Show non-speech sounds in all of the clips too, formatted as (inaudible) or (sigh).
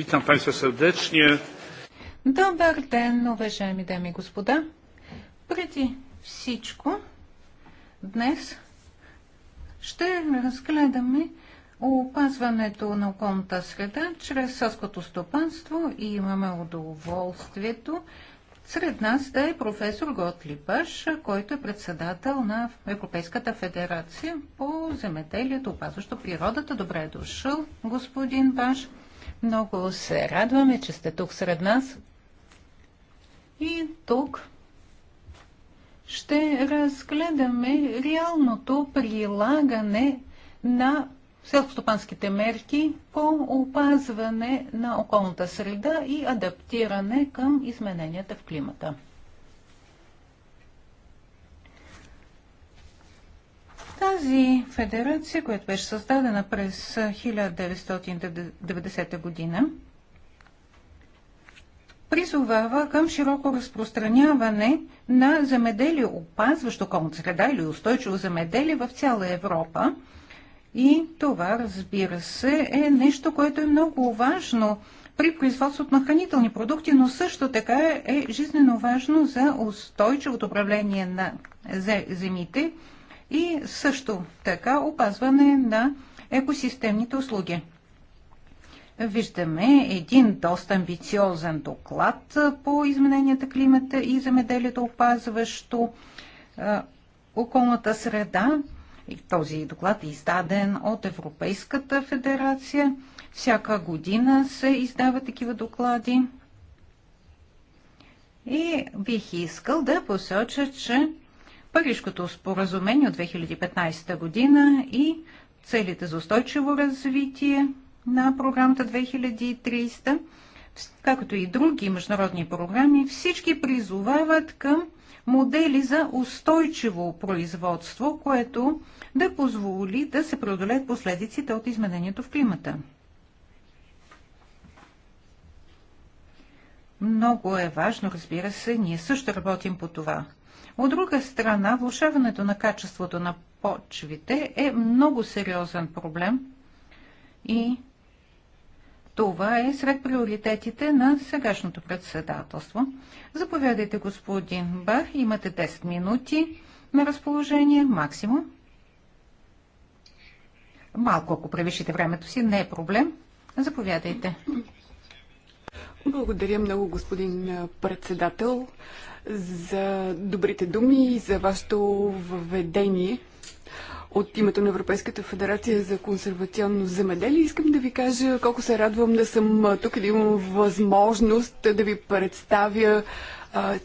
Witam Państwa serdecznie. Добър ден, уважаеми дами и господа. Преди всичко, днес ще разгледаме опазването на околната среда чрез съското стопанство и имаме удоволствието сред нас да е професор Готлипаш, който е председател на Европейската федерация по земеделието, опазващо природата. Добре е дошъл, господин Баш. Много се радваме, че сте тук сред нас. И тук ще разгледаме реалното прилагане на селскостопанските мерки по опазване на околната среда и адаптиране към измененията в климата. Тази федерация, която беше създадена през 1990 година, призовава към широко разпространяване на земеделие, опазващо околната среда или устойчиво земеделие в цяла Европа. И това, разбира се, е нещо, което е много важно при производството на хранителни продукти, но също така е жизненно важно за устойчивото управление на земите и също така опазване на екосистемните услуги. Виждаме един доста амбициозен доклад по измененията климата и земеделието, опазващо околната среда. И този доклад е издаден от Европейската федерация. Всяка година се издават такива доклади. И бих искал да посоча, че Парижкото споразумение от 2015 година и целите за устойчиво развитие на програмата 2300, както и други международни програми, всички призовават към модели за устойчиво производство, което да позволи да се преодолеят последиците от изменението в климата. Много е важно, разбира се, ние също работим по това. От друга страна, влушаването на качеството на почвите е много сериозен проблем и това е сред приоритетите на сегашното председателство. Заповядайте, господин Бах, имате 10 минути на разположение максимум. Малко, ако превишите времето си, не е проблем. Заповядайте. Благодаря много, господин председател за добрите думи и за вашето въведение от името на Европейската федерация за консервационно земеделие. Искам да ви кажа колко се радвам да съм тук и да имам възможност да ви представя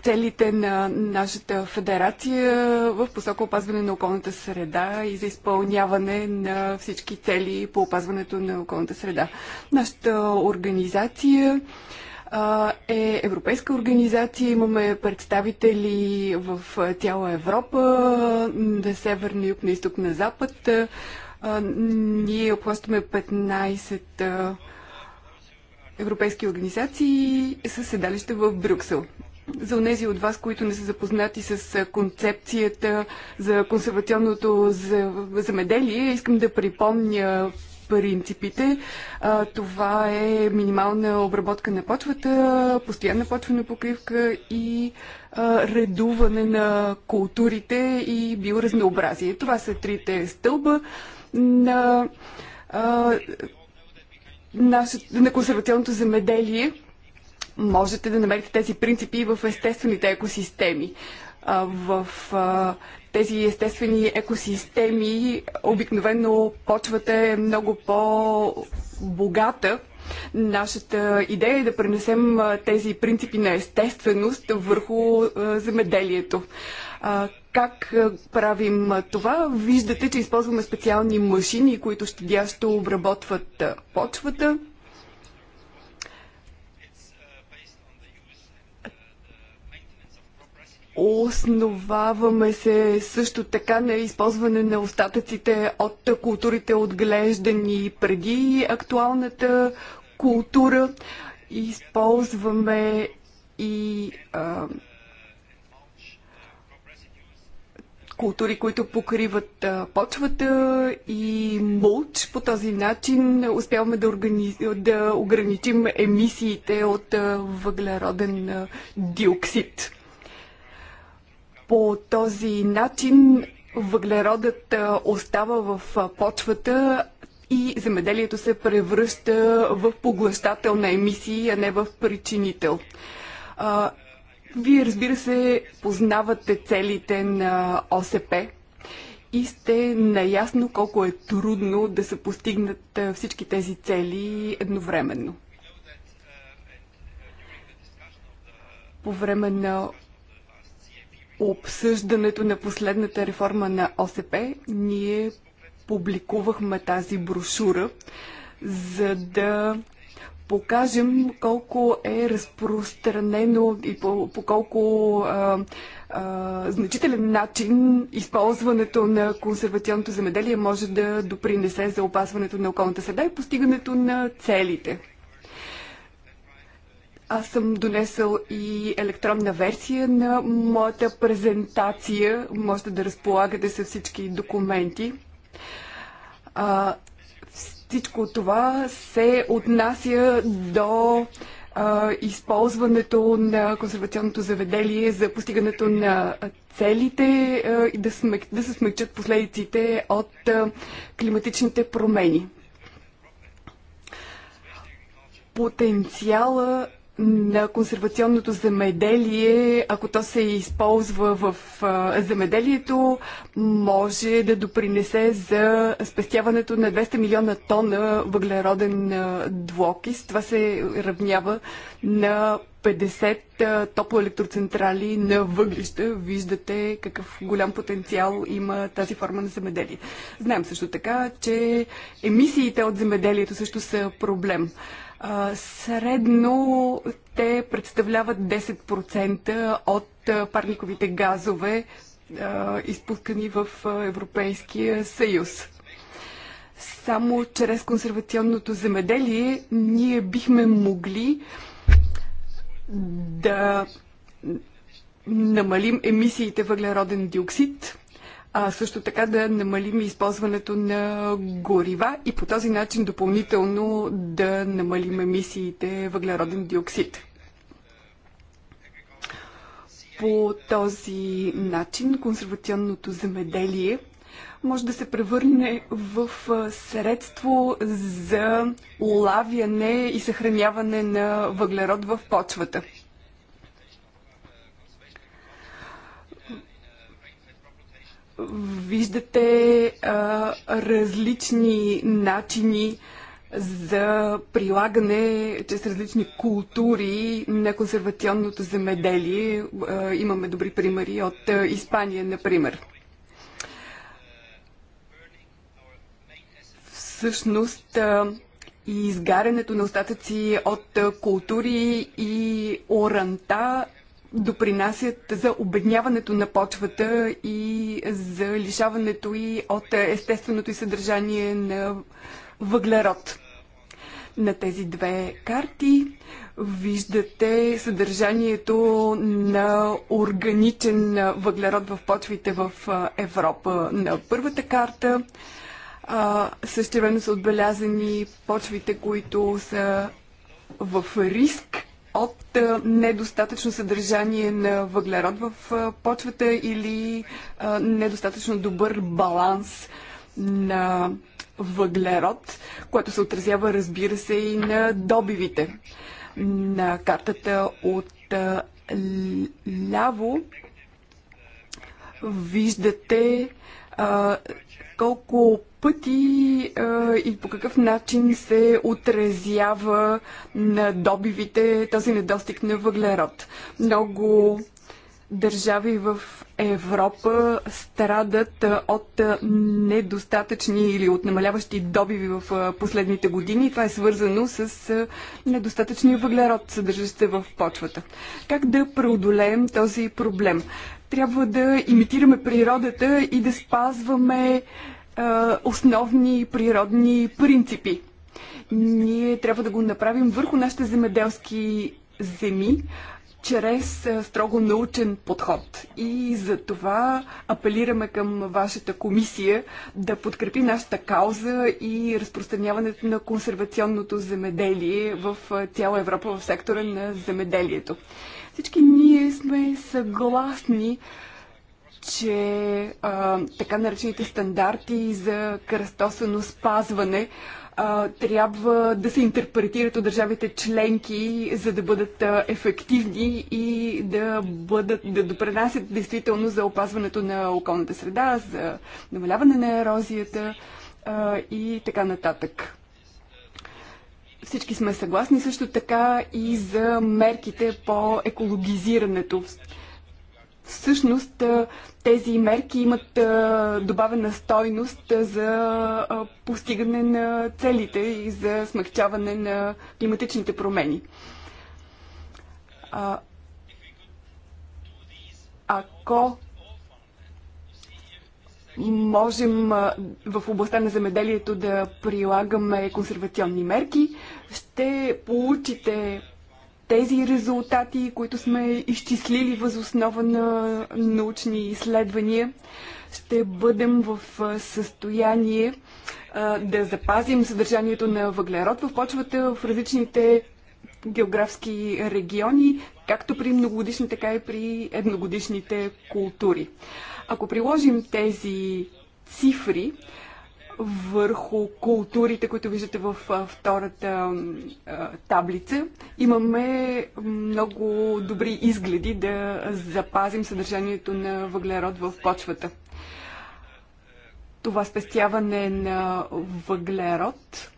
целите на нашата федерация в посока опазване на околната среда и за изпълняване на всички цели по опазването на околната среда. Нашата организация е европейска организация. Имаме представители в цяла Европа, на север, на юг, на изток, на запад. Ние обхващаме 15 европейски организации със седалище в Брюксел. За тези от вас, които не са запознати с концепцията за консервационното замеделие, искам да припомня принципите. А, това е минимална обработка на почвата, постоянна почвена покривка и а, редуване на културите и биоразнообразие. Това са трите стълба на, а, наше, на консервационното земеделие. Можете да намерите тези принципи и в естествените екосистеми в тези естествени екосистеми, обикновено почвата е много по-богата. Нашата идея е да пренесем тези принципи на естественост върху земеделието. Как правим това? Виждате, че използваме специални машини, които щадящо обработват почвата Основаваме се също така на използване на остатъците от културите отглеждани преди актуалната култура. Използваме и а, култури, които покриват а, почвата и мулч. По този начин успяваме да, органи... да ограничим емисиите от а, въглероден а, диоксид. По този начин въглеродът остава в почвата и земеделието се превръща в поглъщател на емисии, а не в причинител. Вие, разбира се, познавате целите на ОСП и сте наясно колко е трудно да се постигнат всички тези цели едновременно. По време на обсъждането на последната реформа на ОСП ние публикувахме тази брошура, за да покажем колко е разпространено и по, по колко а, а, значителен начин използването на консервационното земеделие може да допринесе за опазването на околната среда и постигането на целите. Аз съм донесъл и електронна версия на моята презентация. Можете да разполагате с всички документи. А, всичко това се отнася до а, използването на консервационното заведение за постигането на целите а, и да, смек, да се смекчат последиците от а, климатичните промени. Потенциала на консервационното земеделие, ако то се използва в земеделието, може да допринесе за спестяването на 200 милиона тона въглероден двуокис. Това се равнява на 50 топлоелектроцентрали на въглища. Виждате какъв голям потенциал има тази форма на земеделие. Знаем също така, че емисиите от земеделието също са проблем. Средно те представляват 10% от парниковите газове, изпускани в Европейския съюз. Само чрез консервационното земеделие ние бихме могли да намалим емисиите въглероден диоксид а също така да намалим използването на горива и по този начин допълнително да намалим емисиите въглероден диоксид. По този начин консервационното земеделие може да се превърне в средство за улавяне и съхраняване на въглерод в почвата. виждате а, различни начини за прилагане чрез различни култури на консервационното земеделие. А, имаме добри примери от а, Испания, например. Всъщност, а, изгарянето на остатъци от култури и оранта допринасят за обедняването на почвата и за лишаването и от естественото и съдържание на въглерод. На тези две карти виждате съдържанието на органичен въглерод в почвите в Европа. На първата карта същевременно са отбелязани почвите, които са в риск от недостатъчно съдържание на въглерод в почвата или недостатъчно добър баланс на въглерод, което се отразява, разбира се, и на добивите. На картата от ляво виждате колко пъти а, и по какъв начин се отразява на добивите този недостиг на въглерод. Много държави в Европа страдат от недостатъчни или от намаляващи добиви в последните години. Това е свързано с недостатъчния въглерод, съдържащ се в почвата. Как да преодолеем този проблем? трябва да имитираме природата и да спазваме а, основни природни принципи. Ние трябва да го направим върху нашите земеделски земи, чрез строго научен подход. И за това апелираме към вашата комисия да подкрепи нашата кауза и разпространяването на консервационното земеделие в цяла Европа в сектора на земеделието. Всички ние сме съгласни, че а, така наречените стандарти за кръстосано спазване а, трябва да се интерпретират от държавите членки, за да бъдат а, ефективни и да, бъдат, да допренасят действително за опазването на околната среда, за намаляване на ерозията а, и така нататък. Всички сме съгласни също така и за мерките по екологизирането. Всъщност тези мерки имат добавена стойност за постигане на целите и за смягчаване на климатичните промени. Ако можем в областта на земеделието да прилагаме консервационни мерки. Ще получите тези резултати, които сме изчислили възоснова на научни изследвания, ще бъдем в състояние да запазим съдържанието на въглерод в почвата в различните географски региони, както при многогодишни, така и при едногодишните култури. Ако приложим тези цифри върху културите, които виждате във втората таблица, имаме много добри изгледи да запазим съдържанието на въглерод в почвата. Това спестяване на въглерод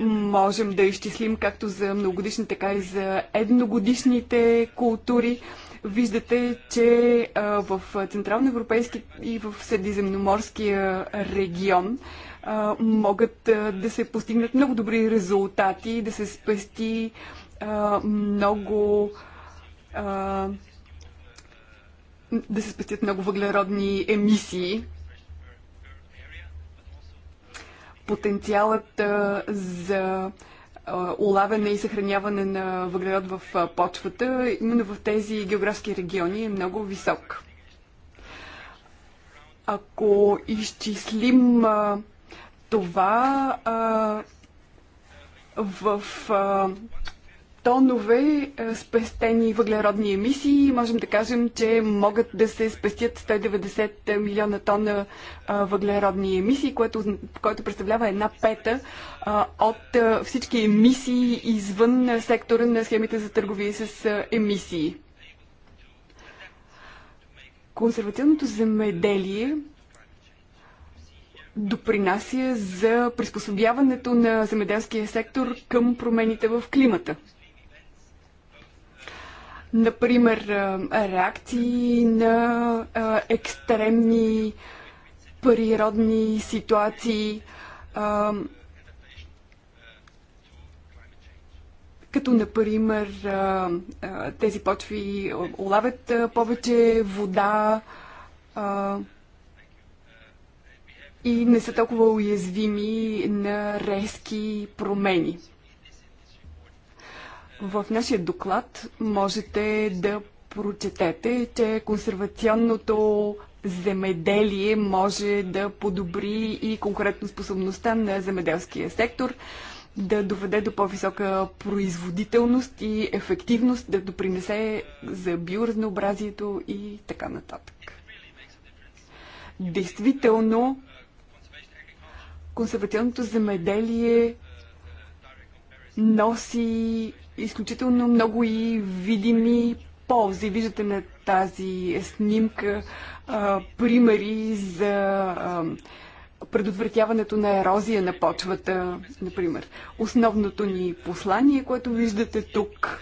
можем да изчислим както за многогодишни, така и за едногодишните култури. Виждате, че в Централноевропейски и в Средиземноморския регион могат да се постигнат много добри резултати, да се спести много да се спестят много въглеродни емисии. Потенциалът за улавяне и съхраняване на въглерод в почвата, именно в тези географски региони е много висок. Ако изчислим това в тонове е, спестени въглеродни емисии. Можем да кажем, че могат да се спестят 190 милиона тона е, въглеродни емисии, което, което представлява една пета е, от всички емисии извън сектора на схемите за търговия с емисии. Консервативното земеделие допринася за приспособяването на земеделския сектор към промените в климата. Например, реакции на екстремни природни ситуации, като например тези почви улавят повече вода и не са толкова уязвими на резки промени. В нашия доклад можете да прочетете, че консервационното земеделие може да подобри и конкретно способността на земеделския сектор, да доведе до по-висока производителност и ефективност, да допринесе за биоразнообразието и така нататък. Действително, консервационното земеделие носи изключително много и видими ползи. Виждате на тази снимка а, примери за а, предотвратяването на ерозия на почвата, например. Основното ни послание, което виждате тук,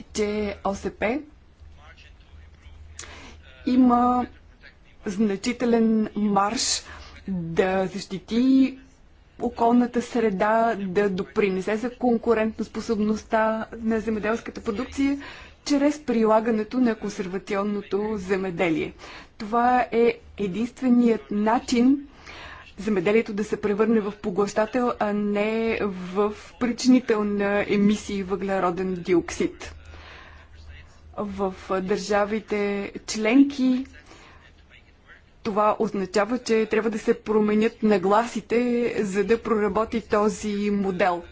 е, че ОСП има значителен марш да защити околната среда, да допринесе за конкурентоспособността на земеделската продукция чрез прилагането на консервационното земеделие. Това е единственият начин земеделието да се превърне в поглъщател, а не в причинител на емисии въглероден диоксид. В държавите членки това означава, че трябва да се променят нагласите, за да проработи този модел.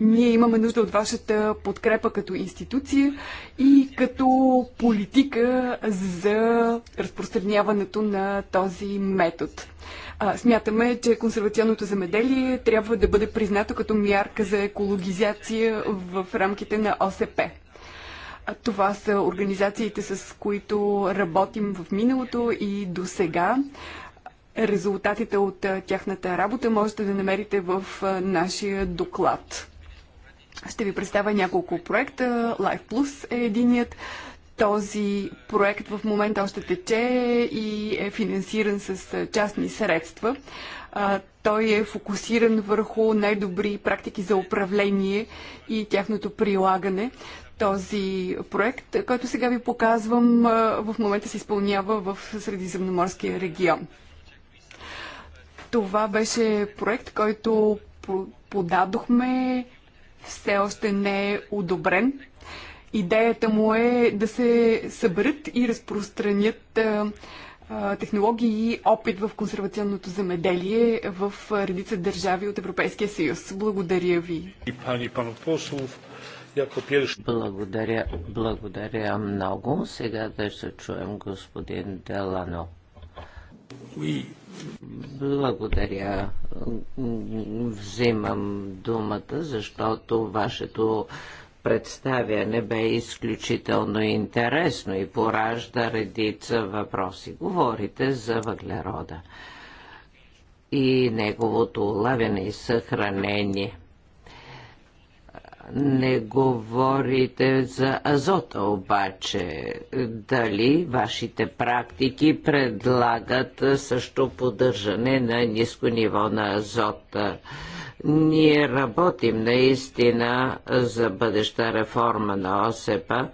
Ние имаме нужда от вашата подкрепа като институция и като политика за разпространяването на този метод. А, смятаме, че консервационното замеделие трябва да бъде признато като мярка за екологизация в рамките на ОСП. Това са организациите, с които работим в миналото и до сега. Резултатите от тяхната работа можете да намерите в нашия доклад. Ще ви представя няколко проекта. Life Plus е единият. Този проект в момента още тече и е финансиран с частни средства. Той е фокусиран върху най-добри практики за управление и тяхното прилагане. Този проект, който сега ви показвам, в момента се изпълнява в Средиземноморския регион. Това беше проект, който подадохме, все още не е одобрен. Идеята му е да се съберат и разпространят технологии и опит в консервационното земеделие в редица държави от Европейския съюз. Благодаря ви. И пани, благодаря, благодаря много. Сега да ще чуем господин Делано. Благодаря. Взимам думата, защото вашето представяне бе изключително интересно и поражда редица въпроси. Говорите за въглерода и неговото улавяне и съхранение – не говорите за азота обаче. Дали вашите практики предлагат също поддържане на ниско ниво на азота? Ние работим наистина за бъдеща реформа на ОСЕПА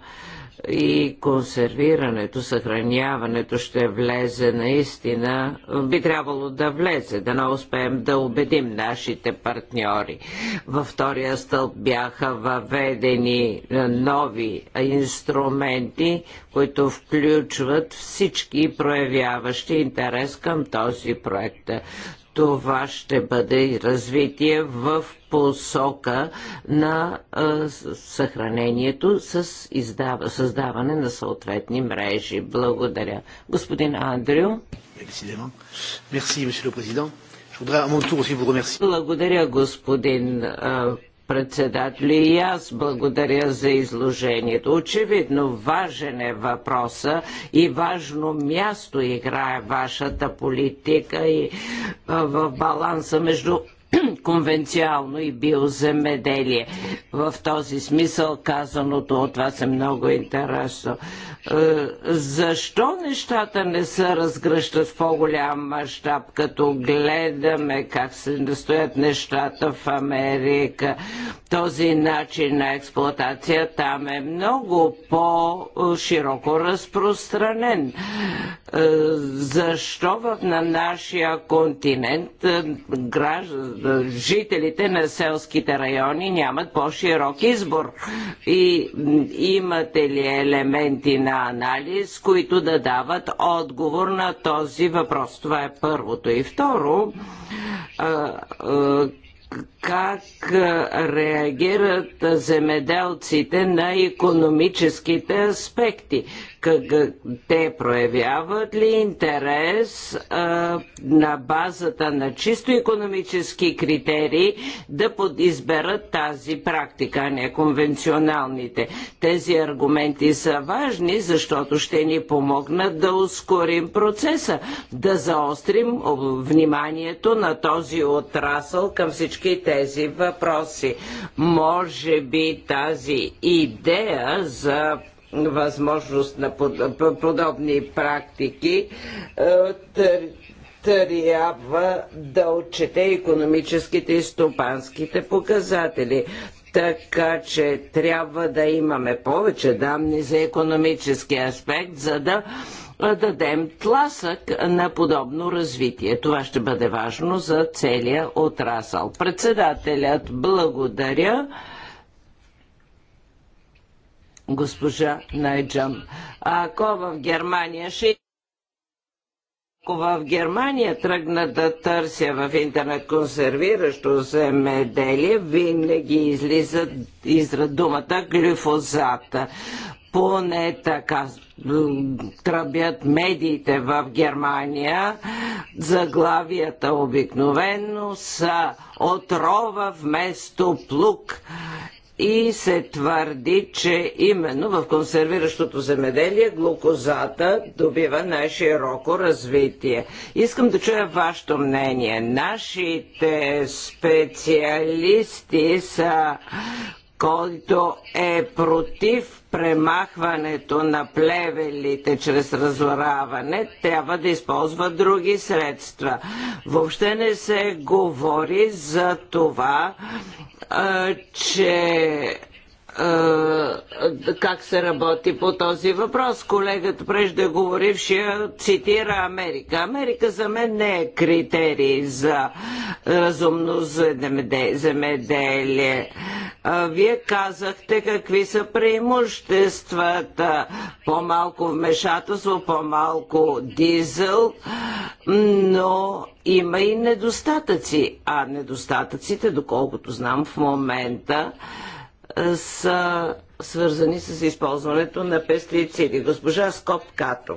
и консервирането, съхраняването ще влезе наистина, би трябвало да влезе, да не успеем да убедим нашите партньори. Във втория стълб бяха въведени е, нови инструменти, които включват всички проявяващи интерес към този проект това ще бъде и развитие в посока на а, съхранението с издава, създаване на съответни мрежи. Благодаря. Господин Андрю. Благодаря, господин председатели и аз благодаря за изложението. Очевидно важен е въпроса и важно място играе вашата политика и в баланса между (clears throat) конвенциално и биоземеделие. В този смисъл казаното от вас е много интересно. Е, защо нещата не се разгръщат в по-голям мащаб, като гледаме как се настоят нещата в Америка? Този начин на експлоатация там е много по-широко разпространен. Е, защо на нашия континент е, граждан жителите на селските райони нямат по-широк избор. И имате ли елементи на анализ, които да дават отговор на този въпрос? Това е първото. И второ, как реагират земеделците на економическите аспекти. Как, те проявяват ли интерес а, на базата на чисто економически критерии да подизберат тази практика, а не конвенционалните. Тези аргументи са важни, защото ще ни помогнат да ускорим процеса, да заострим вниманието на този отрасъл към всичките тези въпроси. Може би тази идея за възможност на подобни практики е, трябва да отчете економическите и стопанските показатели. Така че трябва да имаме повече данни за економически аспект, за да дадем тласък на подобно развитие. Това ще бъде важно за целия отрасъл. Председателят благодаря госпожа Найджан. Ако в Германия ще ако в Германия тръгна да търся в интернет консервиращо земеделие, винаги излиза израд думата глифозата. Поне така тръбят медиите в Германия. Заглавията обикновено са отрова вместо плук и се твърди, че именно в консервиращото земеделие глукозата добива най-широко развитие. Искам да чуя вашето мнение. Нашите специалисти са който е против премахването на плевелите чрез разораване, трябва да използва други средства. Въобще не се говори за това, че как се работи по този въпрос. Колегата преждеговорившия цитира Америка. Америка за мен не е критерий за разумно земеделие. Вие казахте какви са преимуществата. По-малко вмешателство, по-малко дизел, но има и недостатъци. А недостатъците, доколкото знам в момента, са свързани с използването на пестициди. Госпожа Скоп Като.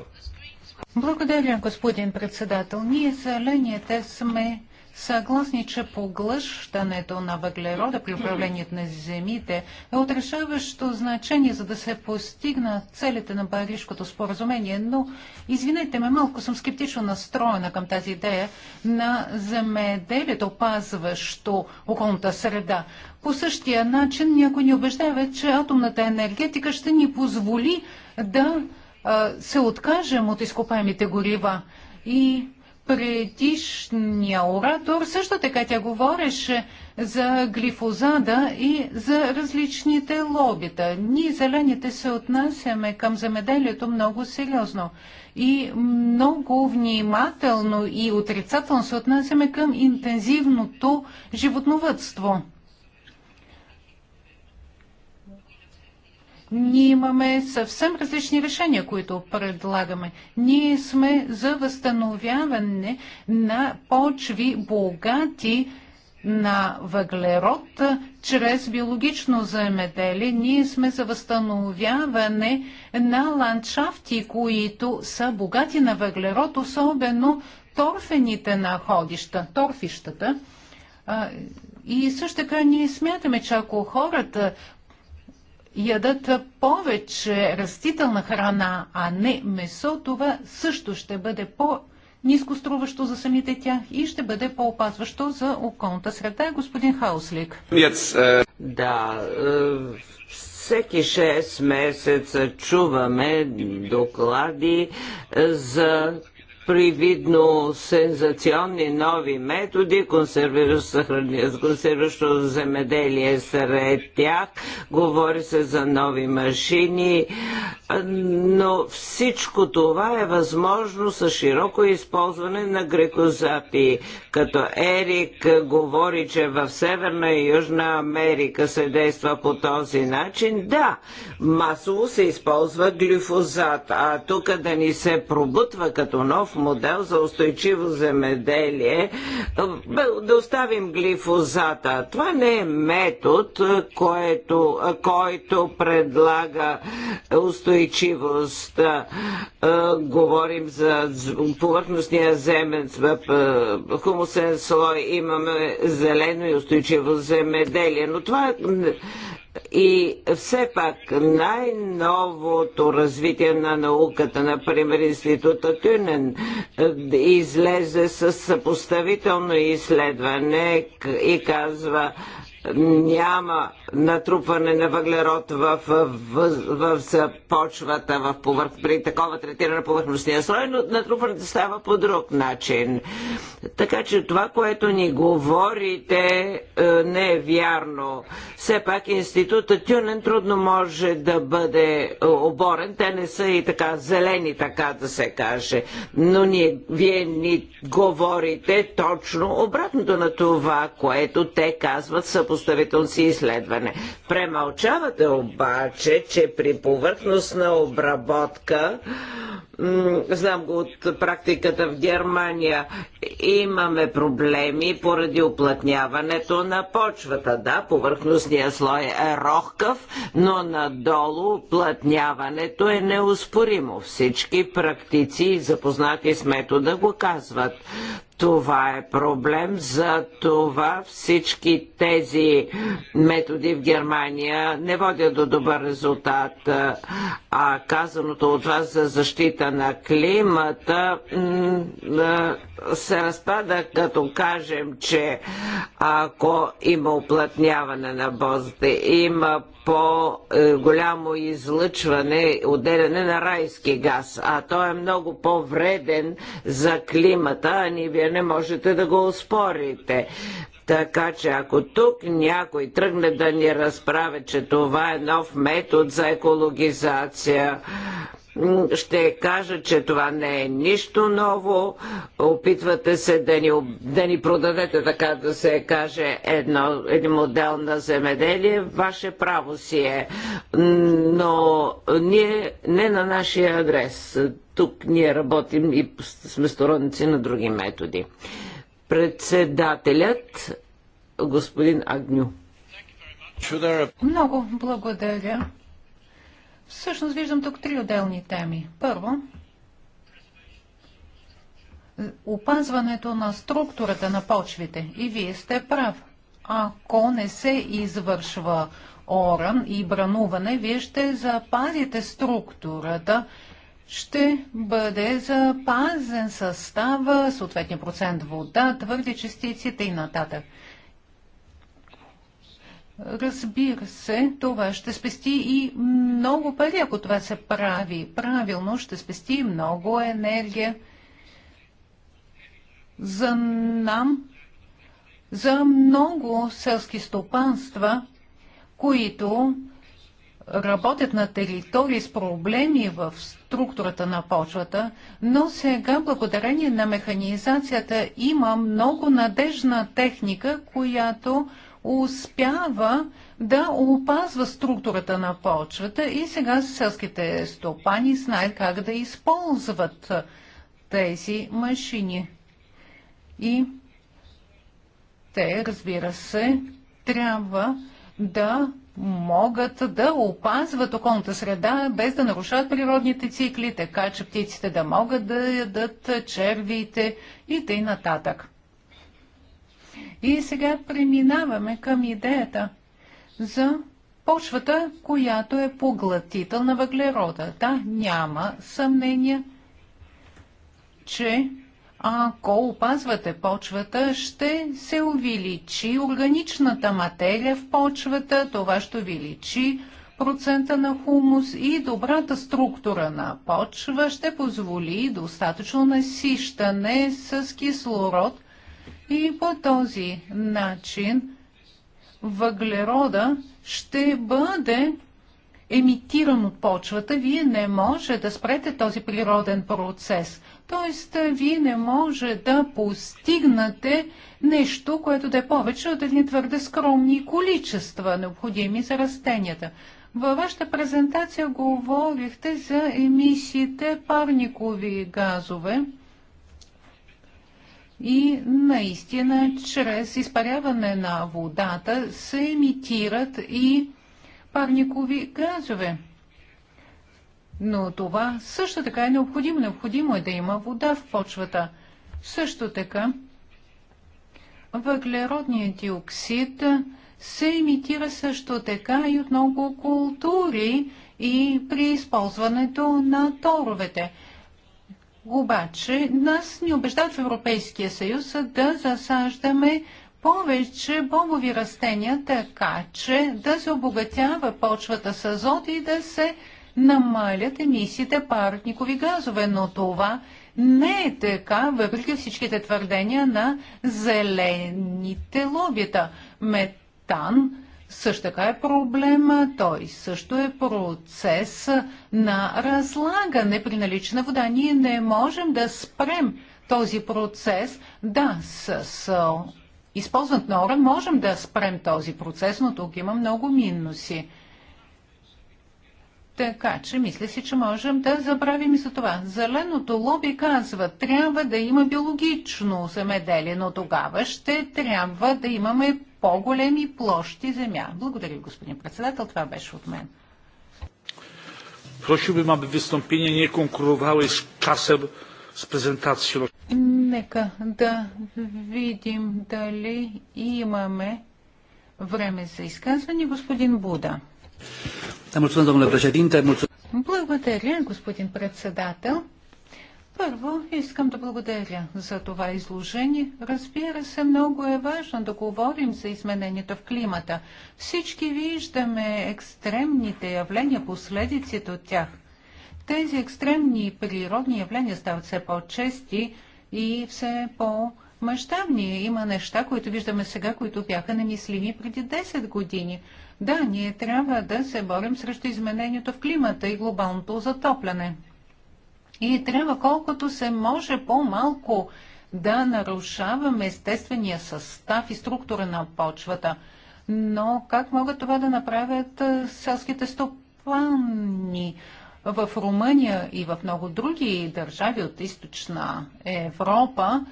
Благодаря, господин председател. Ние зелените сме съгласни, че поглъщането на въглерода при управлението на земите е отрешаващо значение, за да се постигна целите на Парижкото споразумение, но извинете ме, малко съм скептично настроена към тази идея на земеделието, опазващо околната среда. По същия начин някой ни убеждава, че атомната енергетика ще ни позволи да се откажем от изкопаемите горива. И предишния оратор също така тя говореше за глифозада и за различните лобита. Ние зелените се отнасяме към земеделието много сериозно и много внимателно и отрицателно се отнасяме към интензивното животновътство. ние имаме съвсем различни решения, които предлагаме. Ние сме за възстановяване на почви богати на въглерод чрез биологично земеделие. Ние сме за възстановяване на ландшафти, които са богати на въглерод, особено торфените находища, торфищата. И също така ние смятаме, че ако хората ядат повече растителна храна, а не месо, това също ще бъде по- ниско струващо за самите тях и ще бъде по-опазващо за околната среда. Господин Хауслик. Uh, да, е, всеки 6 месеца чуваме доклади за привидно сензационни нови методи, консервиращо земеделие сред тях, говори се за нови машини, но всичко това е възможно с широко използване на грекозапи. Като Ерик говори, че в Северна и Южна Америка се действа по този начин, да, масово се използва глифозат, а тук да ни се пробутва като нов модел за устойчиво земеделие, да оставим глифозата. Това не е метод, който, който предлага устойчивост. Говорим за повърхностния земен хумусен слой, имаме зелено и устойчиво земеделие, но това е, и все пак най-новото развитие на науката, например Института Тюнен, е, излезе с съпоставително изследване и казва няма натрупване на въглерод в, в, в, в почвата, в повърх, при такова третиране повърхностния слой, но натрупването става по друг начин. Така че това, което ни говорите, е, не е вярно. Все пак института Тюнен трудно може да бъде е, оборен. Те не са и така зелени, така да се каже. Но ние, вие ни говорите точно обратното на това, което те казват съпоставително си изследване изследване. Премълчавате обаче, че при повърхностна обработка знам го от практиката в Германия, имаме проблеми поради оплътняването на почвата. Да, повърхностния слой е рохкав, но надолу оплътняването е неоспоримо. Всички практици, запознати с метода, го казват. Това е проблем, за това всички тези методи в Германия не водят до добър резултат. А казаното от вас за защита защита на климата се разпада, като кажем, че ако има оплътняване на бозите, има по-голямо излъчване, отделяне на райски газ, а той е много по-вреден за климата, а ни вие не можете да го успорите. Така че ако тук някой тръгне да ни разправя, че това е нов метод за екологизация, ще кажа, че това не е нищо ново. Опитвате се да ни, да ни продадете, така да се каже, едно, един модел на земеделие. Ваше право си е. Но ние не на нашия адрес. Тук ние работим и сме сторонници на други методи. Председателят господин Агню. Много благодаря. Всъщност виждам тук три отделни теми. Първо, опазването на структурата на почвите. И вие сте прав. Ако не се извършва оран и брануване, вие ще запазите структурата, ще бъде запазен състава, съответния процент вода, твърди частиците и нататък. Разбира се, това ще спести и много пари, ако това се прави правилно, ще спести и много енергия. За нам, за много селски стопанства, които работят на територии с проблеми в структурата на почвата, но сега благодарение на механизацията има много надежна техника, която успява да опазва структурата на почвата и сега селските стопани знаят как да използват тези машини. И те, разбира се, трябва да могат да опазват околната среда, без да нарушават природните цикли, така че птиците да могат да ядат червите и т.н. нататък. И сега преминаваме към идеята за почвата, която е поглътител на въглерода. Да, няма съмнение, че ако опазвате почвата, ще се увеличи органичната материя в почвата, това ще увеличи процента на хумус и добрата структура на почва ще позволи достатъчно насищане с кислород, и по този начин въглерода ще бъде емитиран от почвата. Вие не може да спрете този природен процес. Тоест, вие не може да постигнете нещо, което да е повече от едни твърде скромни количества, необходими за растенията. Във вашата презентация говорихте за емисиите парникови газове. И наистина, чрез изпаряване на водата се емитират и парникови газове. Но това също така е необходимо. Необходимо е да има вода в почвата. Също така, въглеродният диоксид се имитира също така и от много култури и при използването на торовете. Обаче нас ни убеждават в Европейския съюз да засаждаме повече бобови растения, така че да се обогатява почвата с азот и да се намалят емисиите парникови газове. Но това не е така, въпреки всичките твърдения на зелените лобита. Метан също така е проблем, той също е процес на разлагане при налична вода. Ние не можем да спрем този процес. Да, с, с използват на ора можем да спрем този процес, но тук има много минуси. Така че мисля си, че можем да забравим и за това. Зеленото лоби казва, трябва да има биологично земеделие, но тогава ще трябва да имаме по-големи площи земя. Благодаря, господин председател. Това беше от мен. Prosiłbym, aby wystąpienie nie konkurowały с czasem с презентация. Нека да видим дали имаме време за изказване. Господин Буда. Благодаря, господин председател. Първо, искам да благодаря за това изложение. Разбира се, много е важно да говорим за измененията в климата. Всички виждаме екстремните явления, последиците от тях. Тези екстремни природни явления стават все по-чести и все по-мащабни. Има неща, които виждаме сега, които бяха немислими преди 10 години. Да, ние трябва да се борим срещу изменението в климата и глобалното затопляне. И трябва колкото се може по-малко да нарушаваме естествения състав и структура на почвата. Но как могат това да направят селските стопани? В Румъния и в много други държави от източна Европа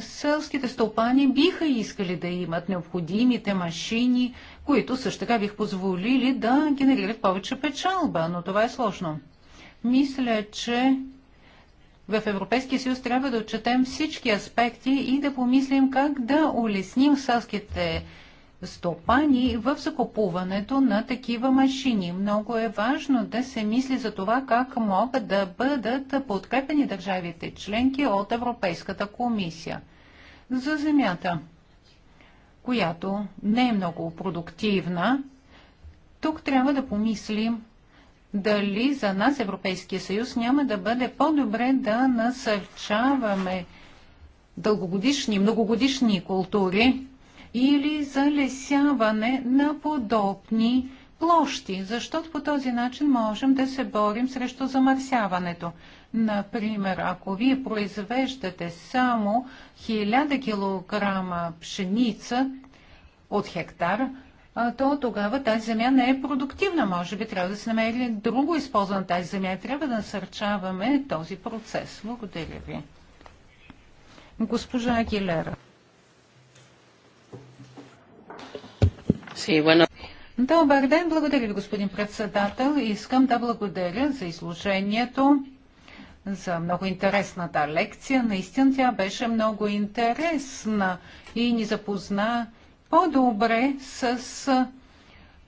селските стопани биха искали да имат необходимите машини, които също така бих позволили да генерират повече печалба, но това е сложно. Мисля, че в Европейския съюз трябва да отчетем всички аспекти и да помислим как да улесним селските стопани в закупуването на такива машини. Много е важно да се мисли за това как могат да бъдат подкрепени държавите членки от Европейската комисия. За земята, която не е много продуктивна, тук трябва да помислим дали за нас Европейския съюз няма да бъде по-добре да насърчаваме дългогодишни, многогодишни култури или залесяване на подобни площи, защото по този начин можем да се борим срещу замърсяването. Например, ако вие произвеждате само 1000 кг пшеница от хектар, то тогава тази земя не е продуктивна. Може би трябва да се намери друго използване на тази земя и трябва да насърчаваме този процес. Благодаря ви. Госпожа Агилера. Добър ден, благодаря ви, господин председател. Искам да благодаря за изложението, за много интересната лекция. Наистина тя беше много интересна и ни запозна по-добре с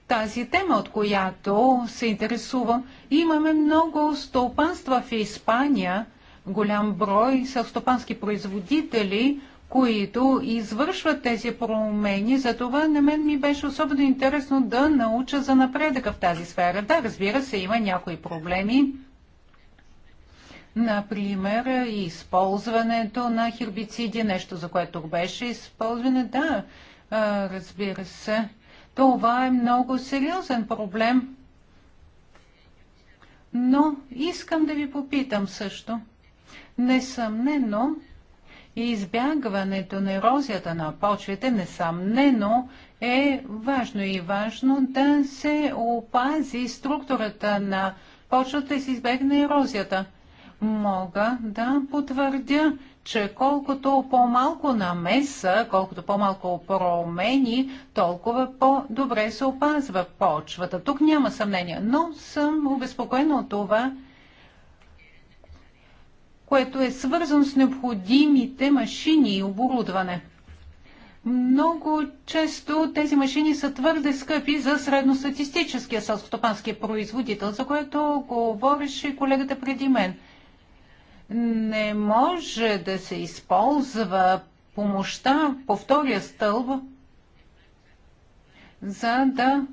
тази тема, от която се интересувам. Имаме много стопанства в Испания, голям брой стопански производители, които извършват тези промени. Затова на мен ми беше особено интересно да науча за напредъка в тази сфера. Да, разбира се, има някои проблеми. Например, използването на хербициди, нещо за което беше използване. Да, разбира се. Това е много сериозен проблем. Но искам да ви попитам също. Несъмнено, избягването на ерозията на почвите, несъмнено, е важно и важно да се опази структурата на почвата и се избегне ерозията. Мога да потвърдя, че колкото по-малко намеса, колкото по-малко промени, толкова по-добре се опазва почвата. Тук няма съмнение, но съм обезпокоена от това, което е свързано с необходимите машини и оборудване. Много често тези машини са твърде скъпи за средностатистическия селскостопански производител, за което говореше колегата преди мен – не може да се използва помощта по втория стълб, за да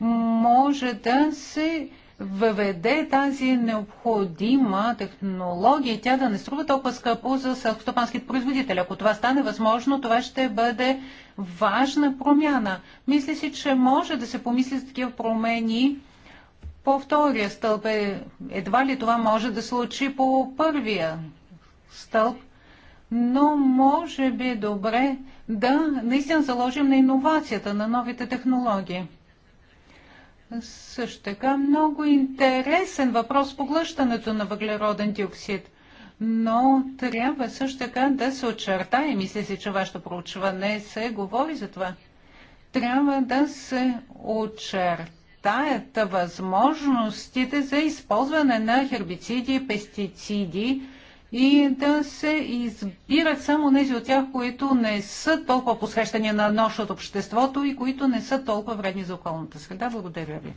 може да се въведе тази необходима технология и тя да не струва толкова скъпо за селскостопанските производители. Ако това стане възможно, това ще бъде важна промяна. Мисля си, че може да се помисли за такива промени по втория стълб. Е, едва ли това може да случи по първия стълб, но може би е добре да наистина заложим на иновацията, на новите технологии. Също така много интересен въпрос поглъщането на въглероден диоксид. Но трябва също така да се очертае, мисля си, че вашето проучване се говори за това. Трябва да се очертае очертаят възможностите за използване на хербициди, пестициди и да се избират само тези от тях, които не са толкова посрещани на нощ от обществото и които не са толкова вредни за околната среда. Благодаря ви.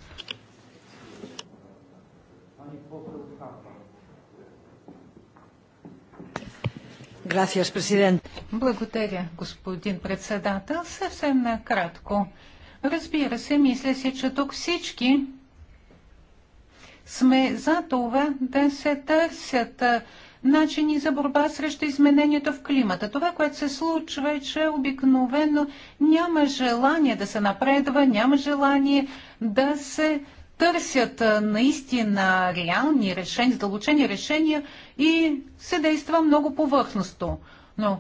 Благодаря, господин председател. Съвсем накратко. Разбира се, мисля си, че тук всички сме за това да се търсят начини за борба срещу изменението в климата. Това, което се случва е, че обикновено няма желание да се напредва, няма желание да се търсят наистина реални решения, задълбочени решения и се действа много повърхностно. Но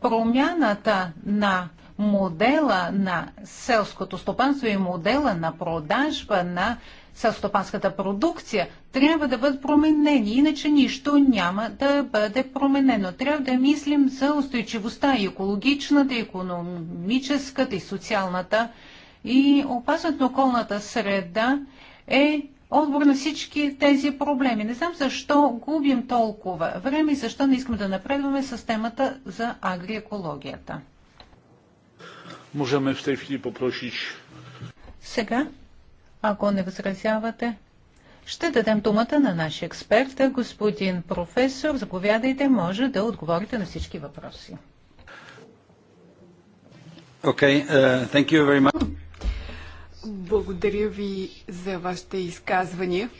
промяната на модела на селското стопанство и модела на продажба на селскостопанската продукция трябва да бъдат променени, иначе нищо няма да бъде променено. Трябва да мислим за устойчивостта и екологичната, и економическата, и социалната. И опазването на околната среда е отбор на всички тези проблеми. Не знам защо губим толкова време и защо не искам да напредваме с темата за агриекологията. Можем в тези попросить. Сега, ако не възразявате, ще дадем думата на нашия експерт, господин професор. Заповядайте, може да отговорите на всички въпроси. Okay, uh, thank you very much. Благодаря ви за вашите изказвания.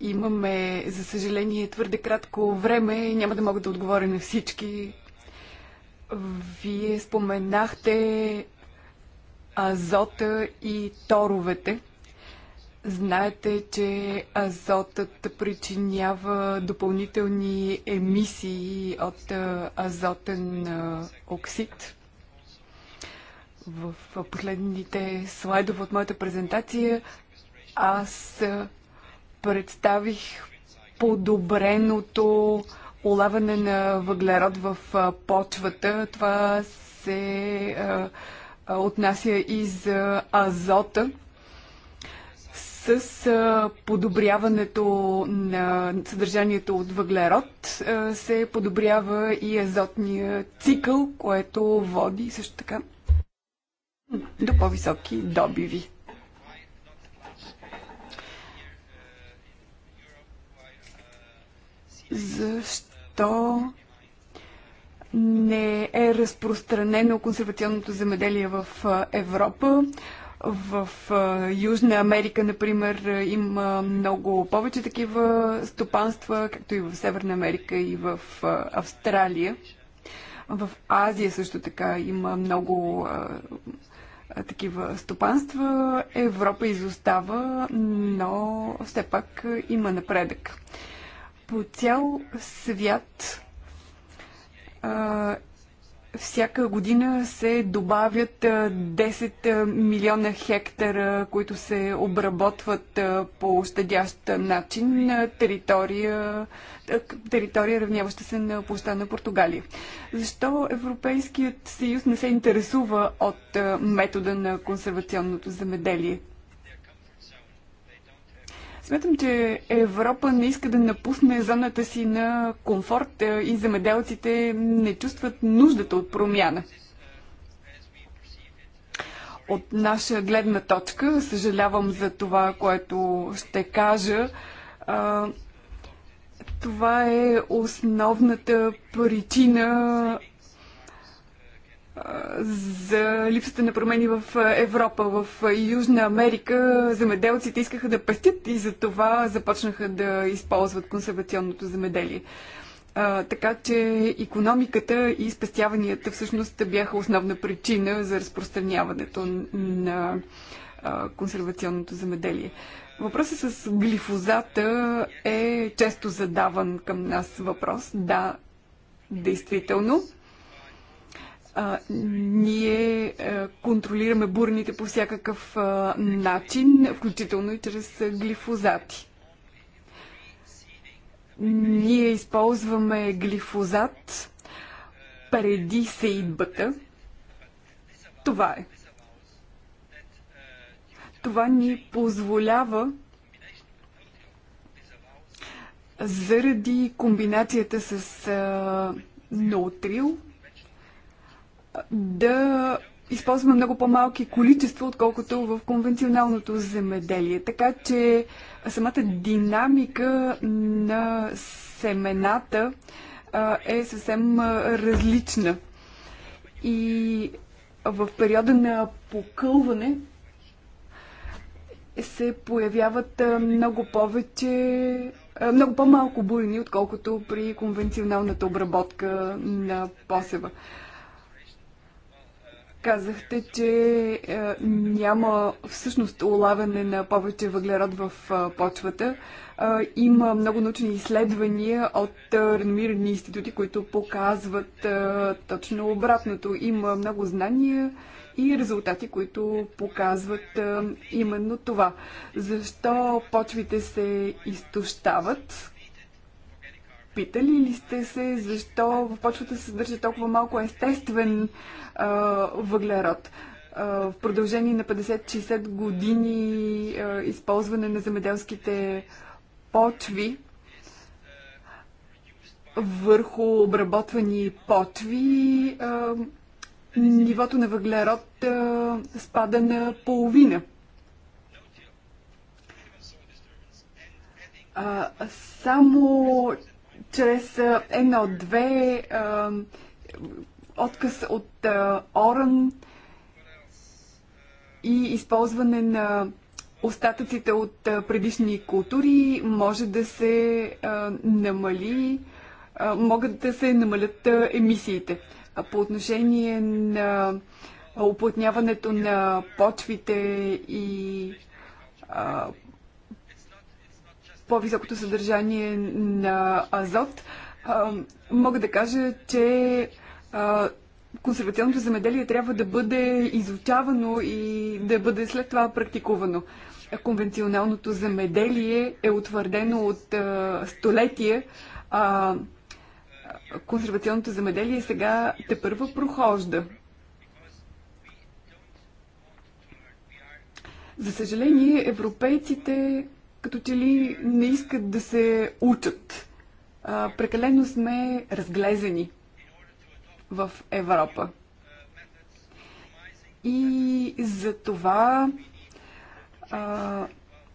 Имаме, за съжаление, твърде кратко време и няма да мога да отговоря на всички. Вие споменахте азота и торовете. Знаете, че азотът причинява допълнителни емисии от азотен оксид. В последните слайдове от моята презентация аз представих подобреното улавяне на въглерод в почвата. Това се отнася и за азота. С подобряването на съдържанието от въглерод се подобрява и азотния цикъл, което води също така до по-високи добиви. Защо? то не е разпространено консервационното земеделие в Европа. В Южна Америка, например, има много повече такива стопанства, както и в Северна Америка и в Австралия. В Азия също така има много такива стопанства. Европа изостава, но все пак има напредък по цял свят а, всяка година се добавят 10 милиона хектара, които се обработват по щадящ начин на територия, територия равняваща се на площа на Португалия. Защо Европейският съюз не се интересува от метода на консервационното замеделие? Смятам, че Европа не иска да напусне зоната си на комфорт е, и земеделците не чувстват нуждата от промяна. От наша гледна точка, съжалявам за това, което ще кажа, това е основната причина за липсата на промени в Европа. В Южна Америка земеделците искаха да пестят и за това започнаха да използват консервационното земеделие. А, така че економиката и спестяванията всъщност бяха основна причина за разпространяването на а, консервационното земеделие. Въпросът с глифозата е често задаван към нас въпрос. Да, действително а, ние а, е, контролираме бурните по всякакъв а, е, начин, включително и чрез е, глифозати. Ние използваме глифозат преди сейдбата, Това е. Това ни позволява заради комбинацията с а, ноутрил, да използваме много по-малки количества, отколкото в конвенционалното земеделие. Така че самата динамика на семената е съвсем различна. И в периода на покълване се появяват много повече, много по-малко буйни, отколкото при конвенционалната обработка на посева. Казахте, че е, няма всъщност улавяне на повече въглерод в е, почвата. Е, има много научни изследвания от реномирани институти, които показват точно обратното. Има много знания и резултати, които показват именно това. Защо почвите се изтощават? Питали ли сте се защо в почвата се съдържа толкова малко естествен въглерод. В продължение на 50-60 години използване на земеделските почви върху обработвани почви нивото на въглерод спада на половина. само чрез едно две отказ от оран и използване на остатъците от предишни култури може да се намали, могат да се намалят емисиите. По отношение на оплътняването на почвите и по-високото съдържание на азот, мога да кажа, че консервационното земеделие трябва да бъде изучавано и да бъде след това практикувано. Конвенционалното земеделие е утвърдено от а, столетия. А, консервационното земеделие сега те първа прохожда. За съжаление, европейците като че ли не искат да се учат. А, прекалено сме разглезени в Европа. И за това, а,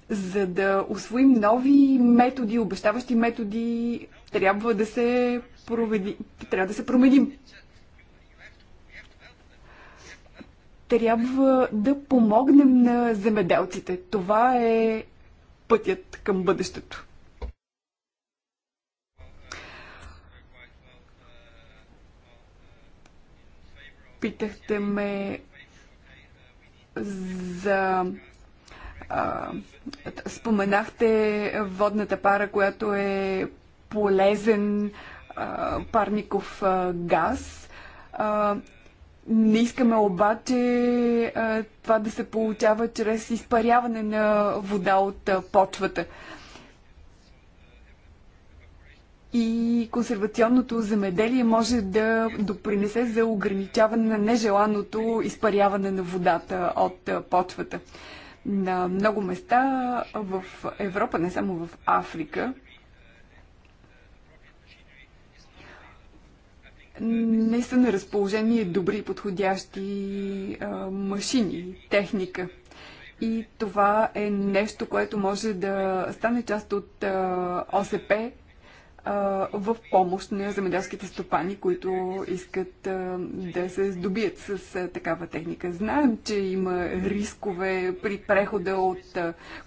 за да освоим нови методи, обещаващи методи, трябва да се, проведи, трябва да се променим. Трябва да помогнем на земеделците. Това е пътят към бъдещето. Питахте ме за а, споменахте водната пара, която е полезен а, парников а, газ. А, не искаме обаче а, това да се получава чрез изпаряване на вода от а, почвата и консервационното земеделие може да допринесе за ограничаване на нежеланото изпаряване на водата от почвата. На много места в Европа, не само в Африка, не са на разположение добри подходящи машини, техника. И това е нещо, което може да стане част от ОСП в помощ на земеделските стопани, които искат да се здобият с такава техника. Знаем, че има рискове при прехода от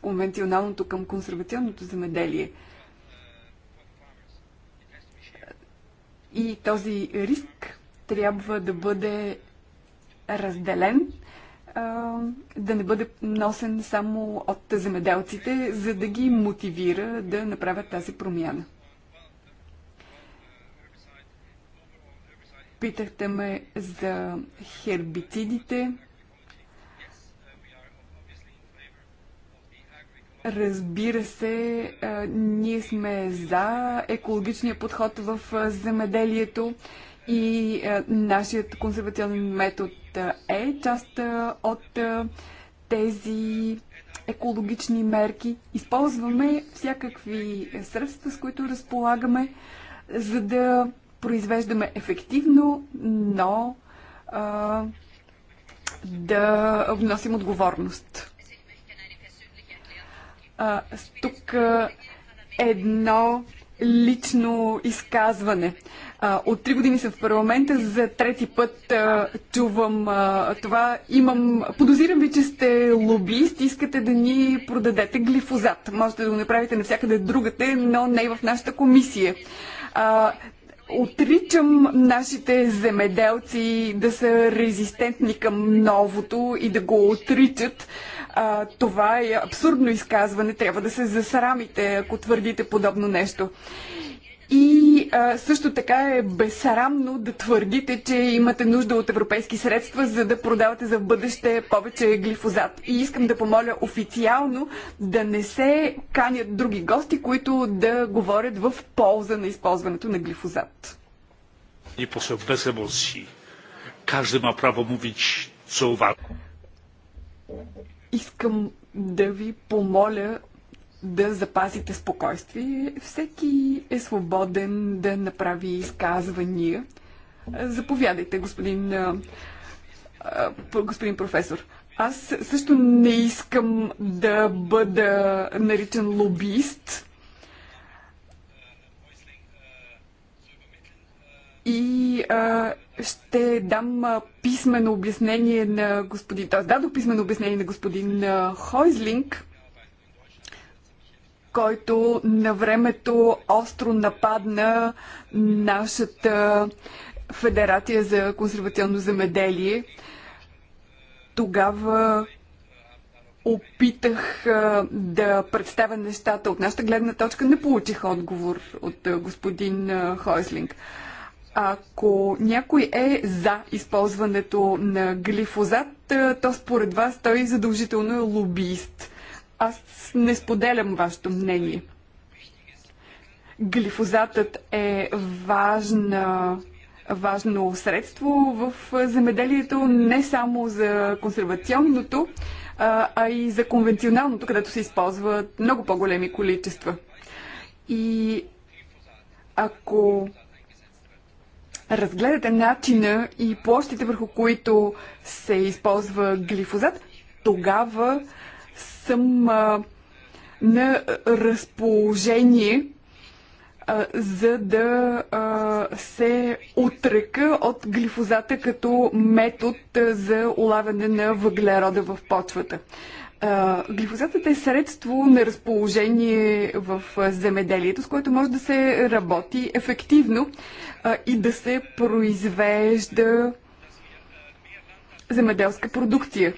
конвенционалното към консервационното земеделие. И този риск трябва да бъде разделен, да не бъде носен само от земеделците, за да ги мотивира да направят тази промяна. Питахте ме за хербицидите. Разбира се, ние сме за екологичния подход в земеделието и нашият консервационен метод е част от тези екологични мерки. Използваме всякакви средства, с които разполагаме, за да произвеждаме ефективно, но а, да вносим отговорност. А, тук а, едно лично изказване. А, от три години съм в парламента, за трети път а, чувам а, това. Имам, подозирам ви, че сте лобист, искате да ни продадете глифозат. Можете да го направите навсякъде другате, но не и в нашата комисия. А, отричам нашите земеделци да са резистентни към новото и да го отричат. А, това е абсурдно изказване. Трябва да се засрамите, ако твърдите подобно нещо. И а, също така е безсрамно да твърдите, че имате нужда от европейски средства, за да продавате за в бъдеще повече глифозат. И искам да помоля официално да не се канят други гости, които да говорят в полза на използването на глифозат. И после без емоции. Каждый има право мович, co Искам да ви помоля да запазите спокойствие. Всеки е свободен да направи изказвания. Заповядайте, господин, господин професор. Аз също не искам да бъда наричан лобист. И а, ще дам писмено обяснение на господин... Тоест, дадох писмено обяснение на господин Хойзлинг който на времето остро нападна нашата Федерация за консервационно земеделие. Тогава опитах да представя нещата от нашата гледна точка. Не получих отговор от господин Хойслинг. Ако някой е за използването на глифозат, то според вас той задължително е лобист. Аз не споделям вашето мнение. Глифозатът е важна, важно средство в земеделието не само за консервационното, а и за конвенционалното, където се използват много по-големи количества. И ако разгледате начина и площите, върху които се използва глифозат, тогава съм а, на разположение, а, за да а, се отръка от глифозата като метод за улавяне на въглерода в почвата. Глифозатът е средство на разположение в земеделието, с което може да се работи ефективно и да се произвежда земеделска продукция.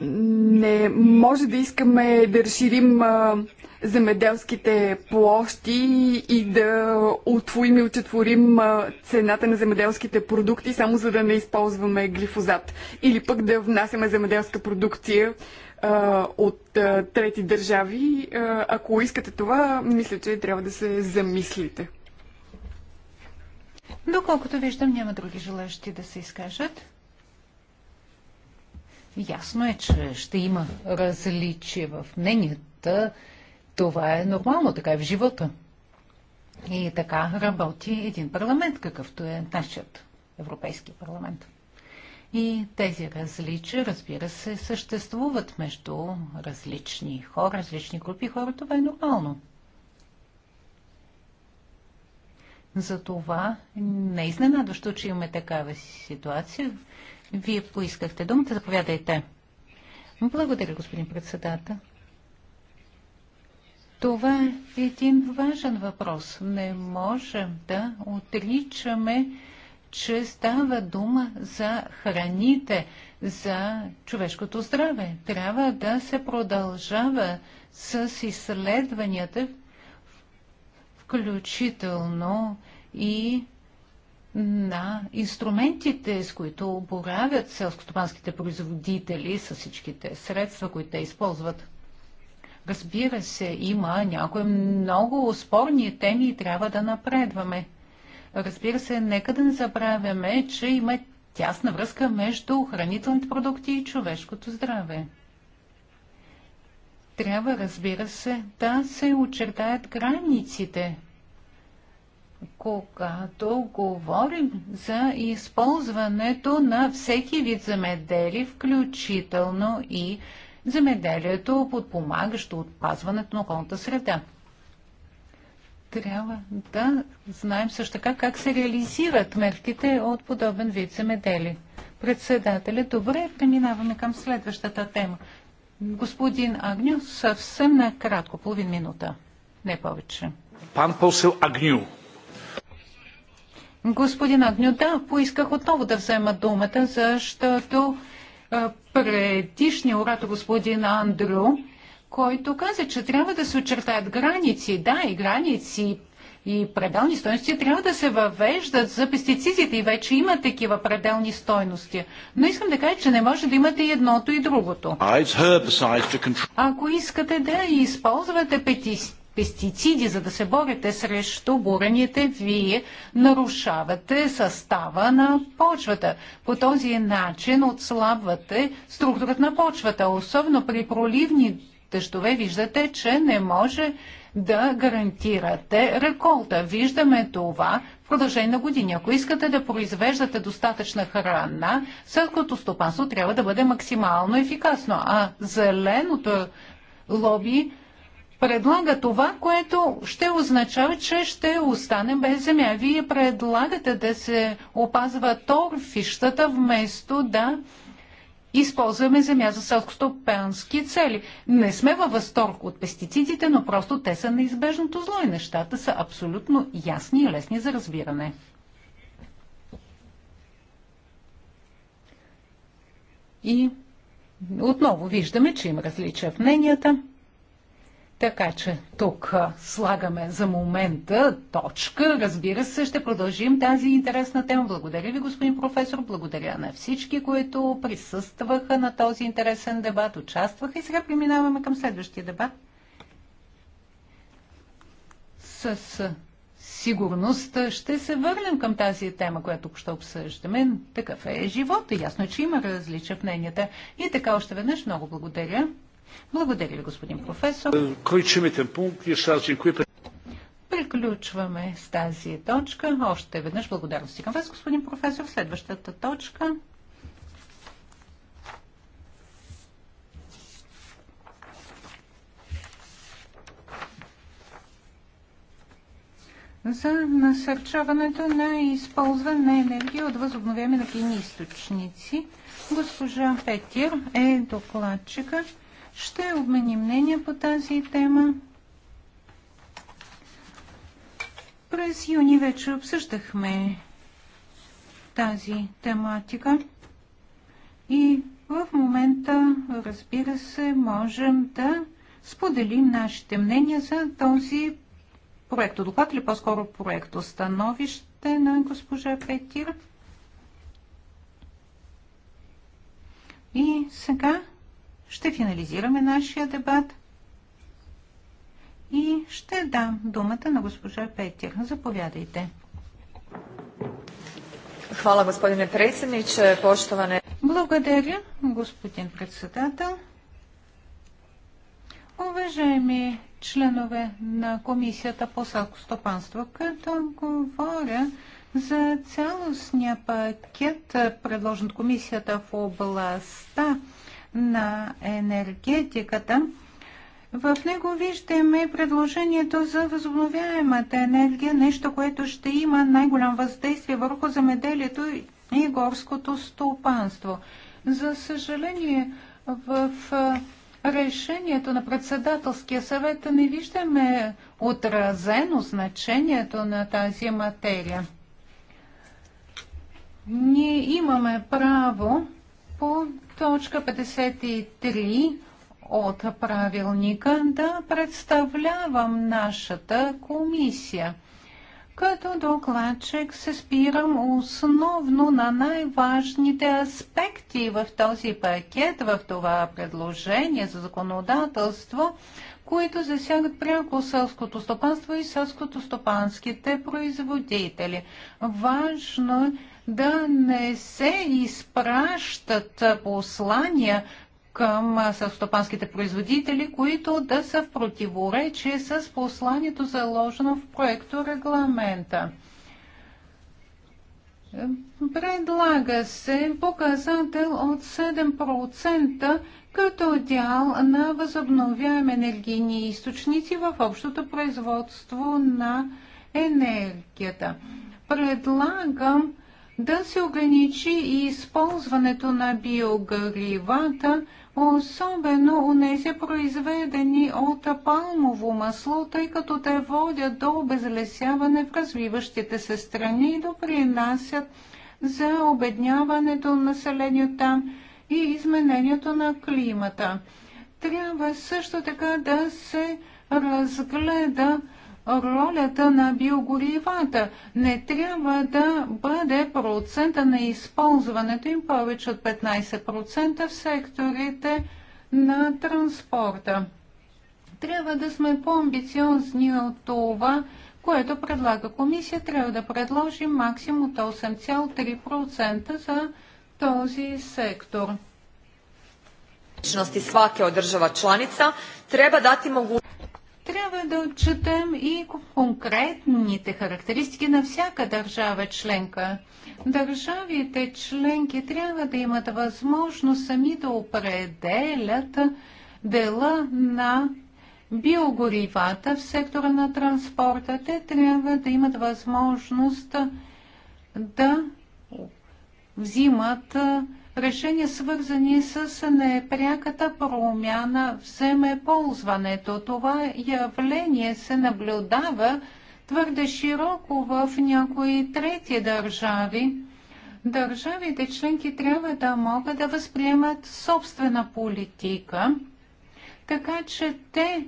не може да искаме да разширим земеделските площи и да отвоим и отчетворим цената на земеделските продукти, само за да не използваме глифозат. Или пък да внасяме земеделска продукция а, от а, трети държави. А, ако искате това, мисля, че трябва да се замислите. Доколкото виждам, няма други желащи да се изкажат. Ясно е, че ще има различия в мненията. Това е нормално, така е в живота. И така работи един парламент, какъвто е нашият Европейски парламент. И тези различия, разбира се, съществуват между различни хора, различни групи хора. Това е нормално. Затова не е изненадващо, че имаме такава ситуация. Вие поискахте думата. Заповядайте. Благодаря, господин председател. Това е един важен въпрос. Не можем да отричаме, че става дума за храните, за човешкото здраве. Трябва да се продължава с изследванията, включително и на инструментите, с които боравят селскостопанските производители, са всичките средства, които те използват. Разбира се, има някои много спорни теми и трябва да напредваме. Разбира се, нека да не забравяме, че има тясна връзка между хранителните продукти и човешкото здраве. Трябва, разбира се, да се очертаят границите – когато говорим за използването на всеки вид замедели, включително и замеделието, подпомагащо отпазването на околната среда. Трябва да знаем също така как се реализират мерките от подобен вид замедели. Председателя, добре, преминаваме към следващата тема. Господин Агню, съвсем накратко, половин минута, не повече. Пан посел Агню. Господин Агню, да, поисках отново да взема думата, защото предишния оратор господин Андрю, който каза, че трябва да се очертаят граници. Да, и граници и пределни стойности трябва да се въвеждат за пестицидите и вече има такива пределни стойности. Но искам да кажа, че не може да имате и едното и другото. Ah, Ако искате да използвате петици, пестициди, за да се борите срещу бурените, вие нарушавате състава на почвата. По този начин отслабвате структурата на почвата, особено при проливни дъждове виждате, че не може да гарантирате реколта. Виждаме това в продължение на години. Ако искате да произвеждате достатъчна храна, селското стопанство трябва да бъде максимално ефикасно, а зеленото лоби предлага това, което ще означава, че ще останем без земя. Вие предлагате да се опазва торфищата вместо да използваме земя за селскостопански цели. Не сме във възторг от пестицидите, но просто те са неизбежното зло и нещата са абсолютно ясни и лесни за разбиране. И отново виждаме, че има различия в мненията. Така че тук слагаме за момента точка. Разбира се, ще продължим тази интересна тема. Благодаря ви, господин професор. Благодаря на всички, които присъстваха на този интересен дебат, участваха. И сега преминаваме към следващия дебат. С сигурност ще се върнем към тази тема, която ще обсъждаме. Такъв е живота. Ясно е, че има различия в мненията. И така още веднъж много благодаря. Благодаря ви, господин професор. Приключваме с тази точка. Още веднъж благодарности към вас, господин професор. Следващата точка за насърчаването на използване на енергия от възобновяеми енергийни източници. Госпожа Петир е докладчика. Ще обменим мнение по тази тема. През юни вече обсъждахме тази тематика и в момента, разбира се, можем да споделим нашите мнения за този проект доклад или по-скоро проект Остановище на госпожа Петир. И сега ще финализираме нашия дебат и ще дам думата на госпожа Петя. Заповядайте. Хвала, господине predsjedniče, поштоване. Благодаря, господин председател. Уважаеми членове на Комисията по селскостопанство, като говоря за цялостния пакет, предложен от Комисията в областта на енергетиката. В него виждаме предложението за възобновяемата енергия, нещо, което ще има най-голям въздействие върху замеделието и горското стопанство. За съжаление, в решението на председателския съвет не виждаме отразено значението на тази материя. Ние имаме право по точка 53 от правилника да представлявам нашата комисия. Като докладчик се спирам основно на най-важните аспекти в този пакет, в това предложение за законодателство, които засягат пряко селското стопанство и селското стопанските производители. Важно е да не се изпращат послания към съвстопанските производители, които да са в противоречие с посланието заложено в проекто регламента. Предлага се показател от 7% като дял на възобновяеми енергийни източници в общото производство на енергията. Предлагам да се ограничи и използването на биогаривата, особено у нези произведени от палмово масло, тъй като те водят до обезлесяване в развиващите се страни и допринасят за обедняването на населението там и изменението на климата. Трябва също така да се разгледа ролята на биогоривата. Не трябва да бъде процента на използването им повече от 15% в секторите на транспорта. Трябва да сме по-амбициозни от това, което предлага комисия. Трябва да предложим максимум от 8,3% за този сектор Всяка от държава država трябва treba dati трябва да отчетем и конкретните характеристики на всяка държава членка. Държавите членки трябва да имат възможност сами да определят дела на биогоривата в сектора на транспорта. Те трябва да имат възможност да взимат решения, свързани с непряката промяна в земеползването. Това явление се наблюдава твърде широко в някои трети държави. Държавите членки трябва да могат да възприемат собствена политика, така че те,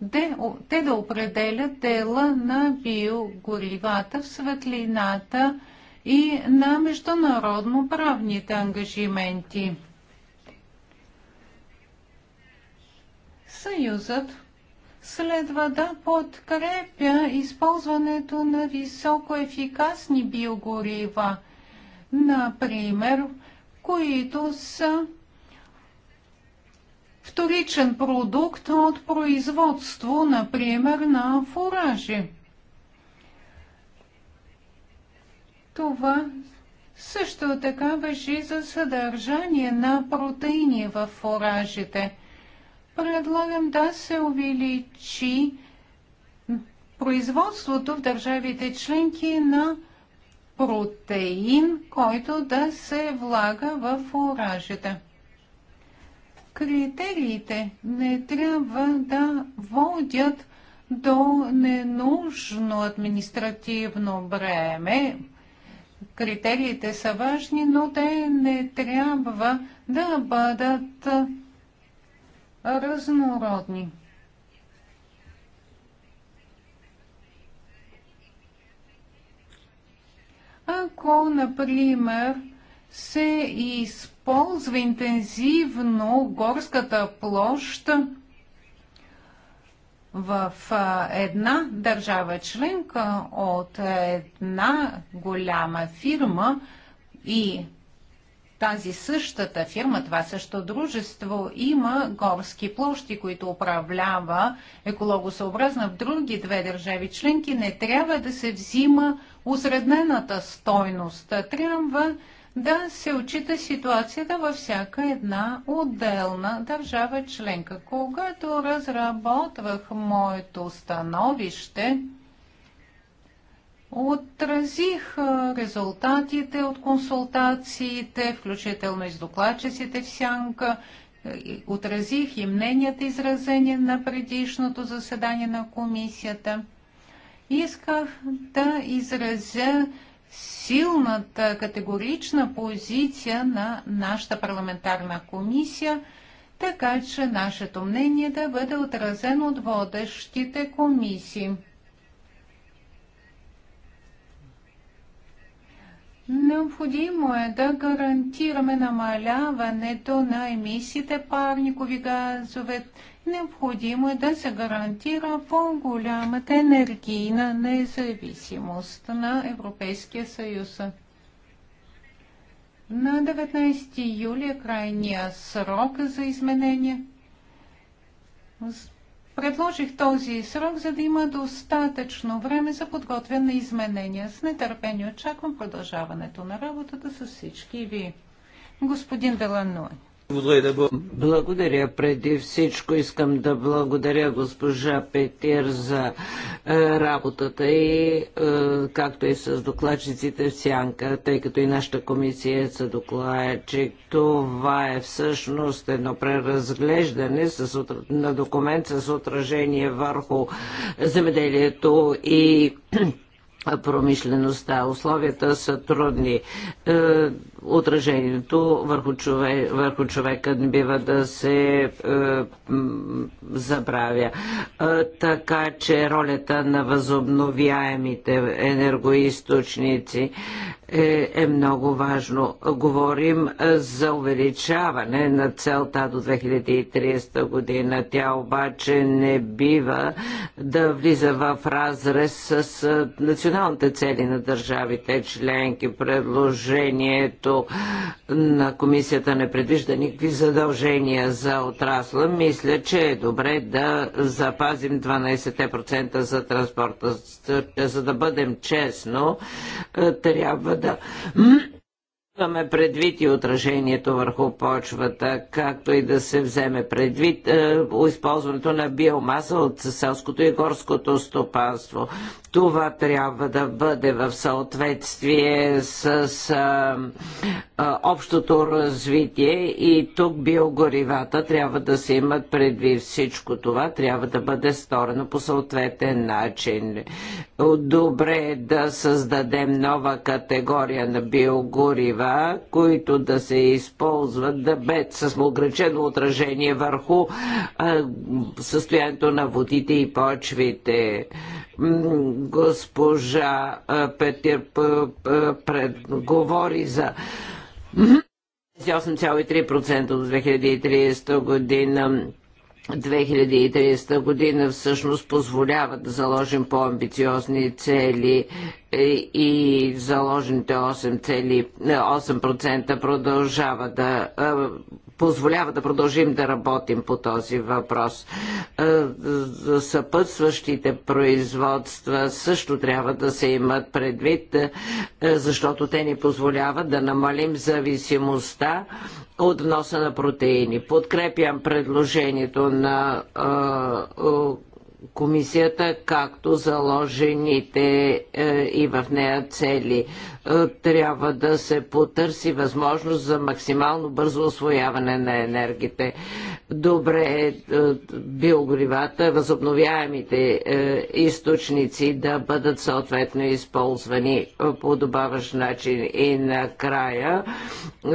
де, те да определят дела на биогоривата в светлината и на международно правните ангажименти. Съюзът следва да подкрепя използването на високоефикасни биогорива, например, които са вторичен продукт от производство, например, на фуражи. Това също така въжи за съдържание на протеини в оражите. Предлагам да се увеличи производството в държавите членки на протеин, който да се влага в оражите. Критериите не трябва да водят до ненужно административно бреме критериите са важни, но те не трябва да бъдат разнородни. Ако, например, се използва интензивно горската площ, в една държава членка от една голяма фирма и тази същата фирма, това също дружество има горски площи, които управлява екологосъобразно в други две държави членки, не трябва да се взима усреднената стойност. Трябва да се отчита ситуацията във всяка една отделна държава членка. Когато разработвах моето становище, отразих резултатите от консултациите, включително и с докладчиците в сянка, отразих и мненията изразени на предишното заседание на комисията. Исках да изразя силната категорична позиция на нашата парламентарна комисия, така че нашето мнение да бъде отразено от водещите комисии. Необходимо е да гарантираме намаляването на емисиите парникови газове. Необходимо е да се гарантира по-голямата енергийна независимост на Европейския съюз. На 19 юли е крайния срок за изменение. Предложих този срок, за да има достатъчно време за подготвяне на изменения. С нетърпение очаквам продължаването на работата с всички ви. Господин Деланой, благодаря. Преди всичко искам да благодаря госпожа Петир за е, работата и е, както и с докладчиците в Сянка, тъй като и нашата комисия са докладчик. Това е всъщност едно преразглеждане с, на документ с отражение върху земеделието и промишлеността. Условията са трудни. Е, отражението върху, човек, върху човека не бива да се е, забравя. Е, така че ролята на възобновяемите енергоисточници е, е много важно. Говорим за увеличаване на целта до 2030 година. Тя обаче не бива да влиза в разрез с националните цели на държавите членки. Предложението на комисията не предвижда никакви задължения за отрасла. Мисля, че е добре да запазим 12% за транспорта. За да бъдем честно, трябва да почвата. имаме предвид и отражението върху почвата, както и да се вземе предвид е, използването на биомаса от селското и горското стопанство. Това трябва да бъде в съответствие с а, а, общото развитие и тук биогоривата трябва да се имат предвид. Всичко това трябва да бъде сторено по съответен начин. Добре е да създадем нова категория на биогорива, които да се използват да бед с ограничено отражение върху а, състоянието на водите и почвите. Госпожа Петър предговори за 8,3% от 2030 година. 2030 година всъщност позволява да заложим по-амбициозни цели и заложените 8%, 8 продължава да позволява да продължим да работим по този въпрос. Е, съпътстващите производства също трябва да се имат предвид, е, защото те ни позволяват да намалим зависимостта от вноса на протеини. Подкрепям предложението на е, комисията, както заложените е, и в нея цели. Е, трябва да се потърси възможност за максимално бързо освояване на енергите. Добре е, е биогривата, възобновяемите е, източници да бъдат съответно използвани по добаващ начин. И накрая е,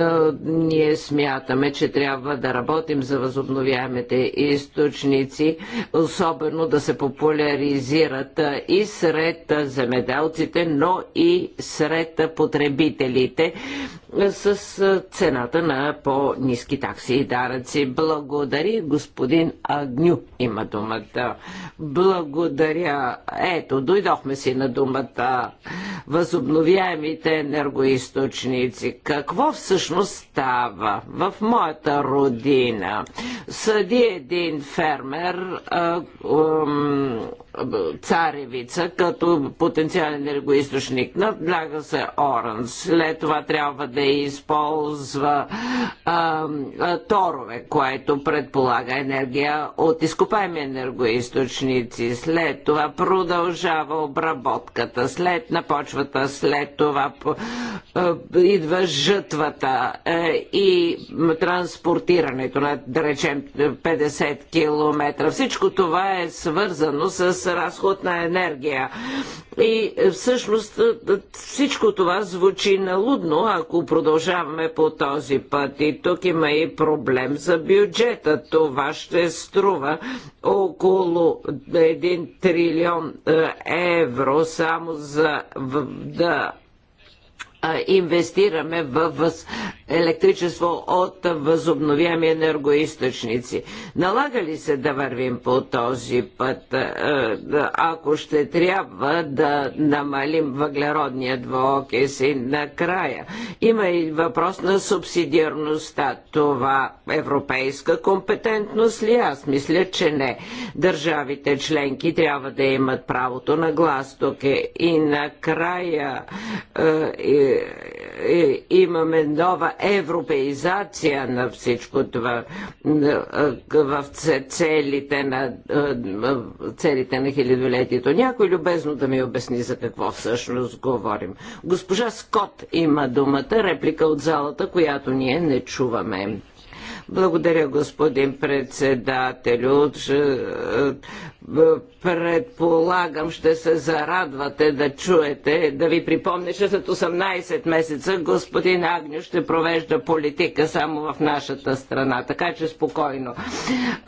ние смятаме, че трябва да работим за възобновяемите източници, особено да да се популяризират и сред земеделците, но и сред потребителите с е, цената на по-низки такси и даръци. Благодари, господин Агню има думата. Благодаря. Ето, дойдохме си на думата. Възобновяемите енергоисточници. Какво всъщност става в моята родина? Съди един фермер, а, е, Царевица като потенциален енергоисточник. Набляга се Оранс. След това трябва да използва а, а, торове, което предполага енергия от изкопаеми енергоисточници. След това продължава обработката. След напочвата, след това а, идва жътвата а, е, и транспортирането на, да речем, 50 км. Всичко това е свързано с разход на енергия. И е, всъщност е, е, всичко това звучи налудно, ако продължаваме по този път. И тук има и проблем за бюджета. Това ще струва около 1 трилион евро само за да инвестираме в електричество от възобновяеми енергоисточници. Налага ли се да вървим по този път, ако ще трябва да намалим въглеродния двуокис и накрая? Има и въпрос на субсидиарността. Това европейска компетентност ли? Аз мисля, че не. Държавите членки трябва да имат правото на глас тук. И накрая е, е, имаме нова европеизация на всичко това в целите на, целите на хилядолетието. Някой любезно да ми обясни за какво всъщност говорим. Госпожа Скот има думата, реплика от залата, която ние не чуваме. Благодаря, господин председателю. Е, предполагам, ще се зарадвате да чуете, да ви припомня, че след 18 месеца господин Агню ще провежда политика само в нашата страна, така че спокойно.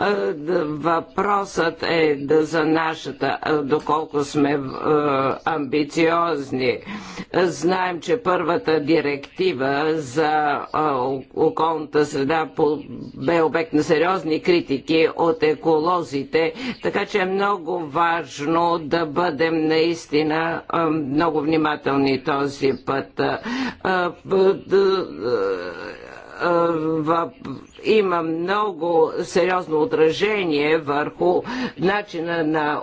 Е, въпросът е да за нашата, е, доколко сме амбициозни. Знаем, че първата директива за околната среда по бе обект на сериозни критики от еколозите, така че е много важно да бъдем наистина много внимателни този път има много сериозно отражение върху начина на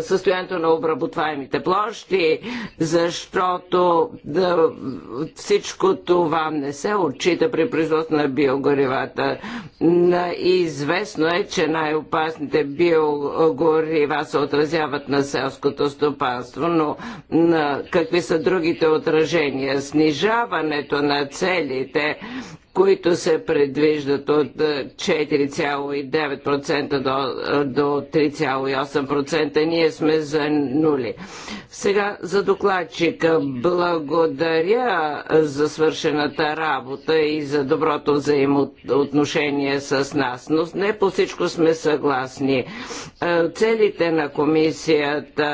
състоянието на обработваемите площи, защото всичко това не се отчита при производство на биогоривата. Известно е, че най-опасните биогорива се отразяват на селското стопанство, но какви са другите отражения? Снижаването на целите които се предвиждат от 4,9% е, до, е, до 3,8%. Ние сме за нули. Сега за докладчика. Благодаря е, за свършената работа и за доброто взаимоотношение с нас, но не по всичко сме съгласни. Целите на комисията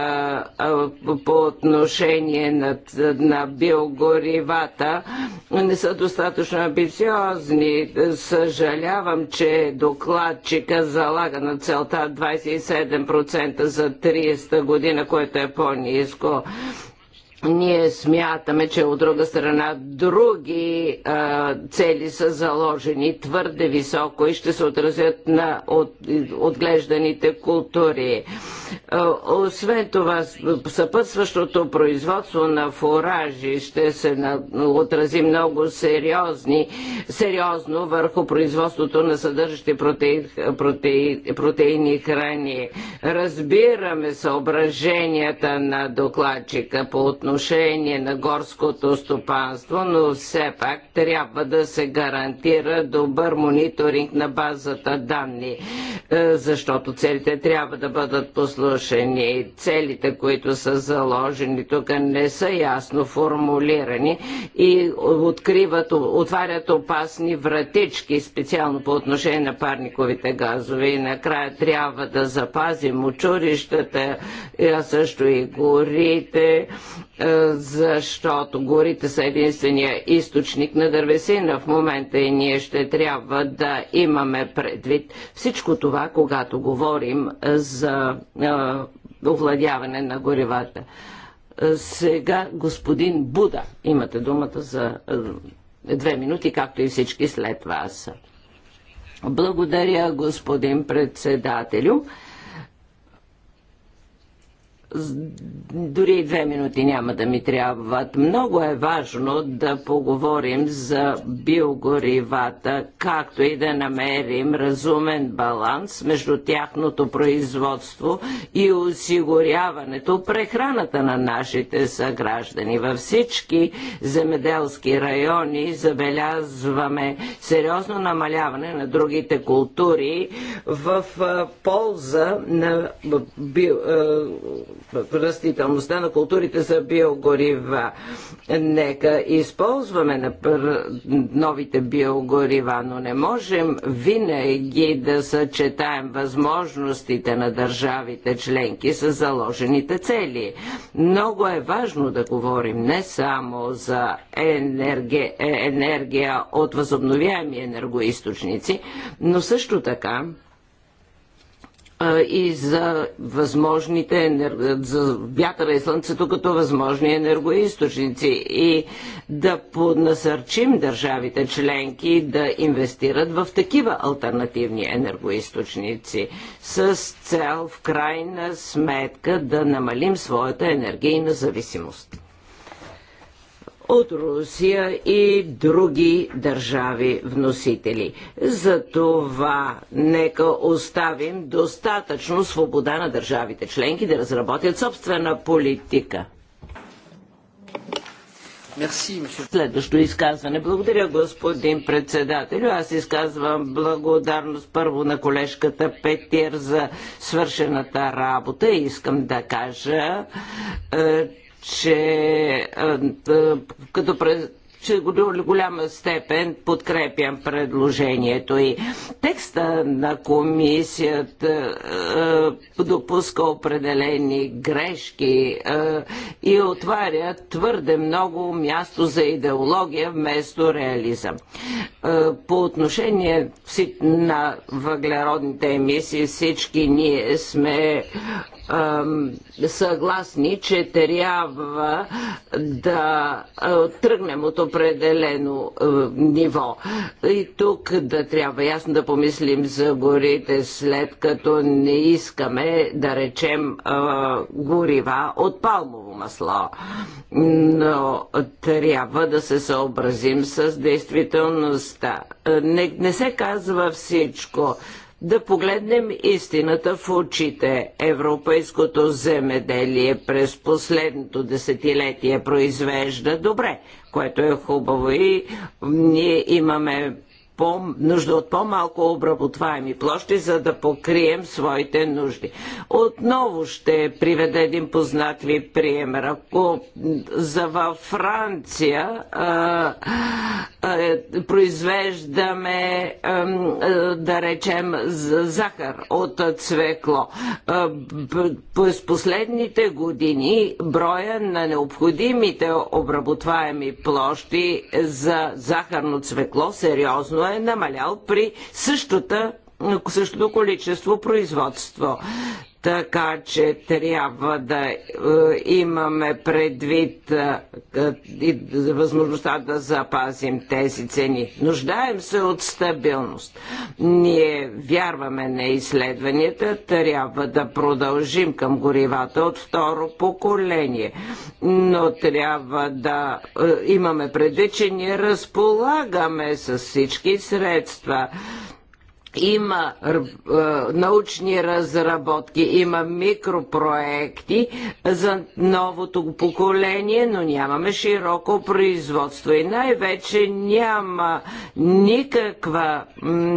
по отношение на, на биогоривата не са достатъчно амбициозни сериозни. Съжалявам, че докладчика залага на целта 27% за 30 година, което е по-низко ние смятаме, че от друга страна други а, цели са заложени твърде високо и ще се отразят на от, отглежданите култури. А, освен това, съпътстващото производство на фуражи ще се на, отрази много сериозни, сериозно върху производството на съдържащи протеин, протеин, протеини храни. Разбираме съображенията на докладчика по отношение отношение на горското стопанство, но все пак трябва да се гарантира добър мониторинг на базата данни, е, защото целите трябва да бъдат послушани. Целите, които са заложени тук, не са ясно формулирани и откриват, отварят опасни вратички, специално по отношение на парниковите газове. И накрая трябва да запазим учурищата, а също и горите, е, е, защото горите са единствения източник на дървесина в момента и ние ще трябва да имаме предвид всичко това, когато говорим за е, овладяване на горивата. Е, сега господин Буда, имате думата за две минути, както и всички след вас. Благодаря, господин председателю. Дори и две минути няма да ми трябват. Много е важно да поговорим за биогоривата, както и да намерим разумен баланс между тяхното производство и осигуряването прехраната на нашите съграждани. Във всички земеделски райони забелязваме сериозно намаляване на другите култури в полза на био растителността на културите за биогорива. Нека използваме на новите биогорива, но не можем винаги да съчетаем възможностите на държавите членки с заложените цели. Много е важно да говорим не само за енергия, е, енергия от възобновяеми енергоисточници, но също така и за възможните енерго за вятъра и слънцето като възможни енергоисточници и да поднасърчим държавите членки да инвестират в такива альтернативни енергоисточници с цел в крайна сметка да намалим своята енергийна зависимост от Русия и други държави вносители. Затова нека оставим достатъчно свобода на държавите членки да разработят собствена политика. Следващо изказване. Благодаря, господин председател. Аз изказвам благодарност първо на колежката Петир за свършената работа. Искам да кажа, е, че като през че до голяма степен подкрепям предложението и текста на комисията допуска определени грешки и отваря твърде много място за идеология вместо реализъм. по отношение на въглеродните емисии всички ние сме съгласни, че трябва да тръгнем от определено ниво. И тук да трябва ясно да помислим за горите, след като не искаме да речем горива от палмово масло. Но трябва да се съобразим с действителността. Не, не се казва всичко да погледнем истината в очите. Европейското земеделие през последното десетилетие произвежда добре, което е хубаво и ние имаме по, нужда от по-малко обработваеми площи, за да покрием своите нужди. Отново ще приведа един познат ви пример. Ако за във Франция а, а, е, произвеждаме, а, да речем, захар от цвекло, а, през последните години броя на необходимите обработваеми площи за захарно цвекло сериозно е намалял при същата същото количество производство. Така че трябва да е, имаме предвид е, е, и възможността да запазим тези цени. Нуждаем се от стабилност. Ние вярваме на изследванията, трябва да продължим към горивата от второ поколение. Но трябва да имаме предвид, че ние разполагаме с всички средства има научни разработки, има микропроекти за новото поколение, но нямаме широко производство и най-вече няма никаква,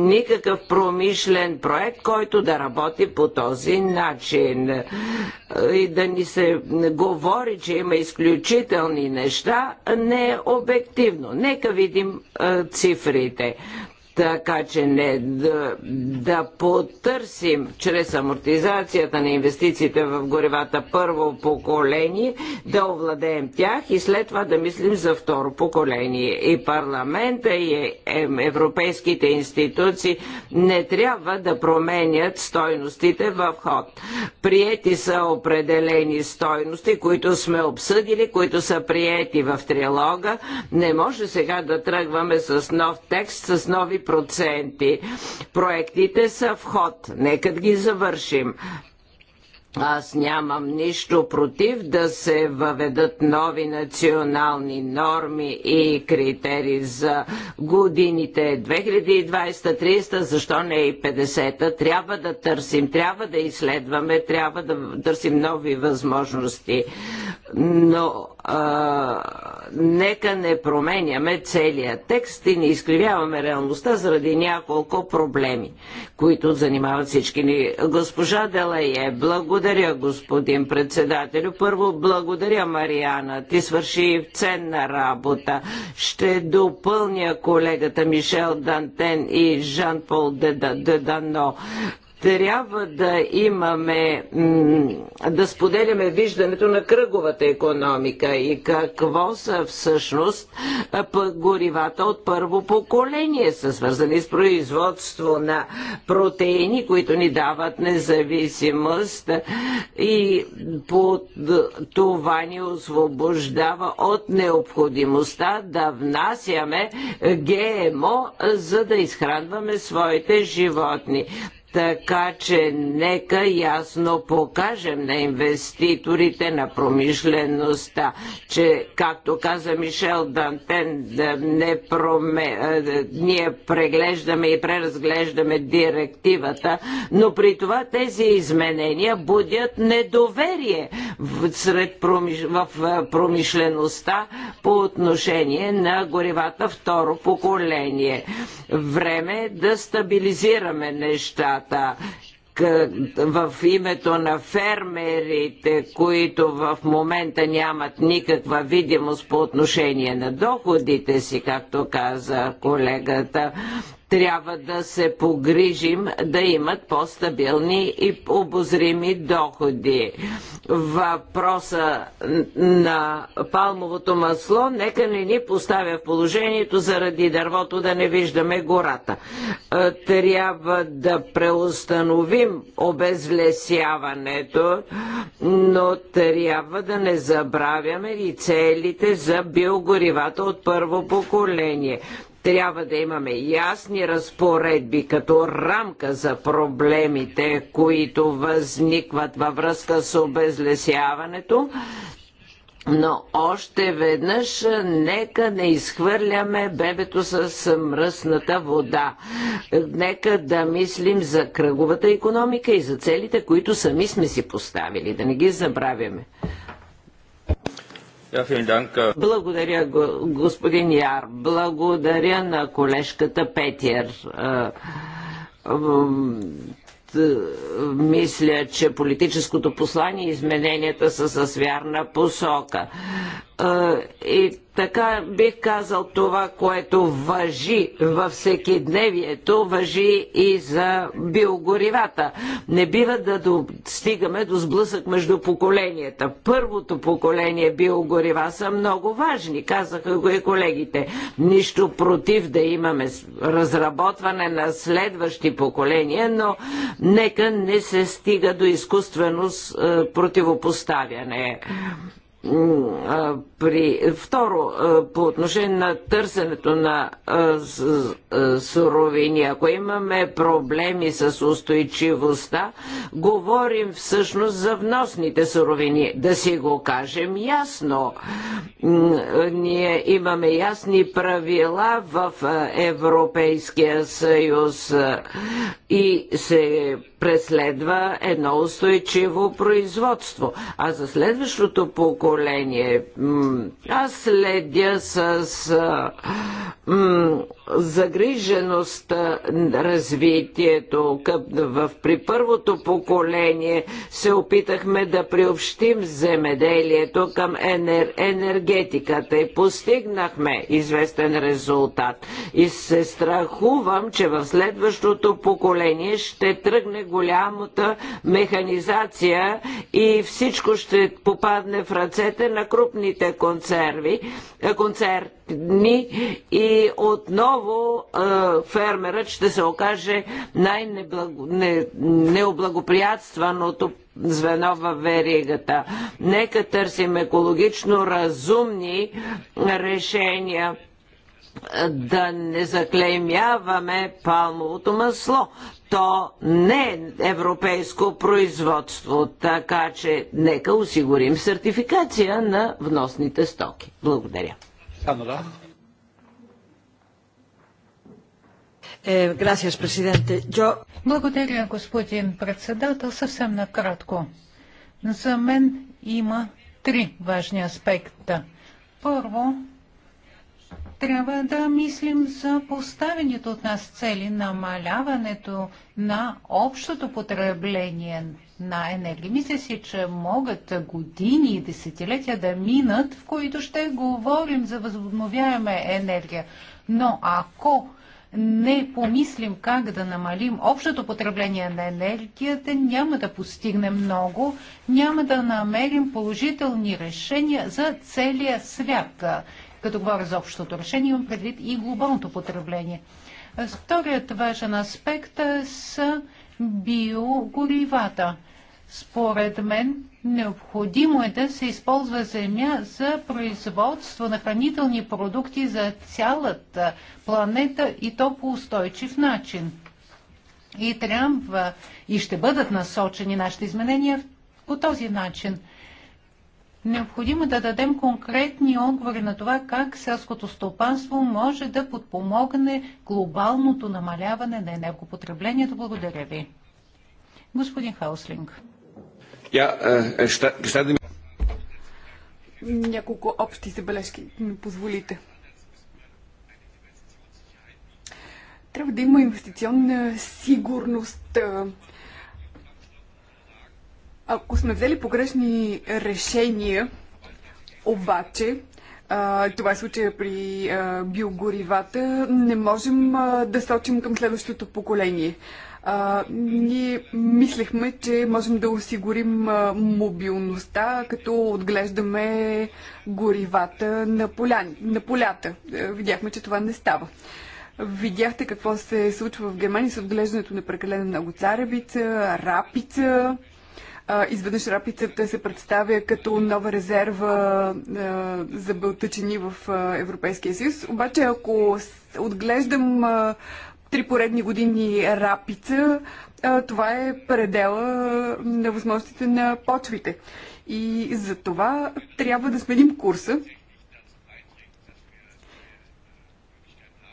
никакъв промишлен проект, който да работи по този начин. И да ни се говори, че има изключителни неща, не е обективно. Нека видим цифрите. Така че не да, да потърсим чрез амортизацията на инвестициите в горевата първо поколение, да овладеем тях и след това да мислим за второ поколение. И парламента, и е, е, европейските институции не трябва да променят стойностите в ход. Приети са определени стойности, които сме обсъдили, които са приети в трилога. Не може сега да тръгваме с нов текст, с нови 10%. Проектите са в ход. Нека ги завършим. Аз нямам нищо против да се въведат нови национални норми и критерии за годините 2020-30, защо не и 50-та. Трябва да търсим, трябва да изследваме, трябва да търсим нови възможности но а, нека не променяме целия текст и не изкривяваме реалността заради няколко проблеми, които занимават всички ни. Госпожа Делайе, благодаря господин председателю. Първо благодаря Мариана, ти свърши ценна работа. Ще допълня колегата Мишел Дантен и Жан-Пол Дедано трябва да имаме, да споделяме виждането на кръговата економика и какво са всъщност горивата от първо поколение, са свързани с производство на протеини, които ни дават независимост и по това ни освобождава от необходимостта да внасяме ГМО, за да изхранваме своите животни. Така че нека ясно покажем на инвеститорите, на промишлеността, че, както каза Мишел Дантен, да не проме... ние преглеждаме и преразглеждаме директивата, но при това тези изменения будят недоверие в, сред промиш... в промишлеността по отношение на горивата второ поколение. Време е да стабилизираме нещата нещата в името на фермерите, които в момента нямат никаква видимост по отношение на доходите си, както каза колегата, трябва да се погрижим да имат по-стабилни и обозрими доходи. Въпроса на палмовото масло нека не ни поставя в положението заради дървото да не виждаме гората. Е, трябва да преустановим обезлесяването, но трябва да не забравяме и целите за биогоривата от първо поколение. Трябва да имаме ясни разпоредби като рамка за проблемите, които възникват във връзка с обезлесяването, но още веднъж нека не изхвърляме бебето с мръсната вода. Нека да мислим за кръговата економика и за целите, които сами сме си поставили. Да не ги забравяме. Äh, Благодаря, господин Яр. Благодаря на колежката Петер. Е, мисля, че политическото послание и измененията са с вярна посока. Е, и така бих казал това, което въжи във всеки дневието, въжи и за биогоривата. Не бива да достигаме до сблъсък между поколенията. Първото поколение биогорива са много важни, казаха го и колегите. Нищо против да имаме разработване на следващи поколения, но нека не се стига до изкуствено е, противопоставяне при, второ, по отношение на търсенето на суровини, ако имаме проблеми с устойчивостта, говорим всъщност за вносните суровини. Да си го кажем ясно. Ние имаме ясни правила в Европейския съюз и се преследва едно устойчиво производство. А за следващото поколение аз следя с загрижеността, развитието. В, при първото поколение се опитахме да приобщим земеделието към енер, енергетиката и постигнахме известен резултат. И се страхувам, че в следващото поколение ще тръгне голямата механизация и всичко ще попадне в ръцете на крупните концерви, концерт, дни и отново а, фермерът ще се окаже най-необлагоприятстваното звено в веригата. Нека търсим екологично разумни решения да не заклеймяваме палмовото масло. То не е европейско производство, така че нека осигурим сертификация на вносните стоки. Благодаря. Canadá. Е, Благодаря, господин председател. Съвсем накратко. За мен има три важни аспекта. Първо, трябва да мислим за поставените от нас цели намаляването на общото потребление на енергия. Мисля си, че могат години и десетилетия да минат, в които ще говорим за възобновяема енергия. Но ако не помислим как да намалим общото потребление на енергията, няма да постигнем много, няма да намерим положителни решения за целия свят като говоря за общото решение, имам предвид и глобалното потребление. Вторият важен аспект са биогоривата. Според мен необходимо е да се използва земя за производство на хранителни продукти за цялата планета и то по устойчив начин. И трябва и ще бъдат насочени нашите изменения по този начин – Необходимо е да дадем конкретни отговори на това как селското стопанство може да подпомогне глобалното намаляване на енергопотреблението. Благодаря ви. Господин Хауслинг. Е, е, Няколко общи забележки, не позволите. Трябва да има инвестиционна сигурност ако сме взели погрешни решения, обаче, а, това е случая при а, биогоривата, не можем а, да сочим към следващото поколение. А, ние мислехме, че можем да осигурим а, мобилността, като отглеждаме горивата на, поля, на полята. Е, видяхме, че това не става. Видяхте какво се случва в Германия с отглеждането на прекалено много царевица, рапица изведнъж рапицата се представя като нова резерва за бълтъчени в Европейския съюз. Обаче ако отглеждам три поредни години рапица, това е предела на възможностите на почвите. И за това трябва да сменим курса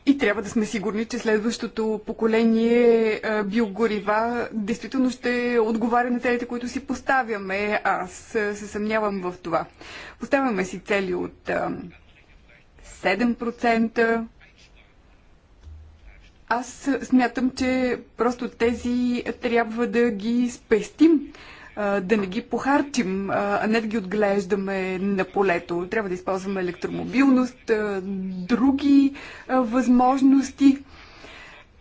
И трябва да сме сигурни, че следващото поколение биогорива действително ще отговаря на целите, които си поставяме. Аз се съмнявам в това. Поставяме си цели от 7%. Аз смятам, че просто тези трябва да ги спестим да не ги похарчим, а не да ги отглеждаме на полето. Трябва да използваме електромобилност, други възможности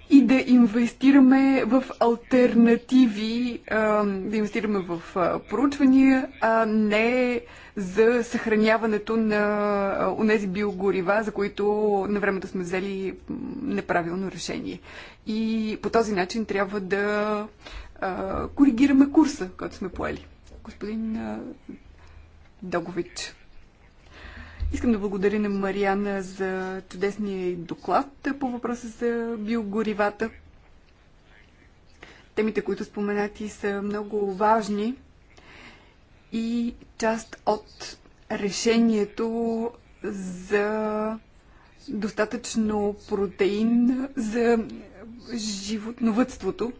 и да инвестираме в альтернативи, да инвестираме в проучвания, а не за съхраняването на тези биогорива, за които на времето сме взели неправилно решение. И по този начин трябва да а, коригираме курса, който сме поели. Господин а, Догович. Искам да благодаря на Мариана за чудесния доклад по въпроса за биогоривата. Темите, които споменати, са много важни и част от решението за достатъчно протеин за животновътството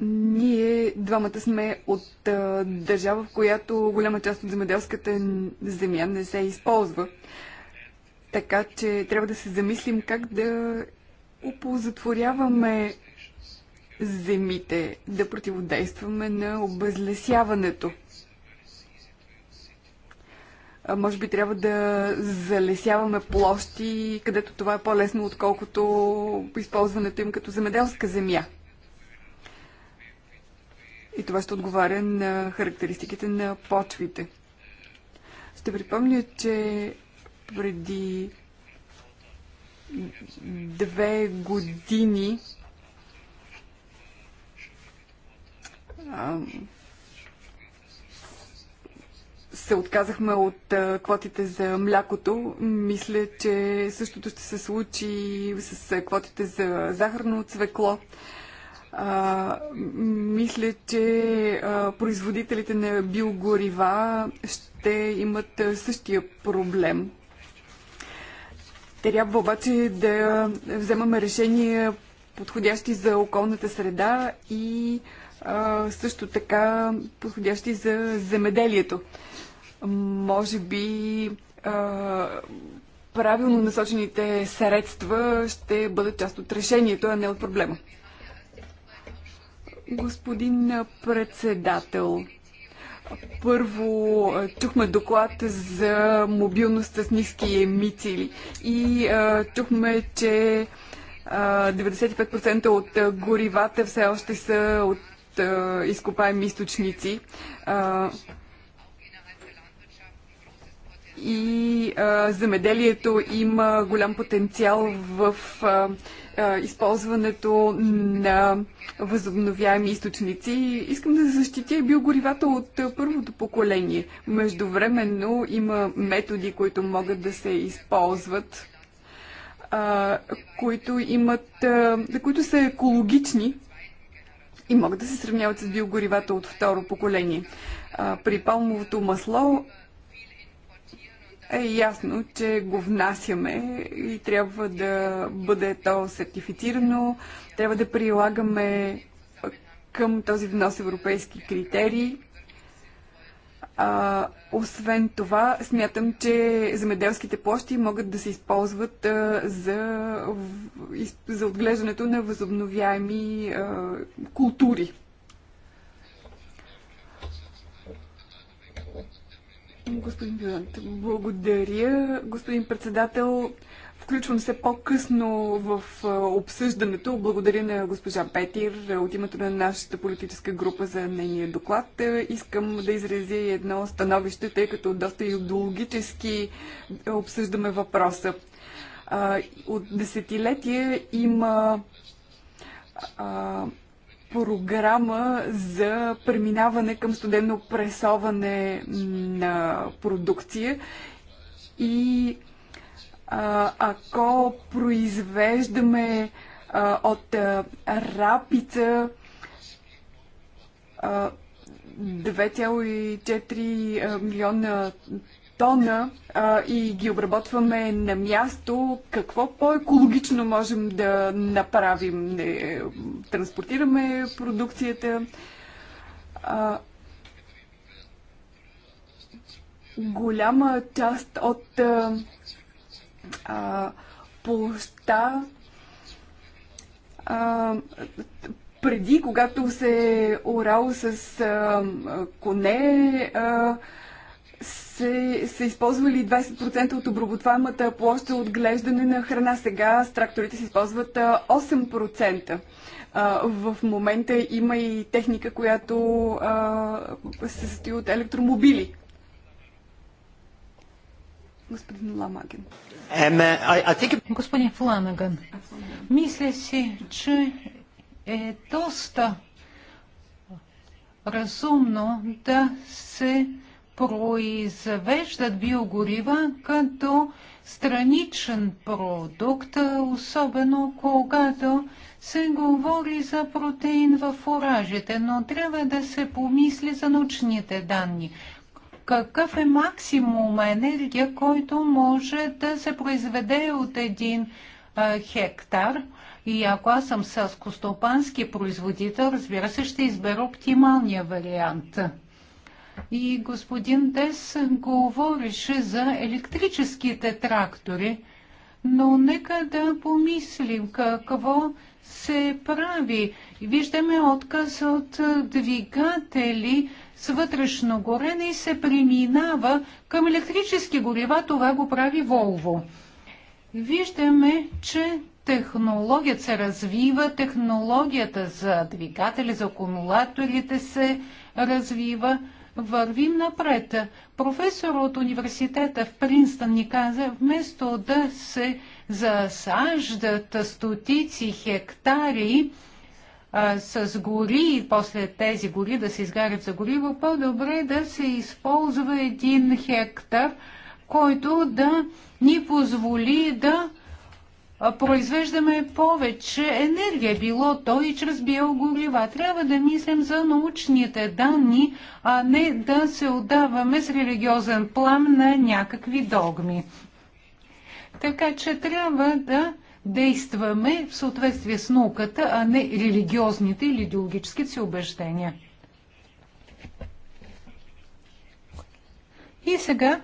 Ние двамата сме от а, държава, в която голяма част от земеделската земя не се използва. Така че трябва да се замислим как да оползотворяваме земите, да противодействаме на обезлесяването. А, може би трябва да залесяваме площи, където това е по-лесно, отколкото използването им като земеделска земя и това ще отговаря на характеристиките на почвите. Ще припомня, че преди две години се отказахме от квотите за млякото. Мисля, че същото ще се случи с квотите за захарно цвекло. А, мисля, че а, производителите на биогорива ще имат същия проблем. Трябва обаче да вземаме решения подходящи за околната среда и а, също така подходящи за земеделието. Може би а, правилно насочените средства ще бъдат част от решението, а не от проблема. Господин председател, първо е, чухме доклад за мобилност с ниски емисии и а, е, чухме, че е, а, 95% от горивата все още са от а, изкопаеми източници. А, и а, земеделието има голям потенциал в а, използването на възобновяеми източници. Искам да защитя биогоривата от първото поколение. Междувременно има методи, които могат да се използват, които имат, които са екологични и могат да се сравняват с биогоривата от второ поколение. При палмовото масло е ясно, че го внасяме и трябва да бъде то сертифицирано, трябва да прилагаме към този внос европейски критерии. А, освен това, смятам, че земеделските площи могат да се използват а, за, за отглеждането на възобновяеми а, култури. Господин Виланд, благодаря. Господин председател, включвам се по-късно в обсъждането. Благодаря на госпожа Петир от името на нашата политическа група за нейния доклад. Е, искам да изразя едно становище, тъй като доста идеологически е, обсъждаме въпроса. От десетилетия има програма за преминаване към студено пресоване на продукция и а, ако произвеждаме а, от а, рапица 2,4 милиона тона а, и ги обработваме на място, какво по-екологично можем да направим? Не, транспортираме продукцията. А, голяма част от а, а, площа а, преди, когато се е орало с а, коне, а, се, са използвали 20% от обработваемата площа от отглеждане на храна. Сега с тракторите се използват 8%. В момента има и техника, която се състои от електромобили. Господин Ламаген. Е, Господин Фланаган, мисля си, че е доста разумно да се произвеждат биогорива като страничен продукт, особено когато се говори за протеин в оражите, но трябва да се помисли за научните данни. Какъв е максимум енергия, който може да се произведе от един а, хектар? И ако аз съм селскостопански производител, разбира се, ще избера оптималния вариант. И господин Тес говореше за електрическите трактори, но нека да помислим какво се прави. Виждаме отказ от двигатели с вътрешно горене и се преминава към електрически горива. Това го прави Волво. Виждаме, че технологията се развива, технологията за двигатели, за акумулаторите се развива вървим напред. Професор от университета в Принстън ни каза, вместо да се засаждат стотици хектари а, с гори и после тези гори да се изгарят за гориво, по-добре да се използва един хектар, който да ни позволи да произвеждаме повече енергия, било то и чрез биогорива. Трябва да мислим за научните данни, а не да се отдаваме с религиозен плам на някакви догми. Така че трябва да действаме в съответствие с науката, а не религиозните или идеологическите си убеждения. И сега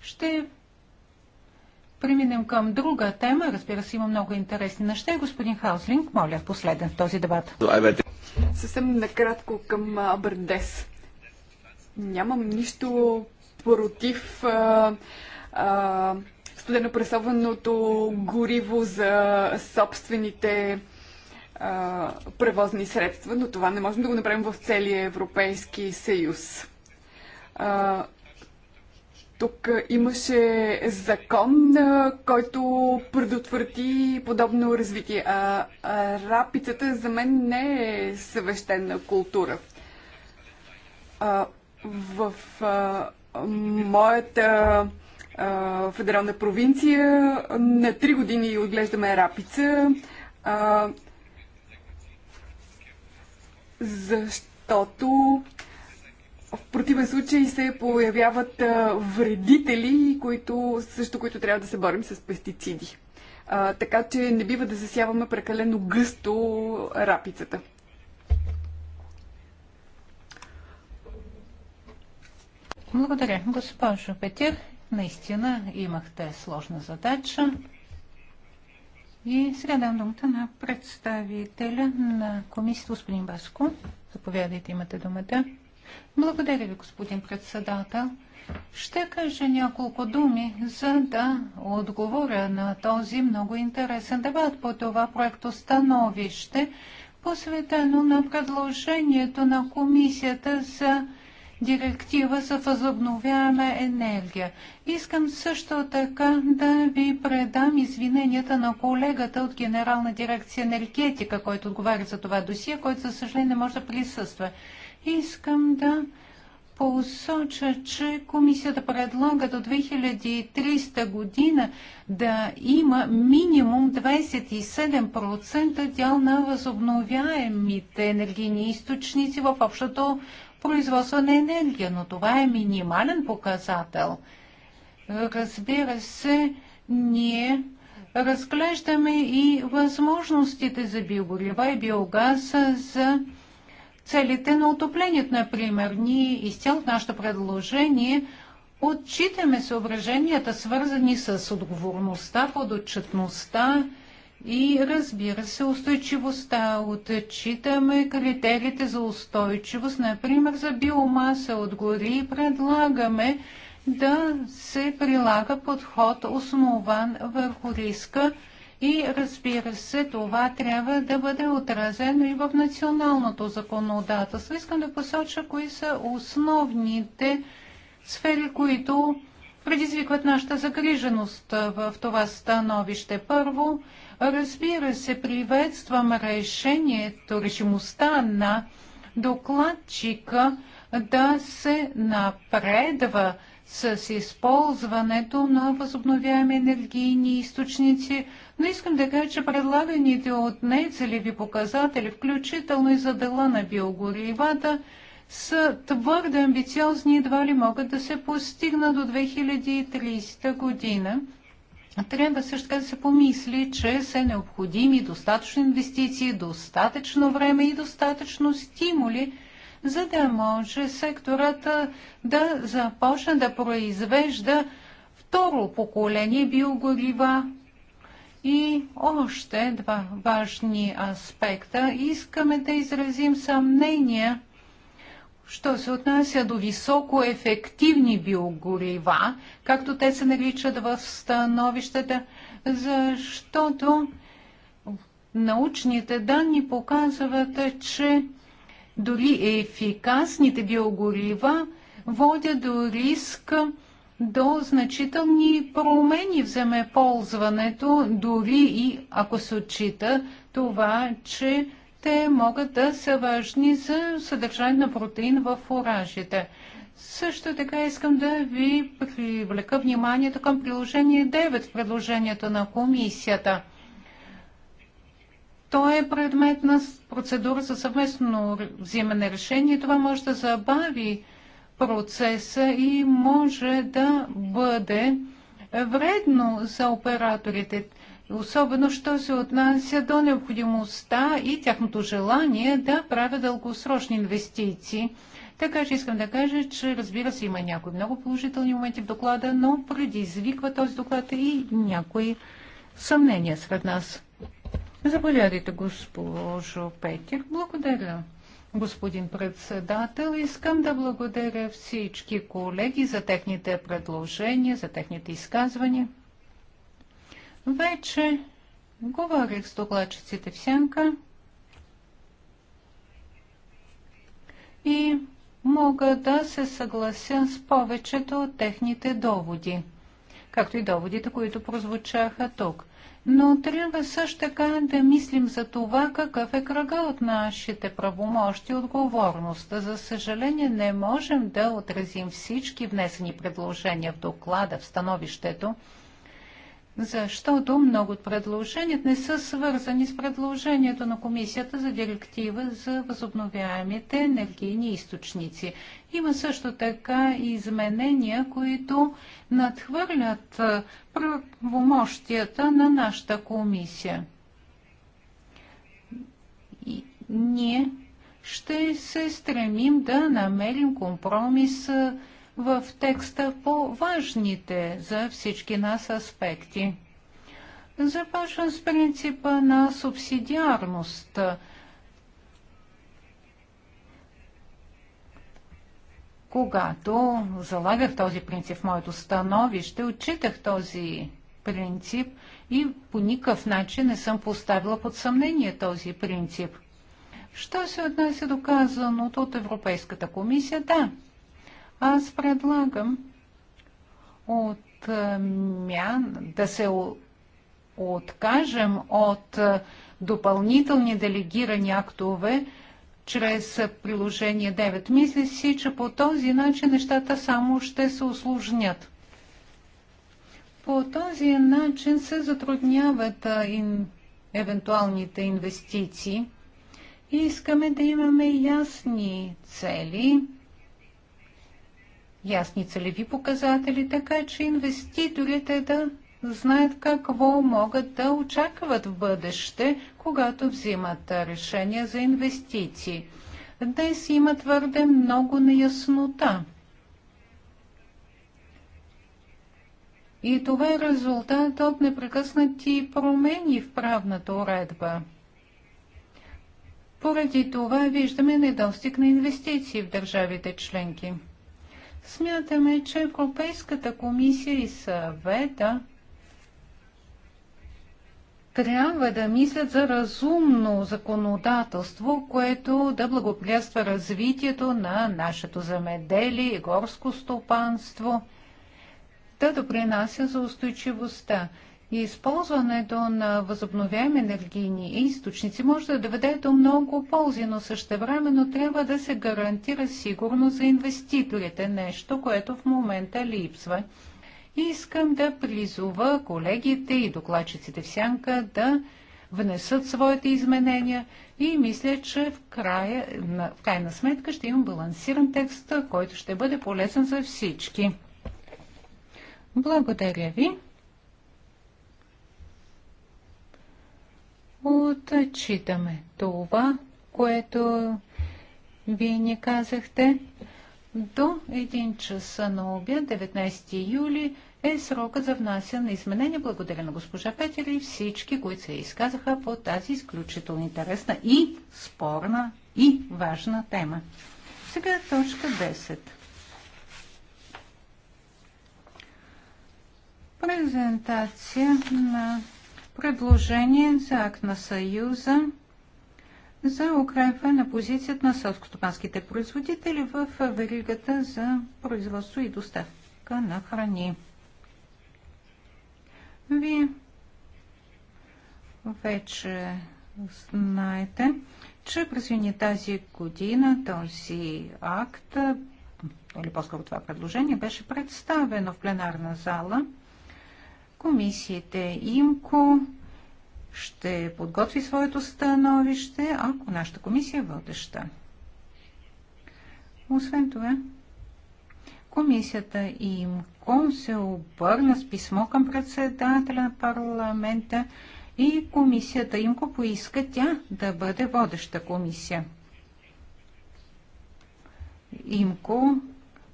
ще преминем към друга тема. Разбира се, има много интересни неща. Господин Хаузлинг, моля, последен в този дебат. Съвсем накратко към Абердес. Нямам нищо против а, а, студенопресованото гориво за собствените а, превозни средства, но това не можем да го направим в целия Европейски съюз. А, тук имаше закон, който предотврати подобно развитие. А, а рапицата за мен не е съвещена култура. А, в а, моята а, федерална провинция на три години отглеждаме рапица. А, защото в противен случай се появяват вредители, които, също които трябва да се борим с пестициди. А, така че не бива да засяваме прекалено гъсто рапицата. Благодаря, госпожо Петир. Наистина имахте сложна задача. И сега дам думата на представителя на комисията господин Баско. Заповядайте, имате думата. Благодаря ви, господин председател. Ще кажа няколко думи, за да отговоря на този много интересен дебат по това проекто становище, посветено на предложението на Комисията за директива за възобновяема енергия. Искам също така да ви предам извиненията на колегата от Генерална дирекция енергетика, който отговаря за това досие, който за съжаление не може да присъства. Искам да посоча, че комисията предлага до 2300 година да има минимум 27% дял на възобновяемите енергийни източници в общото производство на енергия, но това е минимален показател. Разбира се, ние разглеждаме и възможностите за биогорива и биогаз за целите на отоплението, например. Ние изцяло в нашето предложение отчитаме съображенията, свързани с отговорността, подотчетността и разбира се устойчивостта. Отчитаме критериите за устойчивост, например за биомаса от гори и предлагаме да се прилага подход основан върху риска и разбира се, това трябва да бъде отразено и в националното законодателство. Искам да посоча кои са основните сфери, които предизвикват нашата загриженост в това становище. Първо, разбира се, приветствам решението, решимостта на докладчика да се напредва с използването на възобновяеми енергийни източници, но искам да кажа, че предлаганите от нея показатели, включително и за дела на биогоривата, са твърде амбициозни и едва ли могат да се постигнат до 2030 година. Трябва също така да се помисли, че са необходими достатъчно инвестиции, достатъчно време и достатъчно стимули, за да може сектората да започне да произвежда второ поколение биогорива и още два важни аспекта. Искаме да изразим съмнение, що се отнася до високо ефективни биогорива, както те се наричат в становищата, защото научните данни показват, че дори ефикасните биогорива водят до риска до значителни промени в земеползването, дори и ако се отчита това, че те могат да са важни за съдържание на протеин в фуражите. Също така искам да ви привлека вниманието към приложение 9 в предложението на комисията. То е предмет на процедура за съвместно взимане решение. Това може да забави процеса и може да бъде вредно за операторите, особено що се отнася до необходимостта и тяхното желание да правят дългосрочни инвестиции. Така че искам да кажа, че разбира се има някои много положителни моменти в доклада, но предизвиква този доклад и някои съмнения сред нас. Заповядайте, госпожо Петер. Благодаря. Господин председател, искам да благодаря всички колеги за техните предложения, за техните изказвания. Вече говорих с докладчиците в сянка и мога да се съглася с повечето от техните доводи, както и доводите, които прозвучаха тук но трябва също така да мислим за това какъв е кръга от нашите правомощи и отговорност. За съжаление не можем да отразим всички внесени предложения в доклада, в становището, защото много от предложенията не са свързани с предложението на Комисията за директива за възобновяемите енергийни източници. Има също така и изменения, които надхвърлят правомощията на нашата комисия. И ние ще се стремим да намерим компромис в текста по важните за всички нас аспекти. Започвам с принципа на субсидиарност. Когато залагах този принцип в моето становище, отчитах този принцип и по никакъв начин не съм поставила под съмнение този принцип. Що се отнася до казаното от Европейската комисия? Да, аз предлагам отмян, е, да се откажем от е, допълнителни делегирани актове чрез приложение 9. Мисля си, че по този начин нещата само ще се осложнят. По този начин се затрудняват е, ин, евентуалните инвестиции. Искаме да имаме ясни цели ясни целеви показатели, така че инвеститорите да знаят какво могат да очакват в бъдеще, когато взимат решения за инвестиции. Днес има твърде много неяснота. И това е резултат от непрекъснати промени в правната уредба. Поради това виждаме недостиг на инвестиции в държавите членки. Смятаме, че Европейската комисия и съвета трябва да мислят за разумно законодателство, което да благоприятства развитието на нашето земеделие и горско стопанство, да допринася за устойчивостта. Използването на възобновяеми енергийни източници може да доведе до много ползи, но същевременно трябва да се гарантира сигурно за инвеститорите, нещо, което в момента липсва. И искам да призова колегите и докладчиците в сянка да внесат своите изменения и мисля, че в, края, в крайна сметка ще имам балансиран текст, който ще бъде полезен за всички. Благодаря ви. отчитаме това, което вие ни казахте. До 1 часа на обя, 19 юли, е срока за внасяне на изменения. Благодаря на госпожа Петели и всички, които се изказаха по тази изключително интересна и спорна и важна тема. Сега точка 10. Презентация на предложение за акт на Съюза за укрепване на позицията на селскостопанските производители в веригата за производство и доставка на храни. Вие вече знаете, че през юни тази година този акт, или по-скоро това предложение, беше представено в пленарна зала – Комисията ИМКО ще подготви своето становище, ако нашата комисия е водеща. Освен това, комисията ИМКО се обърна с писмо към председателя на парламента и комисията ИМКО поиска тя да бъде водеща комисия. ИМКО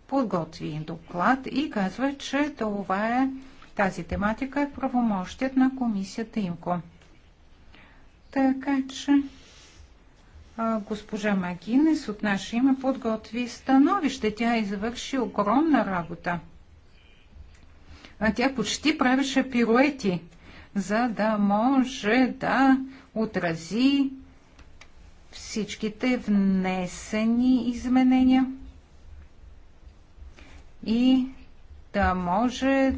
подготви доклад и казва, че това е тази тематика е правомощият на комисията ИМКО. Така че госпожа Магинес от наше име подготви становище. Тя извърши е огромна работа. А тя почти правеше пируети, за да може да отрази всичките внесени изменения и да може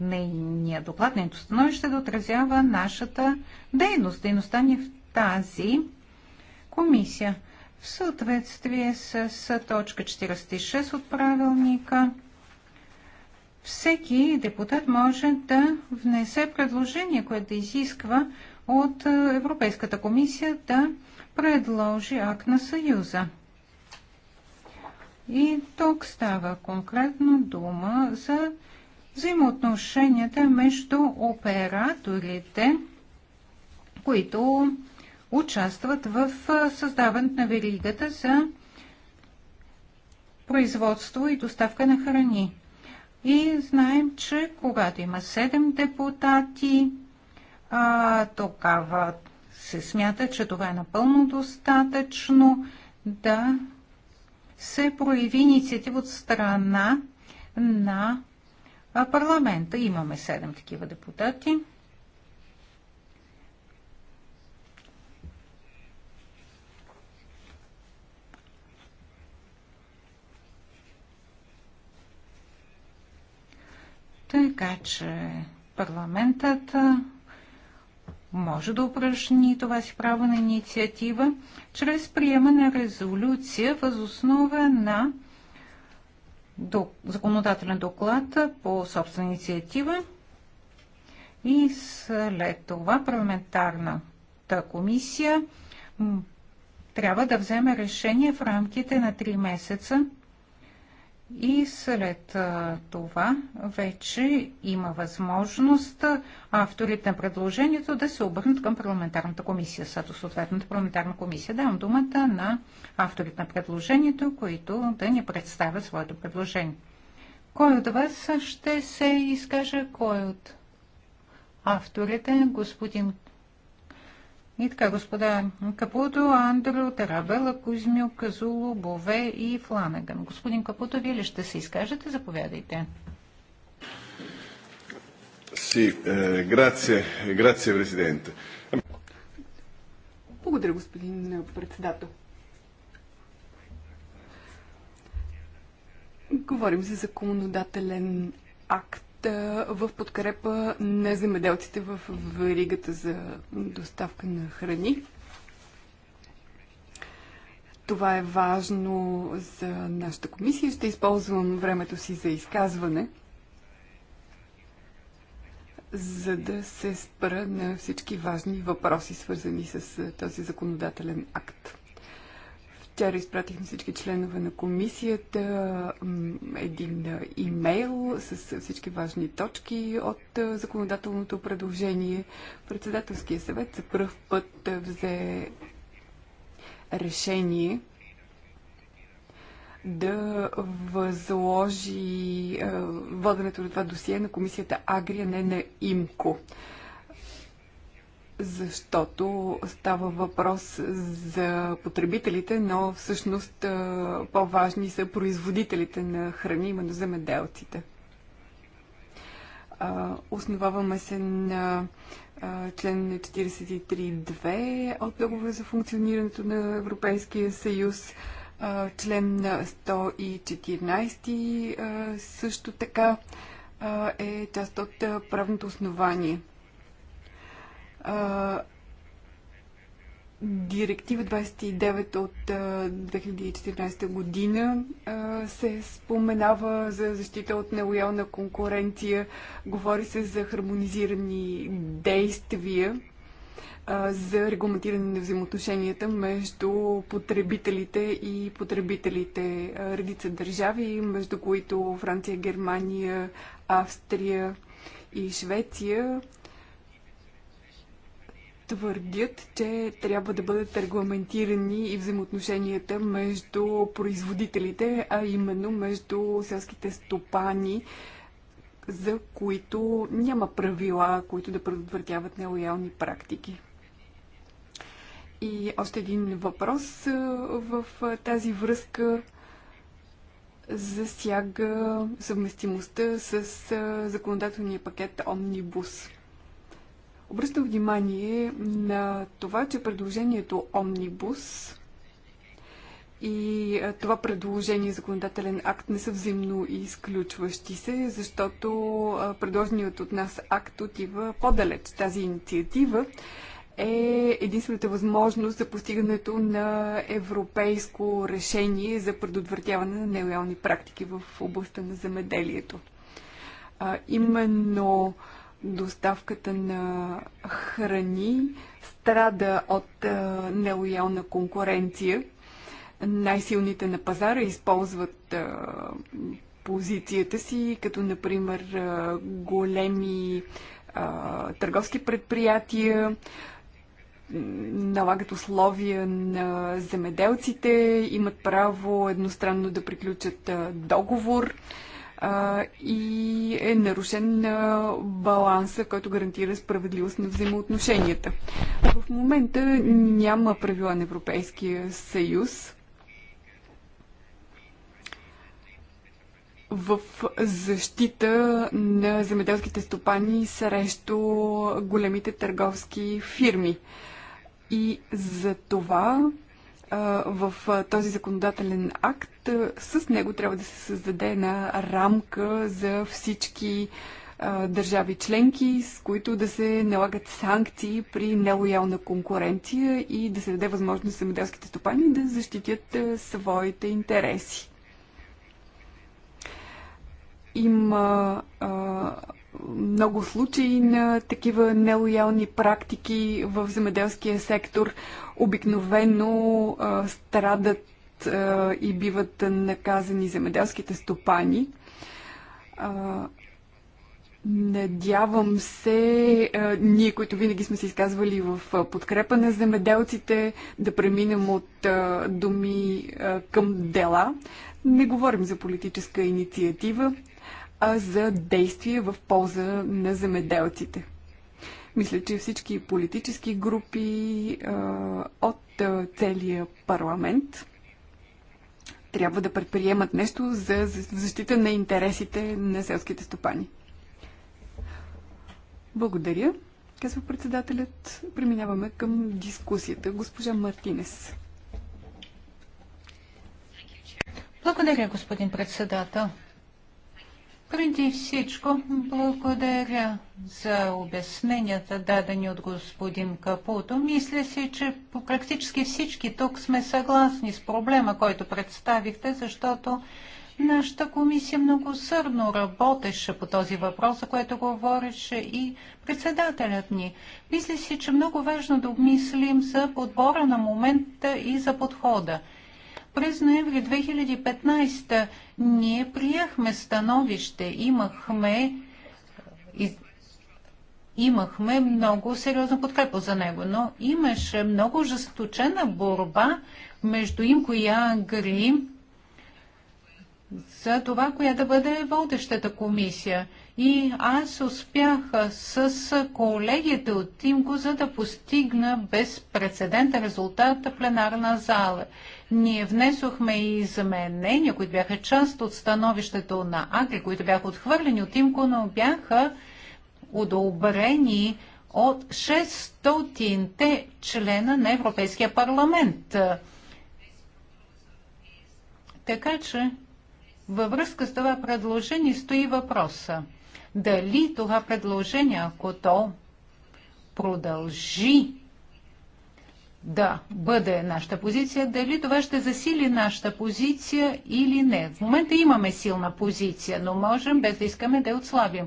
Нейният доклад, нейното становище да отразява нашата дейност, дейността ни в тази комисия. В съответствие с, с точка 46 от правилника, всеки депутат може да внесе предложение, което да изисква от е, Европейската комисия да предложи акт на Съюза. И тук става конкретно дума за взаимоотношенията между операторите, които участват в създаването на веригата за производство и доставка на храни. И знаем, че когато има 7 депутати, а, тогава се смята, че това е напълно достатъчно да се прояви инициатива от страна на парламента. Имаме 7 такива депутати. Така че парламентът може да упражни това си право на инициатива чрез приемане на резолюция възоснова на законодателен доклад по собствена инициатива и след това парламентарната комисия трябва да вземе решение в рамките на 3 месеца и след това вече има възможност авторите на предложението да се обърнат към парламентарната комисия, сато съответната парламентарна комисия. Давам думата на авторите на предложението, които да ни представят своето предложение. Кой от вас ще се изкаже? Кой от авторите? Господин и така, господа Капуто, Андрю, Тарабела, Кузьмюк, Казулу, Бове и Фланаган. Господин Капуто, вие ли ще се изкажете? Заповядайте. Си, грация, грация, президент. Благодаря, господин председател. Говорим за законодателен акт е, в подкрепа на земеделците в веригата за доставка на храни. Това е важно за нашата комисия. Ще използвам времето си за изказване, за да се спра на всички важни въпроси, свързани с е, този законодателен акт. Вчера изпратихме всички членове на комисията един имейл с всички важни точки от законодателното предложение. Председателския съвет за първ път взе решение да възложи воденето на това досие на комисията Агрия, не на ИМКО защото става въпрос за потребителите, но всъщност по-важни са производителите на храни, именно земеделците. Основаваме се на член 43.2 от договора за функционирането на Европейския съюз, член 114 също така е част от правното основание – а, Директива 29 от 2014 година се споменава за защита от нелоялна конкуренция. Говори се за хармонизирани действия за регламентиране на взаимоотношенията между потребителите и потребителите. Редица държави, между които Франция, Германия, Австрия и Швеция, твърдят, че трябва да бъдат регламентирани и взаимоотношенията между производителите, а именно между селските стопани, за които няма правила, които да предотвратяват нелоялни практики. И още един въпрос в тази връзка засяга съвместимостта с законодателния пакет Омнибус. Обръщам внимание на това, че предложението Омнибус и това предложение законодателен акт не са взаимно изключващи се, защото предложеният от нас акт отива по-далеч. Тази инициатива е единствената възможност за постигането на европейско решение за предотвратяване на нелоялни практики в областта на земеделието. А, именно доставката на храни страда от е, нелоялна конкуренция. Най-силните на пазара използват е, позицията си, като например е, големи търговски предприятия, налагат условия на земеделците, имат право едностранно да приключат договор и е нарушен баланса, който гарантира справедливост на взаимоотношенията. В момента няма правила на Европейския съюз, в защита на земеделските стопани срещу големите търговски фирми. И за това в този законодателен акт, с него трябва да се създаде една рамка за всички държави членки, с които да се налагат санкции при нелоялна конкуренция и да се даде възможност земеделските стопани да защитят своите интереси. Има а, много случаи на такива нелоялни практики в земеделския сектор обикновено а, страдат а, и биват наказани земеделските стопани. Надявам се, ние, които винаги сме се изказвали в подкрепа на земеделците, да преминем от думи към дела. Не говорим за политическа инициатива, а за действие в полза на земеделците. Мисля, че всички политически групи от целия парламент трябва да предприемат нещо за защита на интересите на селските стопани. Благодаря, казва председателят. Преминаваме към дискусията. Госпожа Мартинес. Благодаря, господин председател. Преди всичко, благодаря за обясненията, дадени от господин Капуто. Мисля си, че по практически всички тук сме съгласни с проблема, който представихте, защото нашата комисия много сърно работеше по този въпрос, за което говореше и председателят ни. Мисля си, че много важно да обмислим за подбора на момента и за подхода. През ноември 2015 ние приехме становище, имахме имахме много сериозна подкрепа за него, но имаше много жесточена борба между Имко и Ангри за това, коя да бъде водещата комисия. И аз успях с колегите от Тимко, за да постигна безпредседентен резултат в пленарна зала. Ние внесохме и изменения, които бяха част от становището на Агри, които бяха отхвърлени от Имко, но бяха одобрени от 600-те члена на Европейския парламент. Така че във връзка с това предложение стои въпроса. Дали това предложение, ако то продължи да бъде нашата позиция, дали това ще засили нашата позиция или не. В момента имаме силна позиция, но можем без да искаме да я отслабим.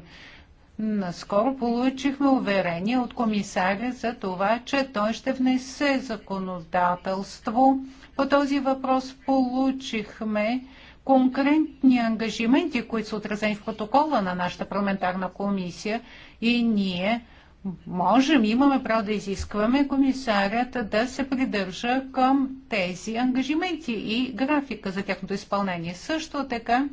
Наскоро получихме уверение от комисаря за това, че той ще внесе законодателство. По този въпрос получихме конкретни ангажименти, които са отразени в протокола на нашата парламентарна комисия и ние можем, имаме право да изискваме комисарят да се придържа към тези ангажименти и графика за тяхното изпълнение. Също така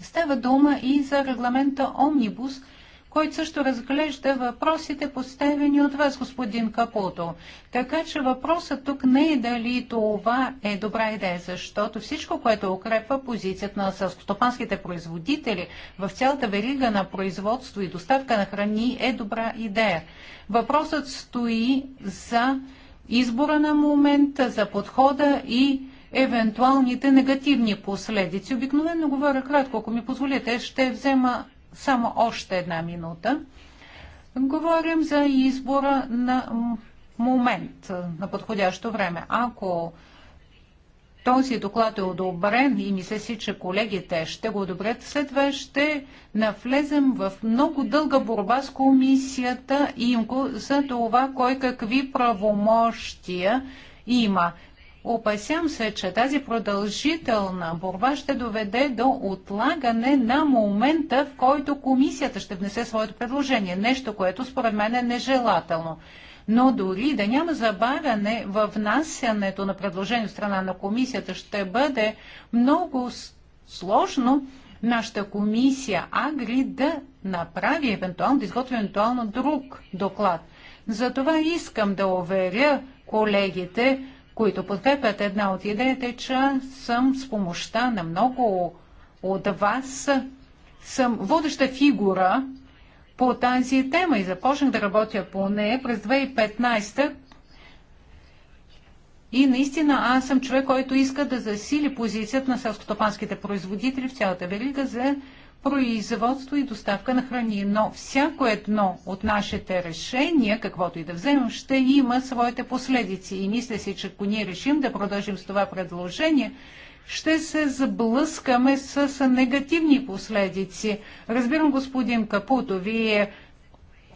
става дума и за регламента Омнибус – който също разглежда въпросите поставени от вас, господин Капуто. Така че въпросът тук не е дали това е добра идея, защото всичко, което укрепва позицията на селскостопанските производители в цялата верига на производство и доставка на храни е добра идея. Въпросът стои за избора на момента, за подхода и евентуалните негативни последици. Обикновено говоря кратко, ако ми позволите, ще взема само още една минута. Говорим за избора на момент, на подходящо време. Ако този доклад е одобрен и мисля си, че колегите ще го одобрят. След това ще навлезем в много дълга борба с комисията ИМКО за това кой какви правомощия има. Опасям се, че тази продължителна борба ще доведе до отлагане на момента, в който комисията ще внесе своето предложение. Нещо, което според мен е нежелателно. Но дори да няма забавяне в внасянето на предложение от страна на комисията, ще бъде много сложно нашата комисия Агри да направи евентуално, да изготви евентуално друг доклад. Затова искам да уверя колегите, които подкрепят една от идеите, че съм с помощта на много от вас съм водеща фигура по тази тема и започнах да работя по нея през 2015 и наистина аз съм човек, който иска да засили позицията на сълско-топанските производители в цялата верига за производство и доставка на храни. Но всяко едно от нашите решения, каквото и да вземем, ще има своите последици. И мисля си, че ако ние решим да продължим с това предложение, ще се заблъскаме с негативни последици. Разбирам, господин Капуто, вие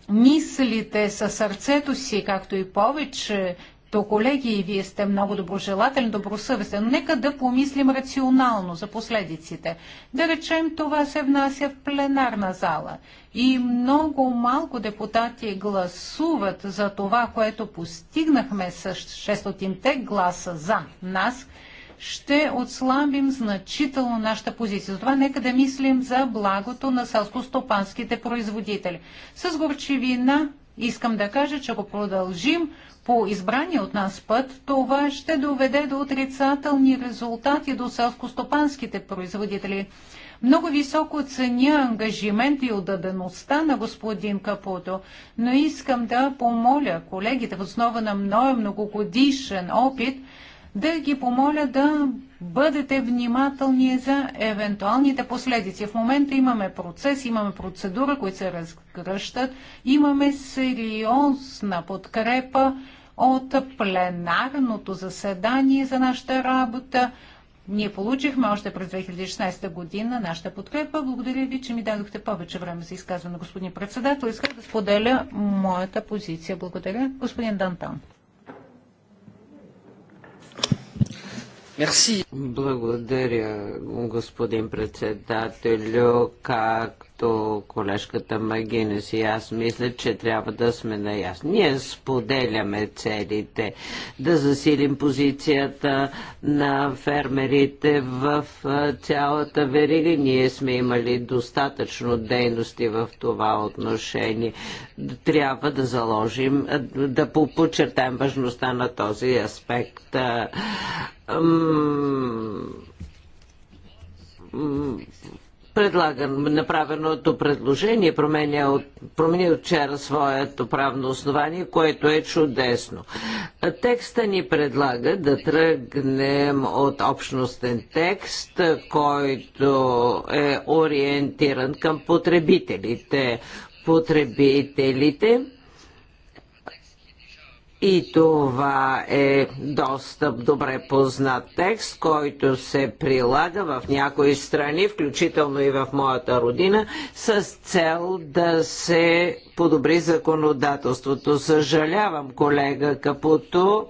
мислите със сърцето си, както и повече то, колеги, и вие сте много доброжелателен, добросъвестен, но нека да помислим рационално за последиците. Да речем, това се внася в пленарна зала и много малко депутати гласуват за това, което постигнахме с 600-те гласа за нас, ще отслабим значително нашата позиция. Затова нека да мислим за благото на селско-стопанските производители. С горчивина Искам да кажа, че ако продължим по избрания от нас път, това ще доведе до отрицателни резултати до селскостопанските производители. Много високо ценя ангажимент и отдадеността на господин Капото, но искам да помоля колегите в основа на мною многогодишен опит да ги помоля да бъдете внимателни за евентуалните последици. В момента имаме процес, имаме процедура, които се разгръщат, имаме сериозна подкрепа от пленарното заседание за нашата работа. Ние получихме още през 2016 година нашата подкрепа. Благодаря ви, че ми дадохте повече време за изказване, господин председател. Исках да споделя моята позиция. Благодаря, господин Дантан. Благодаря, господин председателю. Как както колежката Магинес и аз мисля, че трябва да сме наясни. Ние споделяме целите да засилим позицията на фермерите в цялата верига. Ние сме имали достатъчно дейности в това отношение. Трябва да заложим, да подчертаем важността на този аспект Предлагам направеното предложение, промени от, промени от вчера своето правно основание, което е чудесно. Текста ни предлага да тръгнем от общностен текст, който е ориентиран към потребителите. Потребителите и това е доста добре познат текст, който се прилага в някои страни, включително и в моята родина, с цел да се подобри законодателството. Съжалявам, колега Капуто,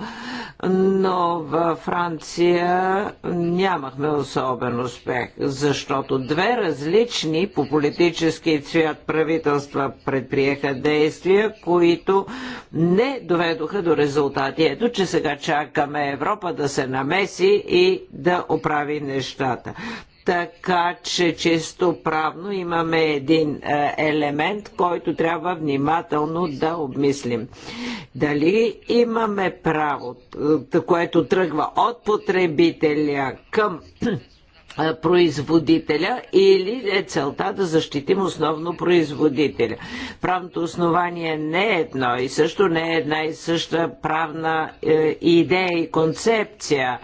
но във Франция нямахме особен успех, защото две различни по политически цвят правителства предприеха действия, които не доведоха доведаха до резултати. Ето, че сега чакаме Европа да се намеси и да оправи нещата така че чисто правно имаме един е, елемент, който трябва внимателно да обмислим. Дали имаме право, е, което тръгва от потребителя към производителя или е целта да защитим основно производителя. Правното основание не е едно и също не е една и съща правна е, идея и концепция.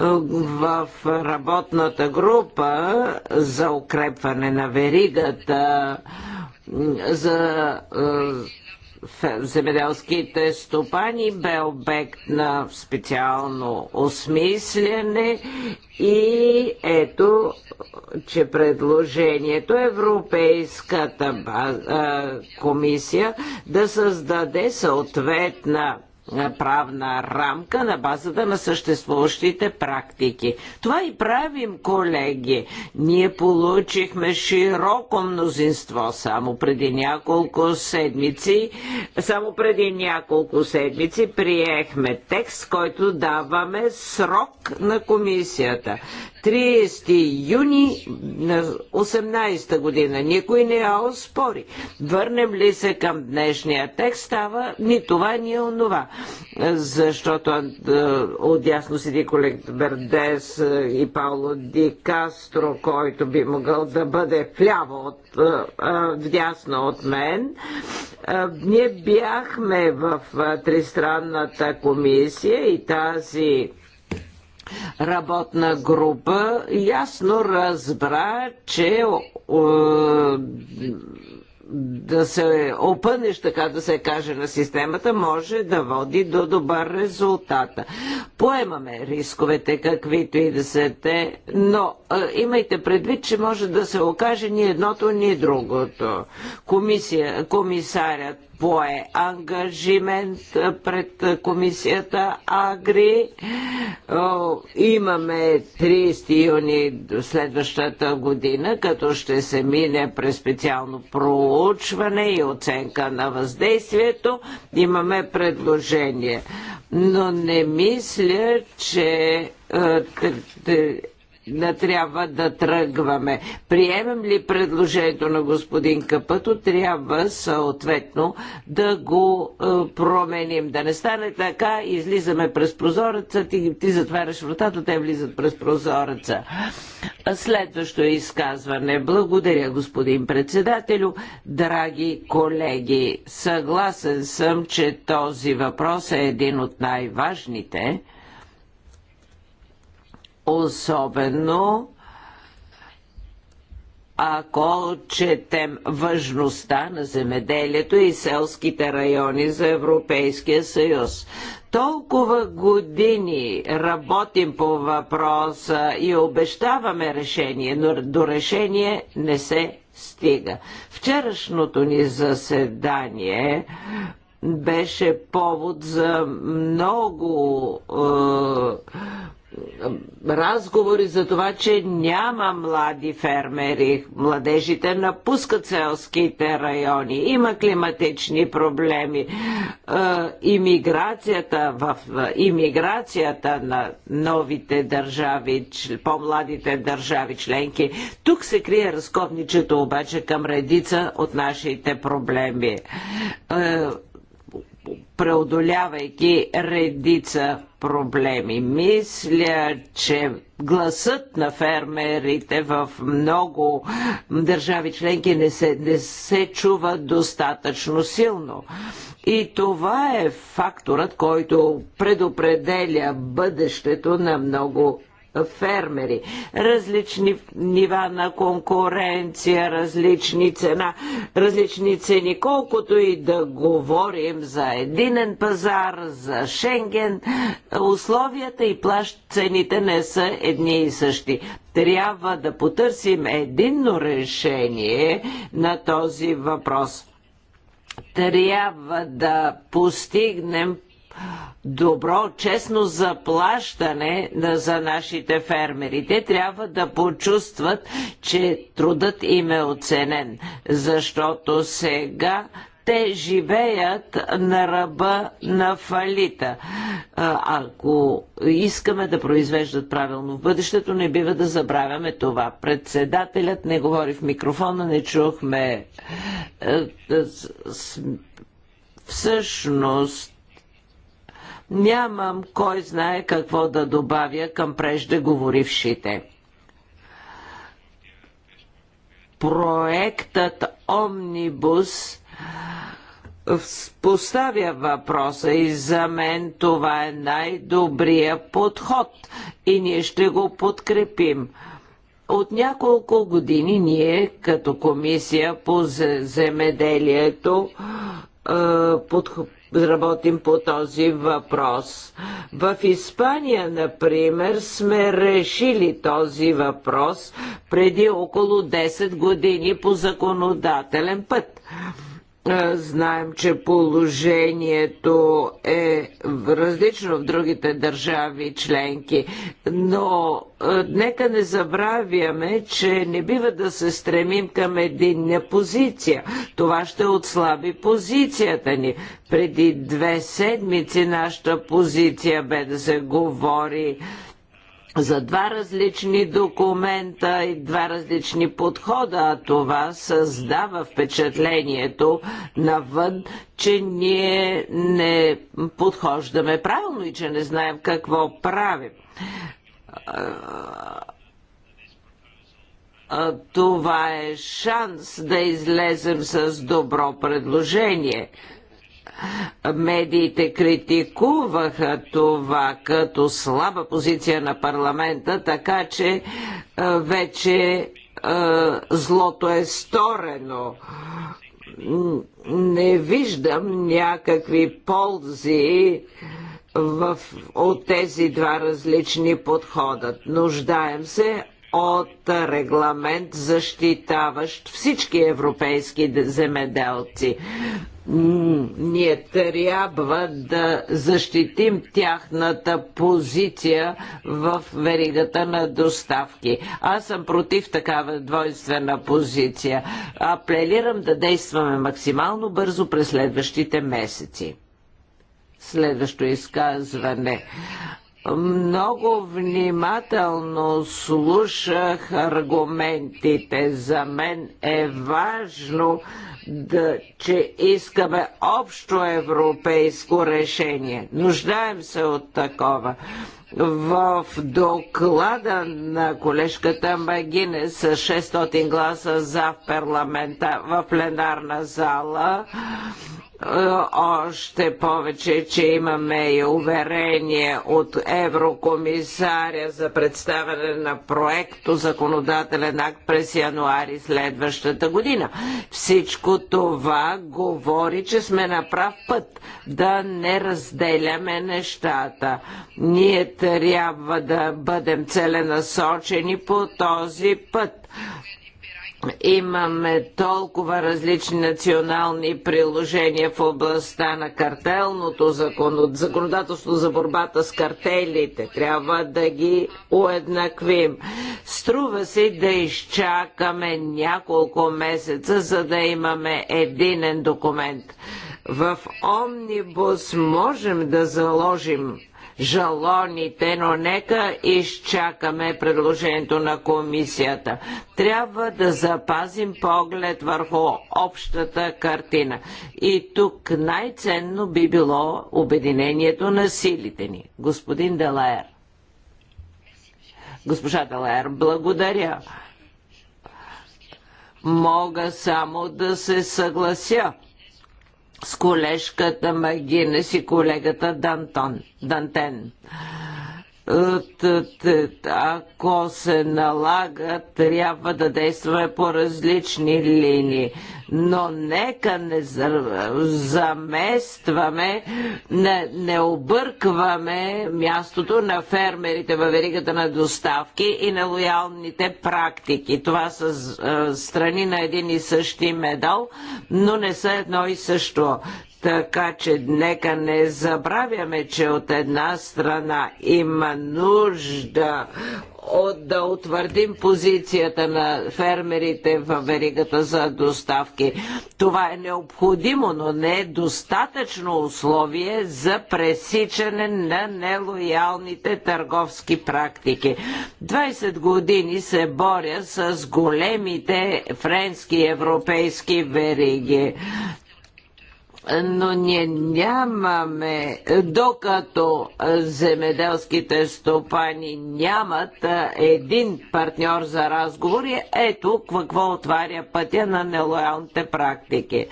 Е, в работната група за укрепване на веригата за е, земеделските стопани бе обект на специално осмислене и ето, че предложението Европейската комисия да създаде съответна е, правна рамка на базата на съществуващите практики. Това и правим, колеги. Ние получихме широко мнозинство само преди няколко седмици. Само преди няколко седмици приехме текст, който даваме срок на комисията. 30 юни на 18 година. Никой не я оспори. Върнем ли се към днешния текст, става ни това, ни онова защото отясно седи колег Бердес и Пауло Ди Кастро, който би могъл да бъде вляво от, вдясно от мен. Ние бяхме в тристранната комисия и тази работна група ясно разбра, че да се опънеш, така да се каже, на системата, може да води до добър резултат. Поемаме рисковете, каквито и да са те, но а, имайте предвид, че може да се окаже ни едното, ни другото. Комисия, комисарят пое ангажимент пред комисията Агри. Имаме 30 юни следващата година, като ще се мине през специално проучване и оценка на въздействието. Имаме предложение. Но не мисля, че не трябва да тръгваме. Приемем ли предложението на господин Капъто, трябва съответно да го е, променим. Да не стане така, излизаме през прозореца, ти, ти затваряш вратата, те влизат през прозореца. Следващо изказване. Благодаря, господин председателю. Драги колеги, съгласен съм, че този въпрос е един от най-важните особено ако четем важността на земеделието и селските райони за Европейския съюз. Толкова години работим по въпроса и обещаваме решение, но до решение не се стига. Вчерашното ни заседание беше повод за много е, разговори за това, че няма млади фермери. Младежите напускат селските райони. Има климатични проблеми. Е, имиграцията в е, имиграцията на новите държави, по-младите държави членки. Тук се крие разковничето обаче към редица от нашите проблеми е, преодолявайки редица проблеми. Мисля, че гласът на фермерите в много държави членки не се, не се чува достатъчно силно. И това е факторът, който предопределя бъдещето на много фермери. Различни нива на конкуренция, различни цена, различни цени. Колкото и да говорим за единен пазар, за Шенген, условията и плащ цените не са едни и същи. Трябва да потърсим единно решение на този въпрос. Трябва да постигнем добро, честно заплащане за нашите фермери. Те трябва да почувстват, че трудът им е оценен, защото сега те живеят на ръба на фалита. Ако искаме да произвеждат правилно в бъдещето, не бива да забравяме това. Председателят не говори в микрофона, не чухме. Е, всъщност, Нямам кой знае какво да добавя към преждеговорившите. Проектът Омнибус поставя въпроса и за мен това е най-добрия подход и ние ще го подкрепим. От няколко години ние като комисия по земеделието работим по този въпрос. В Испания, например, сме решили този въпрос преди около 10 години по законодателен път. Знаем, че положението е различно в другите държави членки, но нека не забравяме, че не бива да се стремим към единна позиция. Това ще отслаби позицията ни. Преди две седмици нашата позиция бе да се говори за два различни документа и два различни подхода, а това създава впечатлението навън, че ние не подхождаме правилно и че не знаем какво правим. Това е шанс да излезем с добро предложение. Медиите критикуваха това като слаба позиция на парламента, така че е, вече е, злото е сторено не виждам някакви ползи в, от тези два различни подхода. Нуждаем се от регламент, защитаващ всички европейски земеделци ние трябва да защитим тяхната позиция в веригата на доставки. Аз съм против такава двойствена позиция. Апелирам да действаме максимално бързо през следващите месеци. Следващо изказване. Много внимателно слушах аргументите. За мен е важно да, че искаме общо европейско решение. Нуждаем се от такова. В доклада на колежката Магине с 600 гласа за в парламента в пленарна зала е, още повече, че имаме и уверение от еврокомисаря за представяне на проекто законодателен акт през януари следващата година. Всичко това говори, че сме на прав път да не разделяме нещата. Ние трябва да бъдем целенасочени по този път имаме толкова различни национални приложения в областта на картелното законодателство за борбата с картелите. Трябва да ги уеднаквим. Струва се, да изчакаме няколко месеца, за да имаме единен документ. В Омнибус можем да заложим жалоните, но нека изчакаме предложението на комисията. Трябва да запазим поглед върху общата картина. И тук най-ценно би било обединението на силите ни. Господин Делаер. Госпожа Делаер, благодаря. Мога само да се съглася с колежката Магинес и колегата Дантон, Дантен ако се налага, трябва да действаме по различни линии. Но нека не заместваме, не, не объркваме мястото на фермерите във веригата на доставки и на лоялните практики. Това са страни на един и същи медал, но не са едно и също. Така че нека не забравяме, че от една страна има нужда от да утвърдим позицията на фермерите в веригата за доставки. Това е необходимо, но не е достатъчно условие за пресичане на нелоялните търговски практики. 20 години се боря с големите френски европейски вериги но ние нямаме, докато земеделските стопани нямат един партньор за разговори, ето какво отваря пътя на нелоялните практики.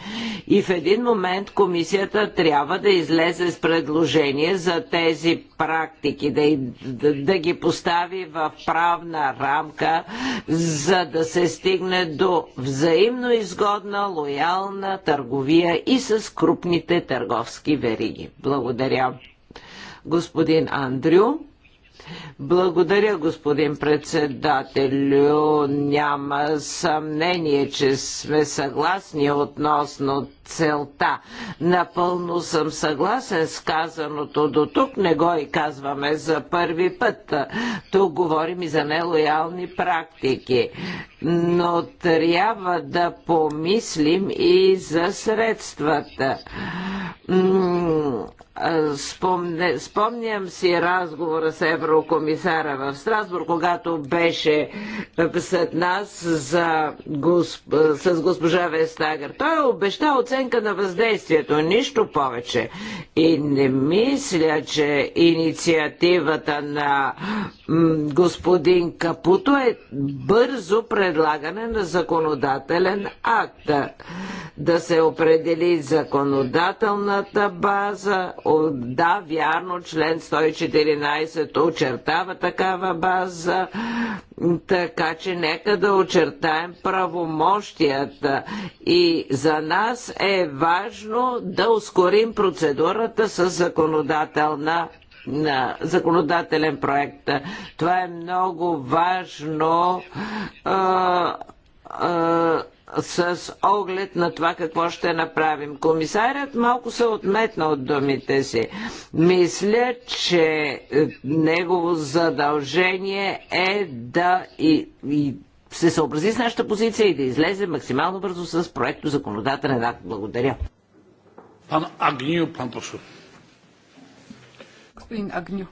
И в един момент комисията трябва да излезе с предложение за тези практики, да, да, да ги постави в правна рамка, за да се стигне до взаимно изгодна, лоялна търговия и с крупните търговски вериги. Благодаря. Господин Андрю. Благодаря, господин председателю. Няма съмнение, че сме съгласни относно целта. Напълно съм съгласен с казаното до тук, не го и казваме за първи път. Тук говорим и за нелоялни практики. Но трябва да помислим и за средствата. Спомня, спомням си разговора с еврокомисара в Страсбург, когато беше след нас за, госп... с госпожа Вестагър. Той е обеща от оценка на въздействието, нищо повече. И не мисля, че инициативата на господин Капуто е бързо предлагане на законодателен акт. Да се определи законодателната база. Да, вярно, член 114 очертава такава база, така че нека да очертаем правомощията. И за нас е е важно да ускорим процедурата с законодателна на законодателен проект. Това е много важно а, а, с оглед на това какво ще направим. Комисарят малко се отметна от думите си. Мисля, че негово задължение е да и, и се съобрази с нашата позиция и да излезе максимално бързо с проекто законодателен акт. Благодаря. Пан Агню, пан Пашу. Господин Агню.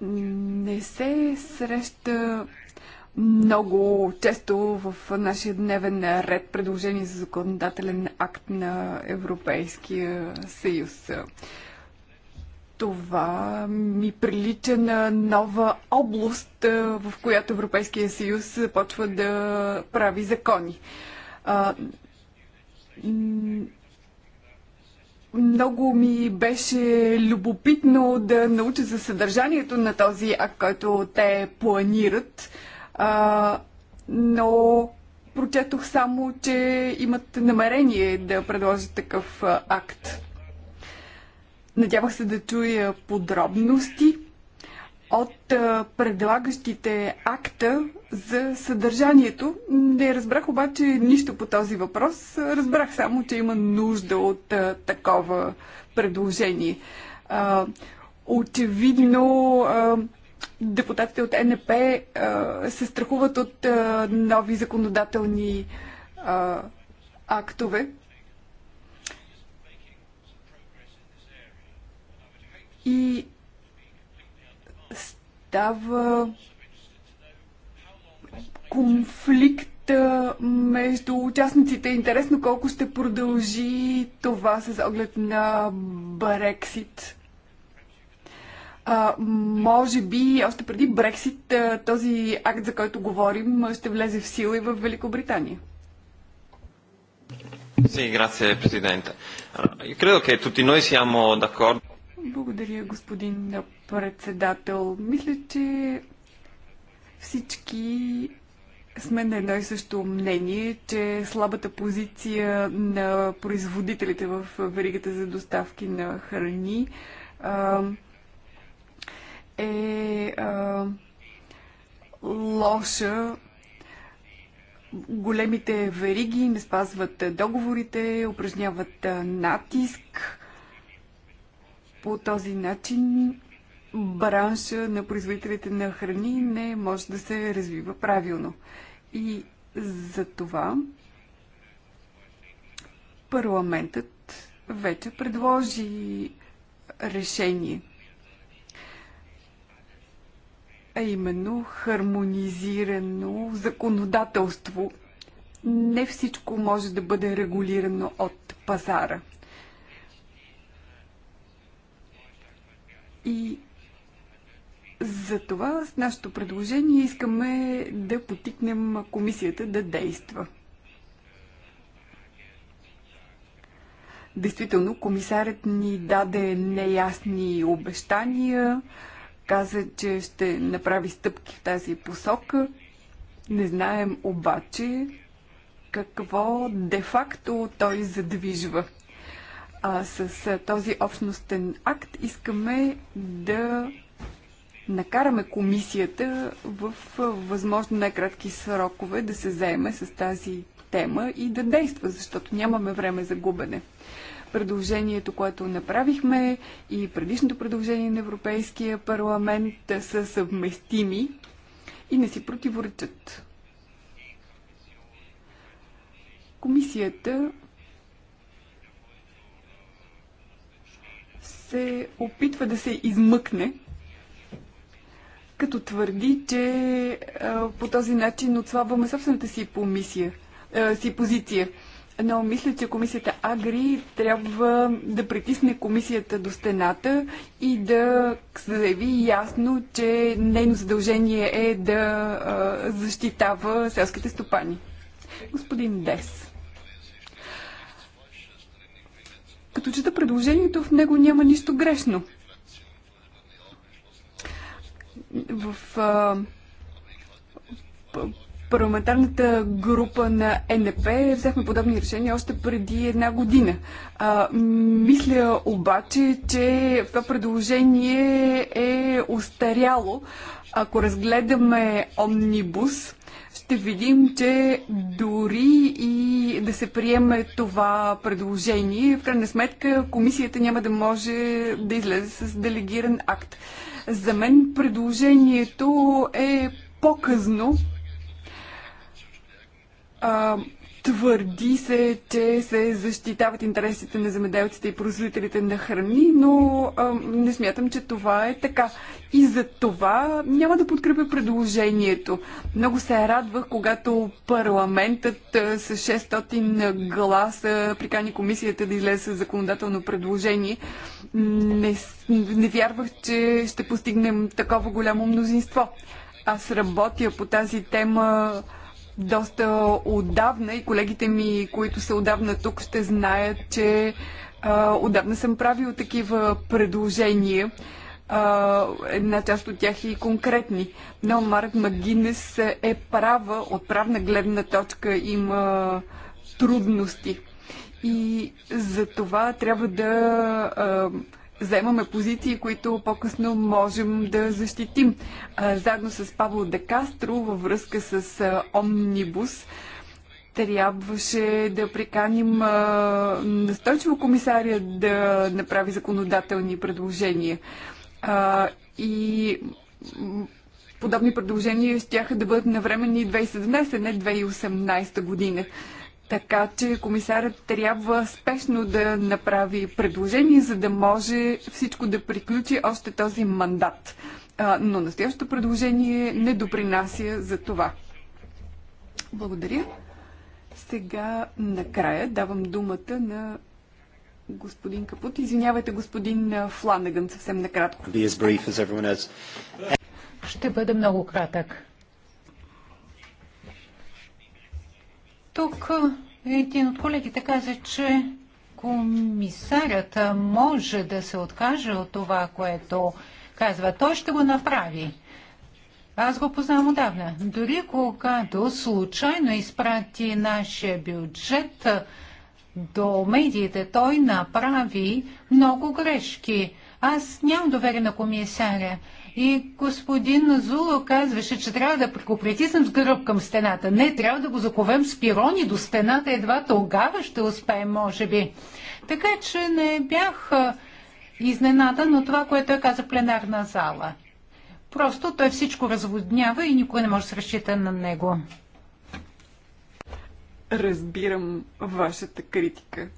Не се среща много често в нашия дневен ред предложение за законодателен акт на Европейския съюз. Това ми прилича на нова област, в която Европейския съюз започва да прави закони. Много ми беше любопитно да науча за съдържанието на този акт, който те планират, а, но прочетох само, че имат намерение да предложат такъв акт. Надявах се да чуя подробности от предлагащите акта за съдържанието. Не разбрах обаче нищо по този въпрос. Разбрах само, че има нужда от такова предложение. очевидно депутатите от НП се страхуват от нови законодателни актове. и става конфликт между участниците. Интересно колко ще продължи това с оглед на Брексит. А, може би още преди Брексит този акт, за който говорим, ще влезе в сила и в Великобритания. Sì, grazie Presidente. Allora, io credo che tutti noi siamo d'accordo. Благодаря, господин председател. Мисля, че всички сме на едно и също мнение, че слабата позиция на производителите в веригата за доставки на храни а, е а, лоша. Големите вериги не спазват договорите, упражняват натиск по този начин бранша на производителите на храни не може да се развива правилно. И за това парламентът вече предложи решение. А именно хармонизирано законодателство. Не всичко може да бъде регулирано от пазара. И за това с нашето предложение искаме да потикнем комисията да действа. Действително, комисарят ни даде неясни обещания, каза, че ще направи стъпки в тази посока. Не знаем обаче какво де-факто той задвижва. А с този общностен акт искаме да накараме комисията в възможно най-кратки срокове да се заеме с тази тема и да действа, защото нямаме време за губене. Предложението, което направихме и предишното предложение на Европейския парламент са съвместими и не си противоречат. Комисията се опитва да се измъкне, като твърди, че по този начин отслабваме собствената си, помисия, си позиция. Но мисля, че комисията Агри трябва да притисне комисията до стената и да заяви ясно, че нейно задължение е да защитава селските стопани. Господин Дес. Като чета предложението, в него няма нищо грешно. В а, парламентарната група на НП взехме подобни решения още преди една година. А, мисля обаче, че това предложение е устаряло. Ако разгледаме омнибус, ще видим, че дори и да се приеме това предложение, в крайна сметка комисията няма да може да излезе с делегиран акт. За мен предложението е по-късно. Твърди се, че се защитават интересите на земеделците и производителите на храни, но а, не смятам, че това е така. И за това няма да подкрепя предложението. Много се радвах, когато парламентът с 600 гласа прикани комисията да излезе с законодателно предложение. Не, не вярвах, че ще постигнем такова голямо мнозинство. Аз работя по тази тема доста отдавна и колегите ми, които са отдавна тук, ще знаят, че а, отдавна съм правил такива предложения. А, една част от тях и конкретни. Но Марк Магинес е права, от правна гледна точка има трудности. И за това трябва да а, заемаме позиции, които по-късно можем да защитим. Заедно с Павло Декастро във връзка с Омнибус трябваше да приканим настойчиво комисария да направи законодателни предложения. И подобни предложения ще да бъдат навремени 2017, не 2018 година. Така че комисарът трябва спешно да направи предложение, за да може всичко да приключи още този мандат. Но настоящото предложение не допринася за това. Благодаря. Сега накрая давам думата на господин Капут. Извинявайте, господин Фланаган, съвсем накратко. Ще бъда много кратък. Тук един от колегите каза, че комисарят може да се откаже от това, което казва. Той ще го направи. Аз го познавам отдавна. Дори когато случайно изпрати нашия бюджет до медиите, той направи много грешки. Аз нямам доверие на комисаря. И господин Зуло казваше, че трябва да го притиснем с гръб към стената. Не, трябва да го заковем с пирони до стената. Едва тогава ще успеем, може би. Така че не бях изненада на това, което е каза в пленарна зала. Просто той всичко разводнява и никой не може да се разчита на него. Разбирам вашата критика.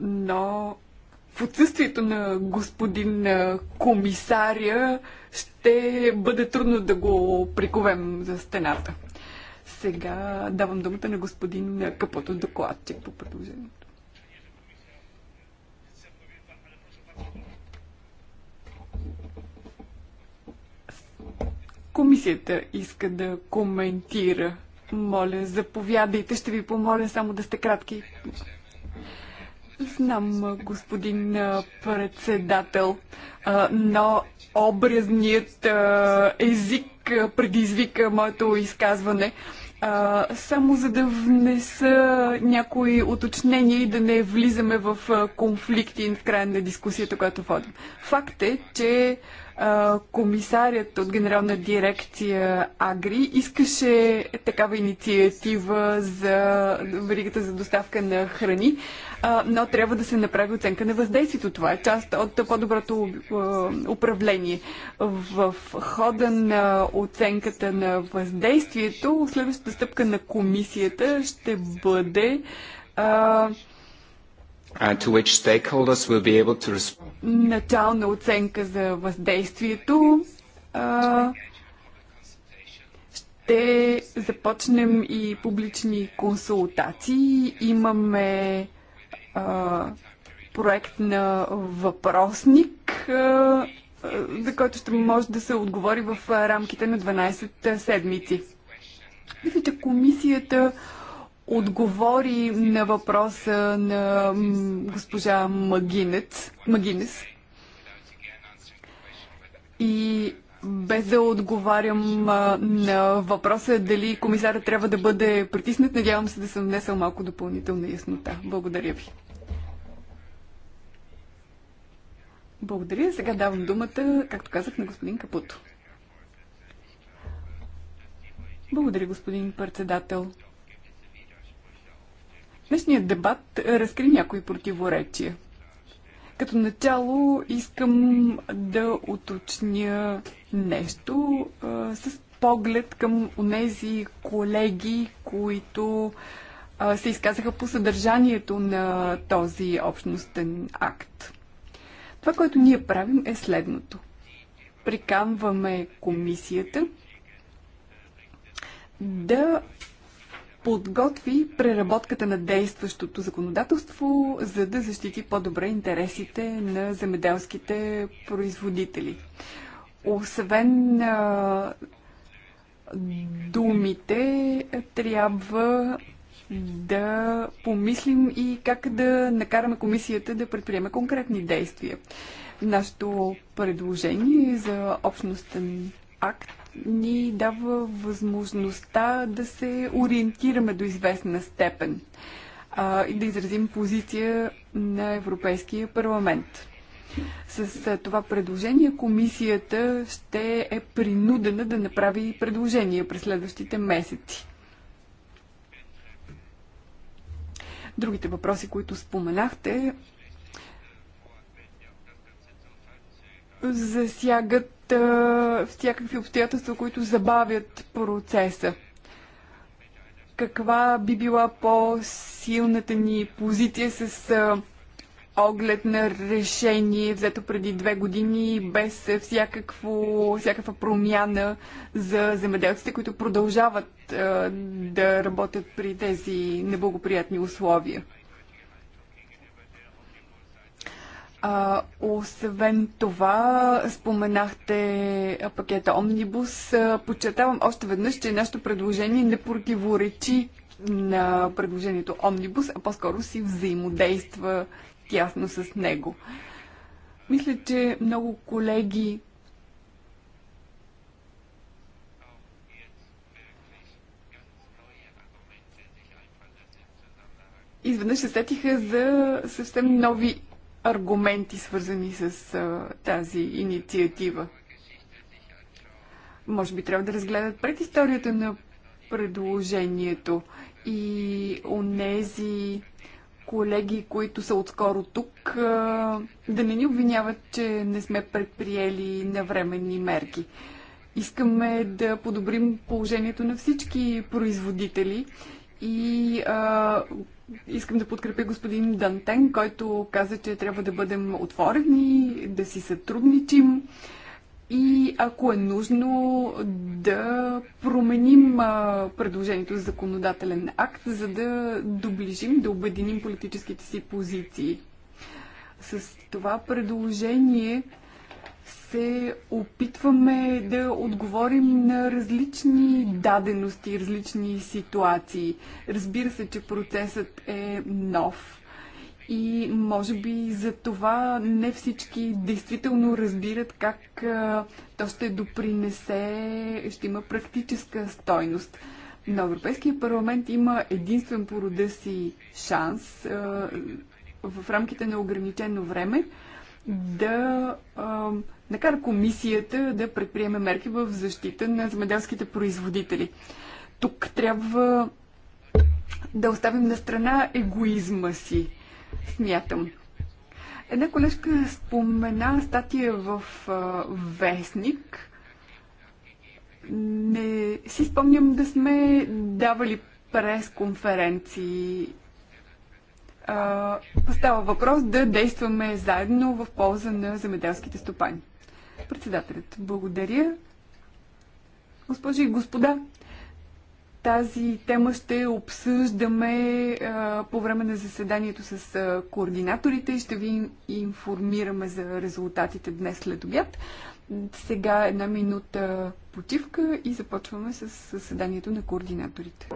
Но в отсъствието на господин комисаря ще бъде трудно да го приковем за стената. Сега давам думата на господин Капото докладчик по предложението. Комисията иска да коментира. Моля, заповядайте. Ще ви помоля само да сте кратки. Знам, господин председател, но образният език предизвика моето изказване. Само за да внеса някои уточнения и да не влизаме в конфликти в края на дискусията, която водим. Факт е, че комисарят от генерална дирекция Агри искаше такава инициатива за веригата за доставка на храни, но трябва да се направи оценка на въздействието. Това е част от по-доброто управление. В хода на оценката на въздействието следващата стъпка на комисията ще бъде Uh, to... Начална оценка за въздействието. ще започнем и публични консултации. Имаме проект на въпросник, за който ще може да се отговори в рамките на 12 седмици. Мисля, че комисията отговори на въпроса на госпожа Магинец, Магинес. И без да отговарям на въпроса дали комисаря трябва да бъде притиснат, надявам се да съм внесъл малко допълнителна яснота. Благодаря ви. Благодаря. Сега давам думата, както казах, на господин Капуто. Благодаря, господин председател. Днешният дебат разкри някои противоречия. Като начало искам да уточня нещо а, с поглед към онези колеги, които а, се изказаха по съдържанието на този общностен акт. Това, което ние правим е следното. Приканваме комисията да подготви преработката на действащото законодателство, за да защити по-добре интересите на земеделските производители. Освен а, думите, трябва да помислим и как да накараме комисията да предприеме конкретни действия. Нашето предложение за общностен акт ни дава възможността да се ориентираме до известна степен а, и да изразим позиция на Европейския парламент. С това предложение комисията ще е принудена да направи предложение през следващите месеци. Другите въпроси, които споменахте, засягат а, всякакви обстоятелства, които забавят процеса. Каква би била по-силната ни позиция с а, оглед на решение, взето преди две години, без всякакво, всякаква промяна за земеделците, които продължават а, да работят при тези неблагоприятни условия? А, освен това, споменахте пакета Омнибус. Подчертавам още веднъж, че нашето предложение не противоречи на предложението Омнибус, а по-скоро си взаимодейства тясно с него. Мисля, че много колеги изведнъж се сетиха за съвсем нови аргументи, свързани с а, тази инициатива. Може би трябва да разгледат предисторията на предложението и онези колеги, които са отскоро тук, а, да не ни обвиняват, че не сме предприели навременни мерки. Искаме да подобрим положението на всички производители и а, искам да подкрепя господин Дантен, който каза, че трябва да бъдем отворени, да си сътрудничим и ако е нужно да променим а, предложението за законодателен акт, за да доближим, да обединим политическите си позиции. С това предложение се опитваме да отговорим на различни дадености, различни ситуации. Разбира се, че процесът е нов. И може би за това не всички действително разбират как то ще допринесе, ще има практическа стойност. Но Европейския парламент има единствен по рода си шанс в рамките на ограничено време да накара комисията да предприеме мерки в защита на земеделските производители. Тук трябва да оставим на страна егоизма си, смятам. Една колежка спомена статия в а, Вестник. Не си спомням да сме давали прес-конференции. става въпрос да действаме заедно в полза на земеделските стопани. Председателят, благодаря. Госпожи и господа, тази тема ще обсъждаме а, по време на заседанието с а, координаторите. Ще ви информираме за резултатите днес след обяд. Сега една минута почивка и започваме с заседанието на координаторите.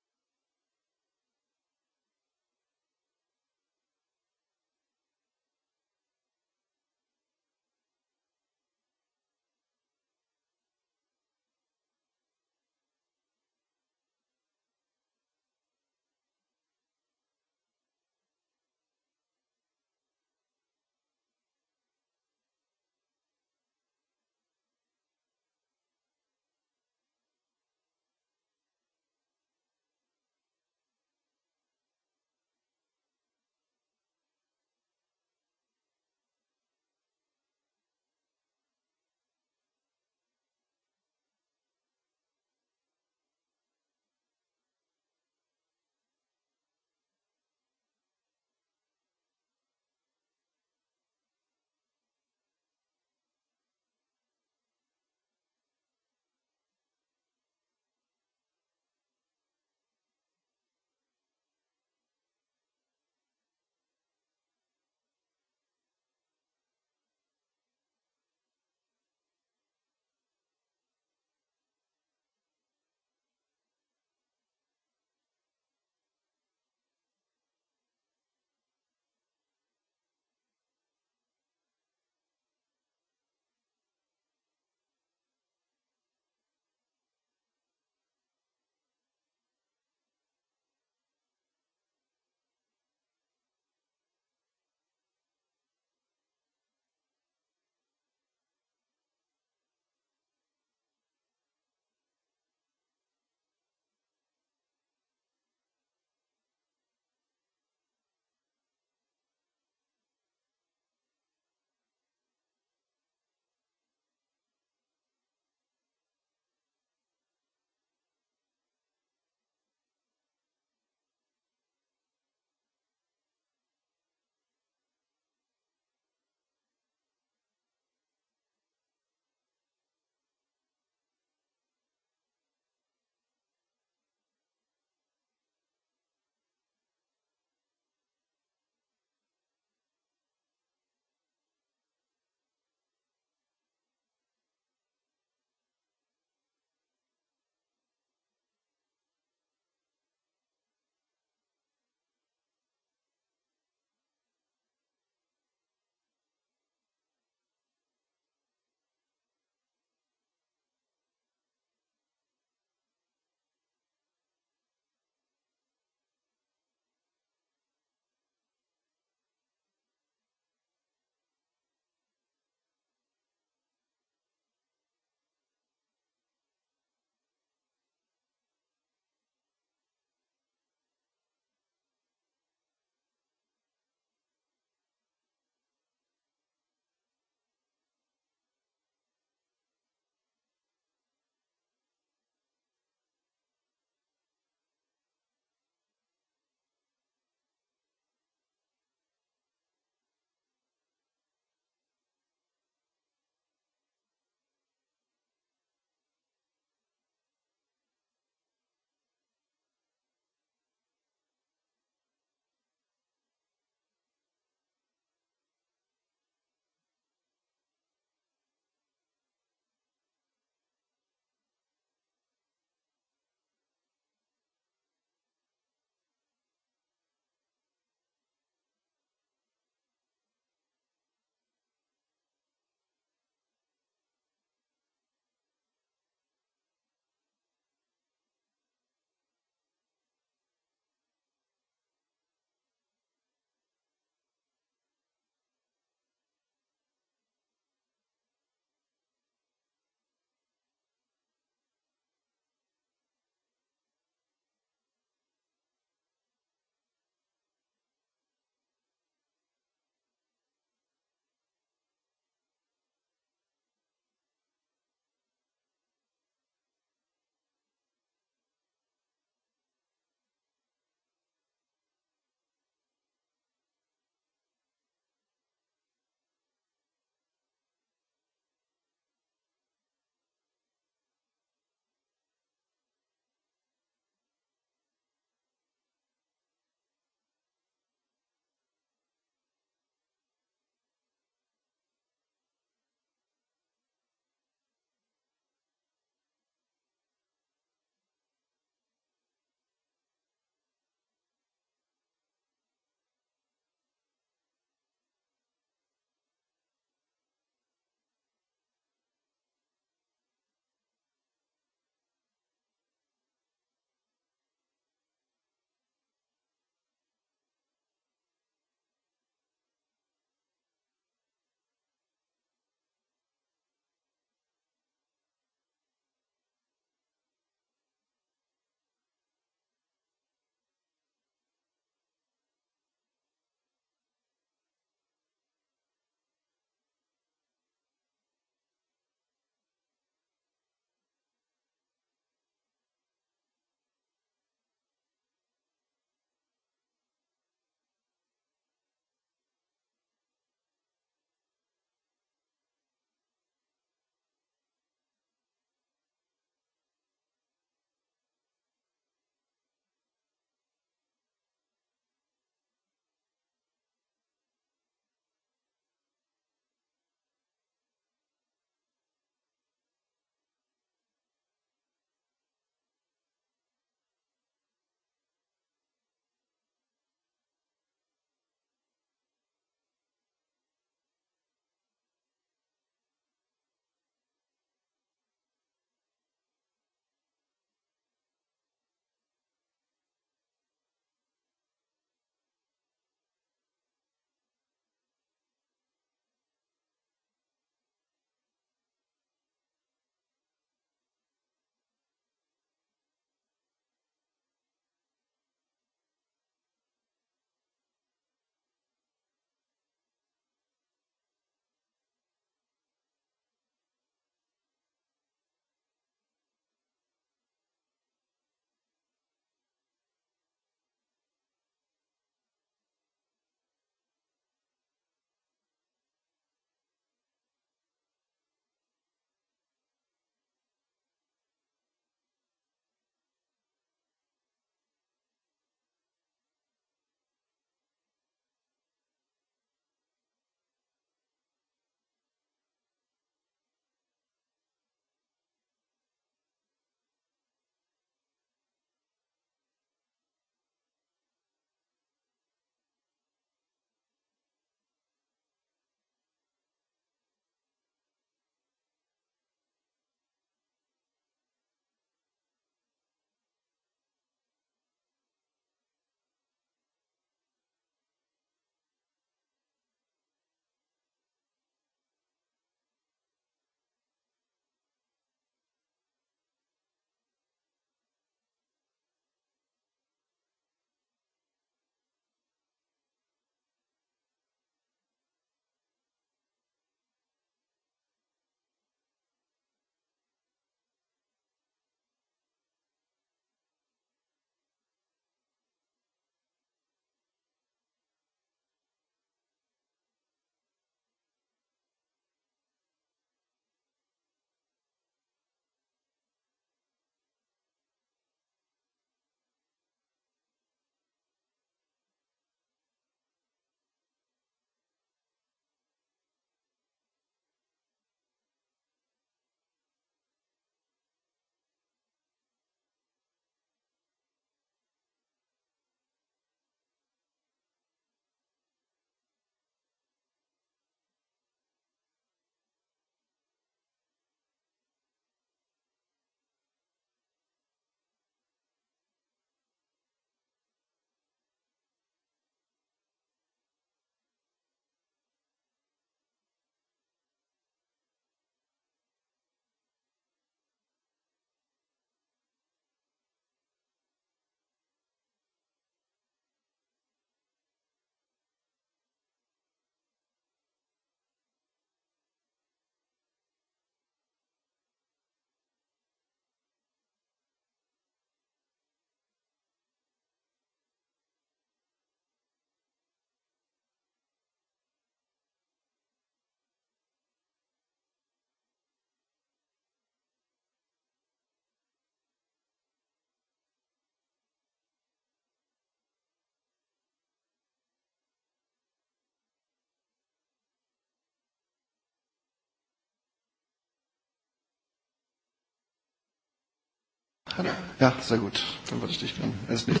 Ja, sehr gut. Dann würde ich dich gerne erst nicht.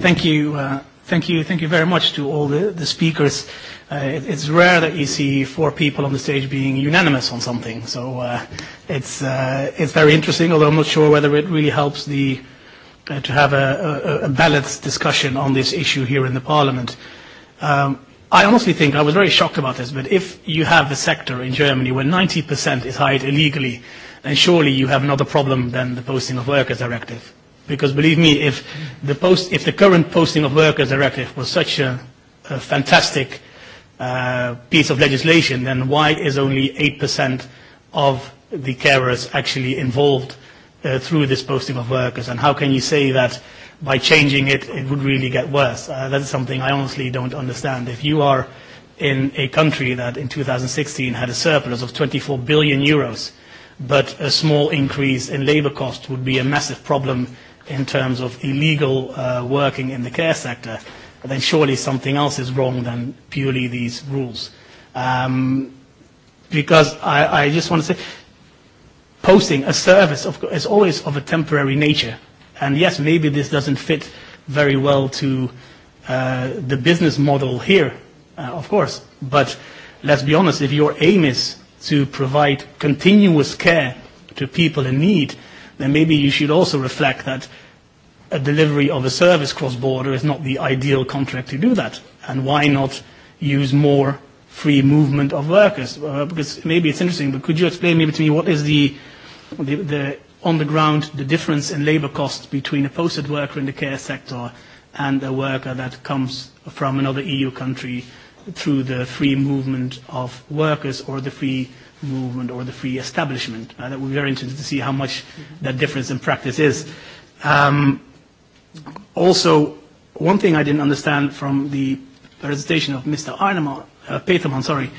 Thank you. Uh, thank you. Thank you very much to all the, the speakers. Uh, it, it's rare that you see four people on the stage being unanimous on something. So uh, it's, uh, it's very interesting, although I'm not sure whether it really helps the, uh, to have a, a, a balanced discussion on this issue here in the Parliament. Um, I honestly think, I was very shocked about this, but if you have a sector in Germany where 90% is hired illegally, then surely you have another problem than the Posting of Workers Directive. Because believe me, if the, post, if the current Posting of Workers Directive was such a, a fantastic uh, piece of legislation, then why is only 8% of the carers actually involved uh, through this Posting of Workers? And how can you say that by changing it, it would really get worse. Uh, that's something I honestly don't understand. If you are in a country that in 2016 had a surplus of 24 billion euros, but a small increase in labor costs would be a massive problem in terms of illegal uh, working in the care sector, then surely something else is wrong than purely these rules. Um, because I, I just want to say, posting a service of, is always of a temporary nature And yes, maybe this doesn't fit very well to uh, the business model here, uh, of course. But let's be honest, if your aim is to provide continuous care to people in need, then maybe you should also reflect that a delivery of a service cross-border is not the ideal contract to do that. And why not use more free movement of workers? Uh, because maybe it's interesting, but could you explain maybe to me what is the, the, the on the ground the difference in labour costs between a posted worker in the care sector and a worker that comes from another EU country through the free movement of workers or the free movement or the free establishment. Uh, that would be very interesting to see how much that difference in practice is. Um, also, one thing I didn't understand from the presentation of Mr. Arnemar uh, Peterman, sorry,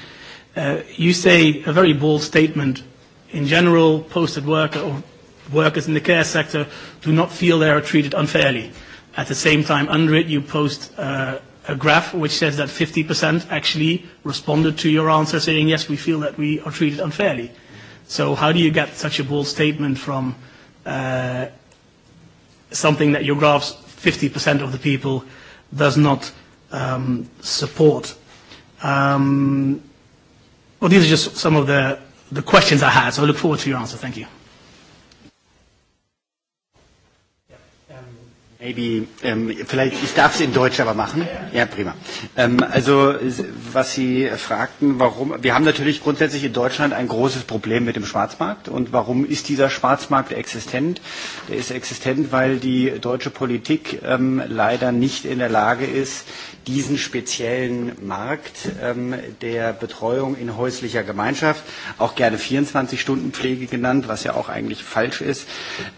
uh, you say a very bold statement. In general, posted worker or workers in the care sector do not feel they are treated unfairly. At the same time, under it, you post uh, a graph which says that 50% actually responded to your answer saying, yes, we feel that we are treated unfairly. So how do you get such a bold statement from uh, something that your graphs 50% of the people does not um, support? Um, well, these are just some of the, the questions I had, so I look forward to your answer. Thank you. Maybe, ähm, vielleicht, ich darf es in Deutsch aber machen. Ja, prima. Ähm, also, was Sie fragten, warum, wir haben natürlich grundsätzlich in Deutschland ein großes Problem mit dem Schwarzmarkt. Und warum ist dieser Schwarzmarkt existent? Der ist existent, weil die deutsche Politik ähm, leider nicht in der Lage ist, diesen speziellen Markt ähm, der Betreuung in häuslicher Gemeinschaft, auch gerne 24-Stunden-Pflege genannt, was ja auch eigentlich falsch ist,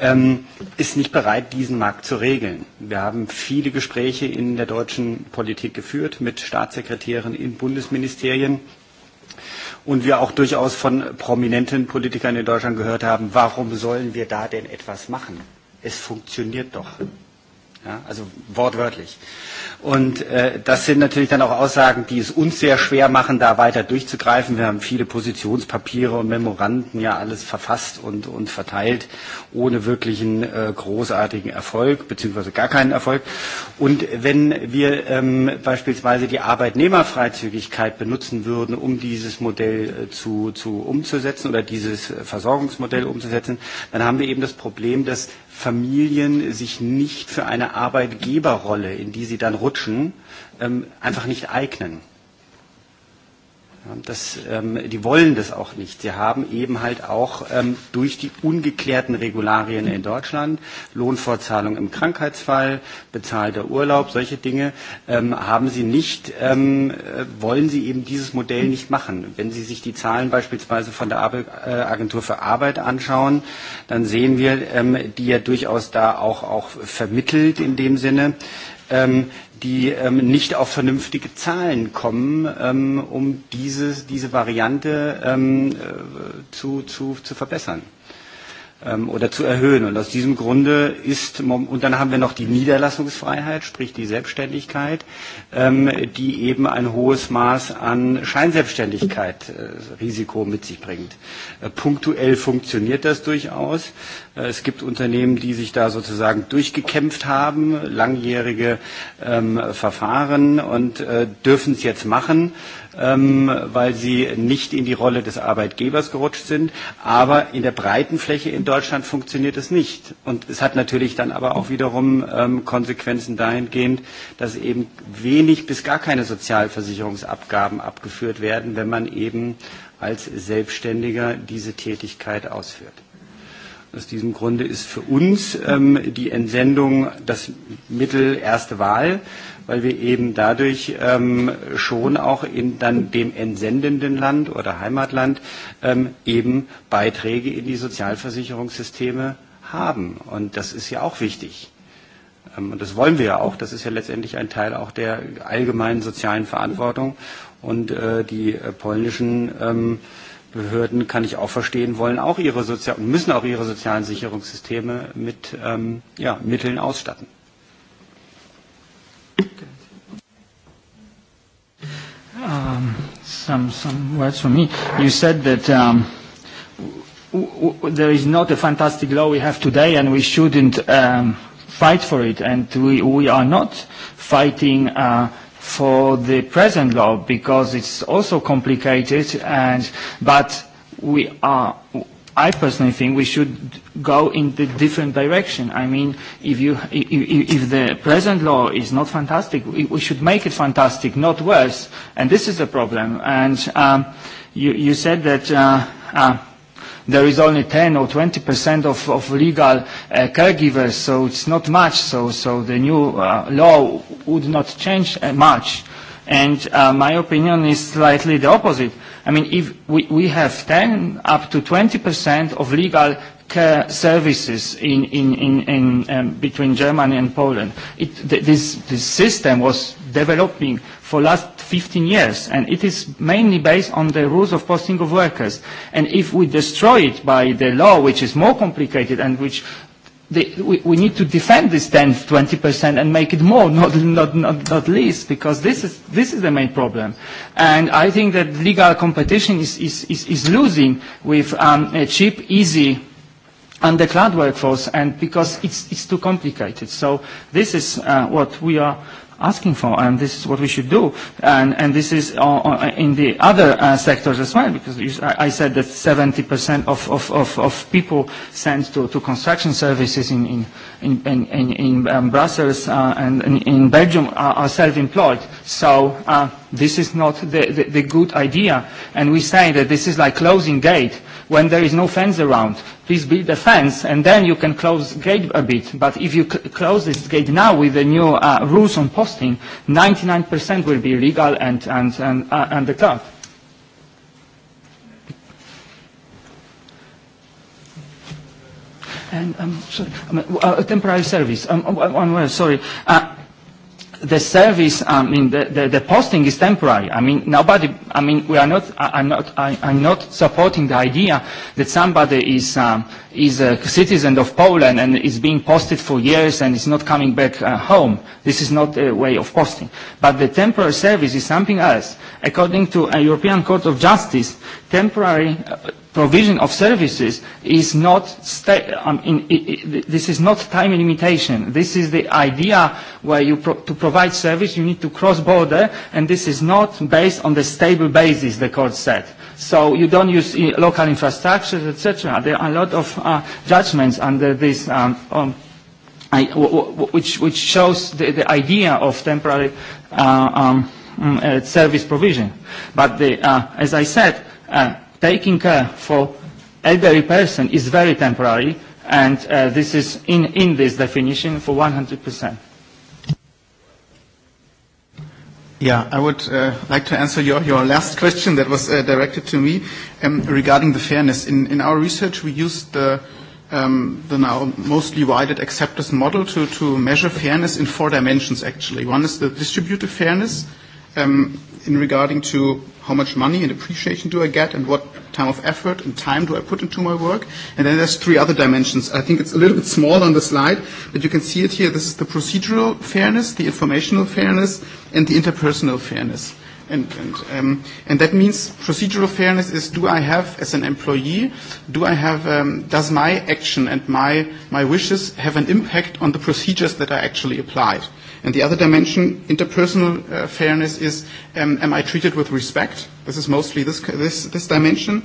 ähm, ist nicht bereit, diesen Markt zu regeln sein. Wir haben viele Gespräche in der deutschen Politik geführt mit Staatssekretären in Bundesministerien und wir auch durchaus von prominenten Politikern in Deutschland gehört haben, warum sollen wir da denn etwas machen? Es funktioniert doch. Ja, also wortwörtlich. Und äh, das sind natürlich dann auch Aussagen, die es uns sehr schwer machen, da weiter durchzugreifen. Wir haben viele Positionspapiere und Memoranden ja alles verfasst und, und verteilt, ohne wirklichen äh, großartigen Erfolg, beziehungsweise gar keinen Erfolg. Und wenn wir ähm, beispielsweise die Arbeitnehmerfreizügigkeit benutzen würden, um dieses Modell zu, zu umzusetzen oder dieses Versorgungsmodell umzusetzen, dann haben wir eben das Problem, dass Familien sich nicht für eine Arbeitgeberrolle, in die sie dann rutschen, einfach nicht eignen. Das, ähm, die wollen das auch nicht. Sie haben eben halt auch ähm, durch die ungeklärten Regularien in Deutschland, Lohnfortzahlung im Krankheitsfall, bezahlter Urlaub, solche Dinge, ähm, haben sie nicht, ähm, wollen sie eben dieses Modell nicht machen. Wenn Sie sich die Zahlen beispielsweise von der Agentur für Arbeit anschauen, dann sehen wir, ähm, die ja durchaus da auch, auch vermittelt in dem Sinne, ähm, die ähm, nicht auf vernünftige Zahlen kommen, ähm, um diese, diese Variante ähm, zu, zu, zu verbessern oder zu erhöhen. Und aus diesem Grunde ist, und dann haben wir noch die Niederlassungsfreiheit, sprich die Selbstständigkeit, die eben ein hohes Maß an Scheinselbstständigkeit, Risiko mit sich bringt. Punktuell funktioniert das durchaus. Es gibt Unternehmen, die sich da sozusagen durchgekämpft haben, langjährige Verfahren und dürfen es jetzt machen weil sie nicht in die Rolle des Arbeitgebers gerutscht sind. Aber in der breiten Fläche in Deutschland funktioniert es nicht. Und es hat natürlich dann aber auch wiederum Konsequenzen dahingehend, dass eben wenig bis gar keine Sozialversicherungsabgaben abgeführt werden, wenn man eben als Selbstständiger diese Tätigkeit ausführt. Aus diesem Grunde ist für uns ähm, die Entsendung das Mittel erste Wahl weil wir eben dadurch ähm, schon auch in dann dem entsendenden Land oder Heimatland ähm, eben Beiträge in die Sozialversicherungssysteme haben. Und das ist ja auch wichtig. Und das wollen wir ja auch. Das ist ja letztendlich ein Teil auch der allgemeinen sozialen Verantwortung. Und äh, die äh, polnischen ähm, Behörden, kann ich auch verstehen, wollen auch ihre Sozial müssen auch ihre sozialen Sicherungssysteme mit ähm, ja, Mitteln ausstatten. Um, some, some words for me. You said that um, w- w- there is not a fantastic law we have today and we shouldn't um, fight for it. And we, we are not fighting uh, for the present law because it's also complicated. And, but we are, I personally think we should go in the different direction. I mean, if, you, if, if the present law is not fantastic, we, we should make it fantastic, not worse. And this is a problem. And um, you, you said that uh, uh, there is only 10 or 20 percent of, of legal uh, caregivers, so it's not much. So, so the new uh, law would not change uh, much. And uh, my opinion is slightly the opposite. I mean, if we, we have 10 up to 20% of legal care services in, in, in, in um, between Germany and Poland. It, th this, this system was developing for last 15 years, and it is mainly based on the rules of posting of workers. And if we destroy it by the law, which is more complicated and which the, we, we need to defend this 10, 20% and make it more, not, not, not, not least, because this is, this is the main problem. And I think that legal competition is, is, is, is losing with um, a cheap, easy the cloud workforce and because it's, it's too complicated. So this is uh, what we are asking for and this is what we should do and, and this is uh, in the other uh, sectors as well because you, I said that 70% of, of, of, of people sent to, to construction services in, in, in, in, in, in um, Brussels uh, and in, in Belgium are, are self-employed so uh, this is not the, the, the good idea and we say that this is like closing gate when there is no fence around. Please build a fence, and then you can close the gate a bit. But if you c- close this gate now with the new uh, rules on posting, 99% will be illegal and, and, and, uh, and the club. And um, sorry, um, uh, temporary service. Um, one word, sorry. Uh, the service, I mean, the, the, the posting is temporary. I mean, nobody, I mean, we are not, I, I'm not, I, I'm not supporting the idea that somebody is, um, is a citizen of Poland and is being posted for years and is not coming back uh, home. This is not a way of posting. But the temporary service is something else. According to a European Court of Justice, temporary, uh, provision of services is not sta- I mean, it, it, this is not time limitation. This is the idea where you pro- to provide service you need to cross border, and this is not based on the stable basis the court said. So you don't use local infrastructures, etc. There are a lot of uh, judgments under this. Um, um, I, w- w- which, which shows the, the idea of temporary uh, um, uh, service provision. But the, uh, as I said, uh, taking care for elderly person is very temporary and uh, this is in, in this definition for 100%. Yeah, I would uh, like to answer your, your last question that was uh, directed to me um, regarding the fairness. In, in our research, we used the, um, the now mostly wided acceptance model to, to measure fairness in four dimensions, actually. One is the distributive fairness, um, in regarding to how much money and appreciation do I get and what time of effort and time do I put into my work. And then there's three other dimensions. I think it's a little bit small on the slide, but you can see it here. This is the procedural fairness, the informational fairness, and the interpersonal fairness. And, and, um, and that means procedural fairness is do I have, as an employee, do I have, um, does my action and my, my wishes have an impact on the procedures that are actually applied? And the other dimension, interpersonal uh, fairness, is um, am I treated with respect? This is mostly this, this, this dimension.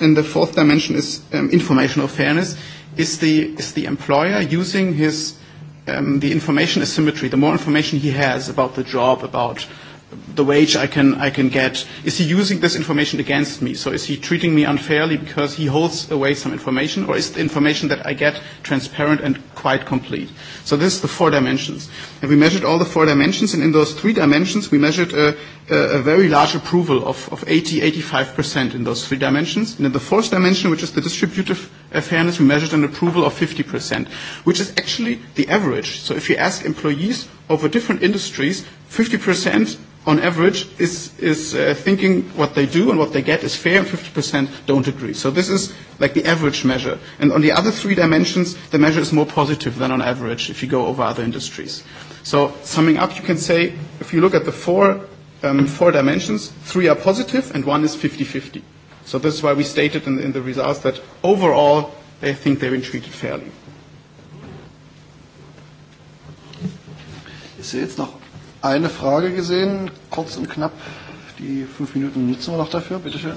And the fourth dimension is um, informational fairness. Is the, is the employer using his um, the information asymmetry, the more information he has about the job, about uh, the wage I can, I can get. Is he using this information against me? So is he treating me unfairly because he holds away some information? Or is the information that I get transparent and quite complete? So this is the four dimensions. And we measured all the four dimensions. And in those three dimensions, we measured a, a, a very large approval of, of 80, 85% in those three dimensions. And in the fourth dimension, which is the distributive fairness, we measured an approval of 50%, which is actually the average. So if you ask employees over different industries, 50% on average is, is uh, thinking what they do and what they get is fair and 50% don't agree. So this is like the average measure. And on the other three dimensions, the measure is more positive than on average if you go over other industries. So summing up, you can say if you look at the four, um, four dimensions, three are positive and one is 50-50. So this is why we stated in the, in the results that overall they think they've been treated fairly. Ist jetzt noch eine Frage gesehen, kurz und knapp. Die fünf Minuten nutzen wir noch dafür. Bitte schön.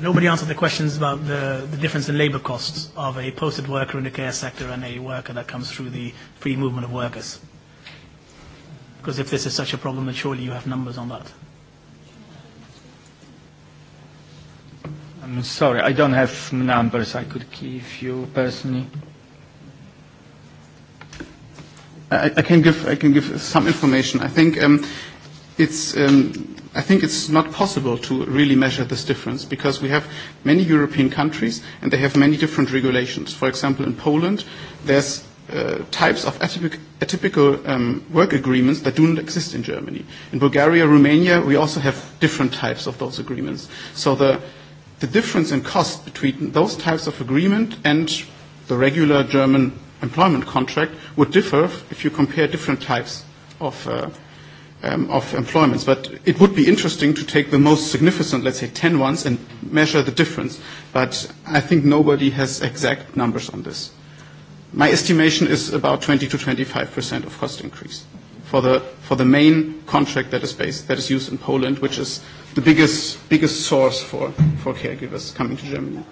Nobody answered the questions about the, the difference in labour costs of a posted worker in the care sector and a worker that comes through the free movement of workers. Because if this is such a problem, then surely you have numbers on that. I'm sorry, I don't have numbers I could give you personally. I, I can give I can give some information. I think um, it's um, I think it's not possible to really measure this difference because we have many European countries and they have many different regulations. For example, in Poland, there's uh, types of atypic, atypical um, work agreements that do not exist in Germany. In Bulgaria, Romania, we also have different types of those agreements. So the the difference in cost between those types of agreement and the regular German employment contract would differ if you compare different types of, uh, um, of employments. But it would be interesting to take the most significant, let's say 10 ones, and measure the difference. But I think nobody has exact numbers on this. My estimation is about 20 to 25 percent of cost increase for the, for the main contract that is based, that is used in Poland, which is the biggest, biggest source for, for caregivers coming to Germany.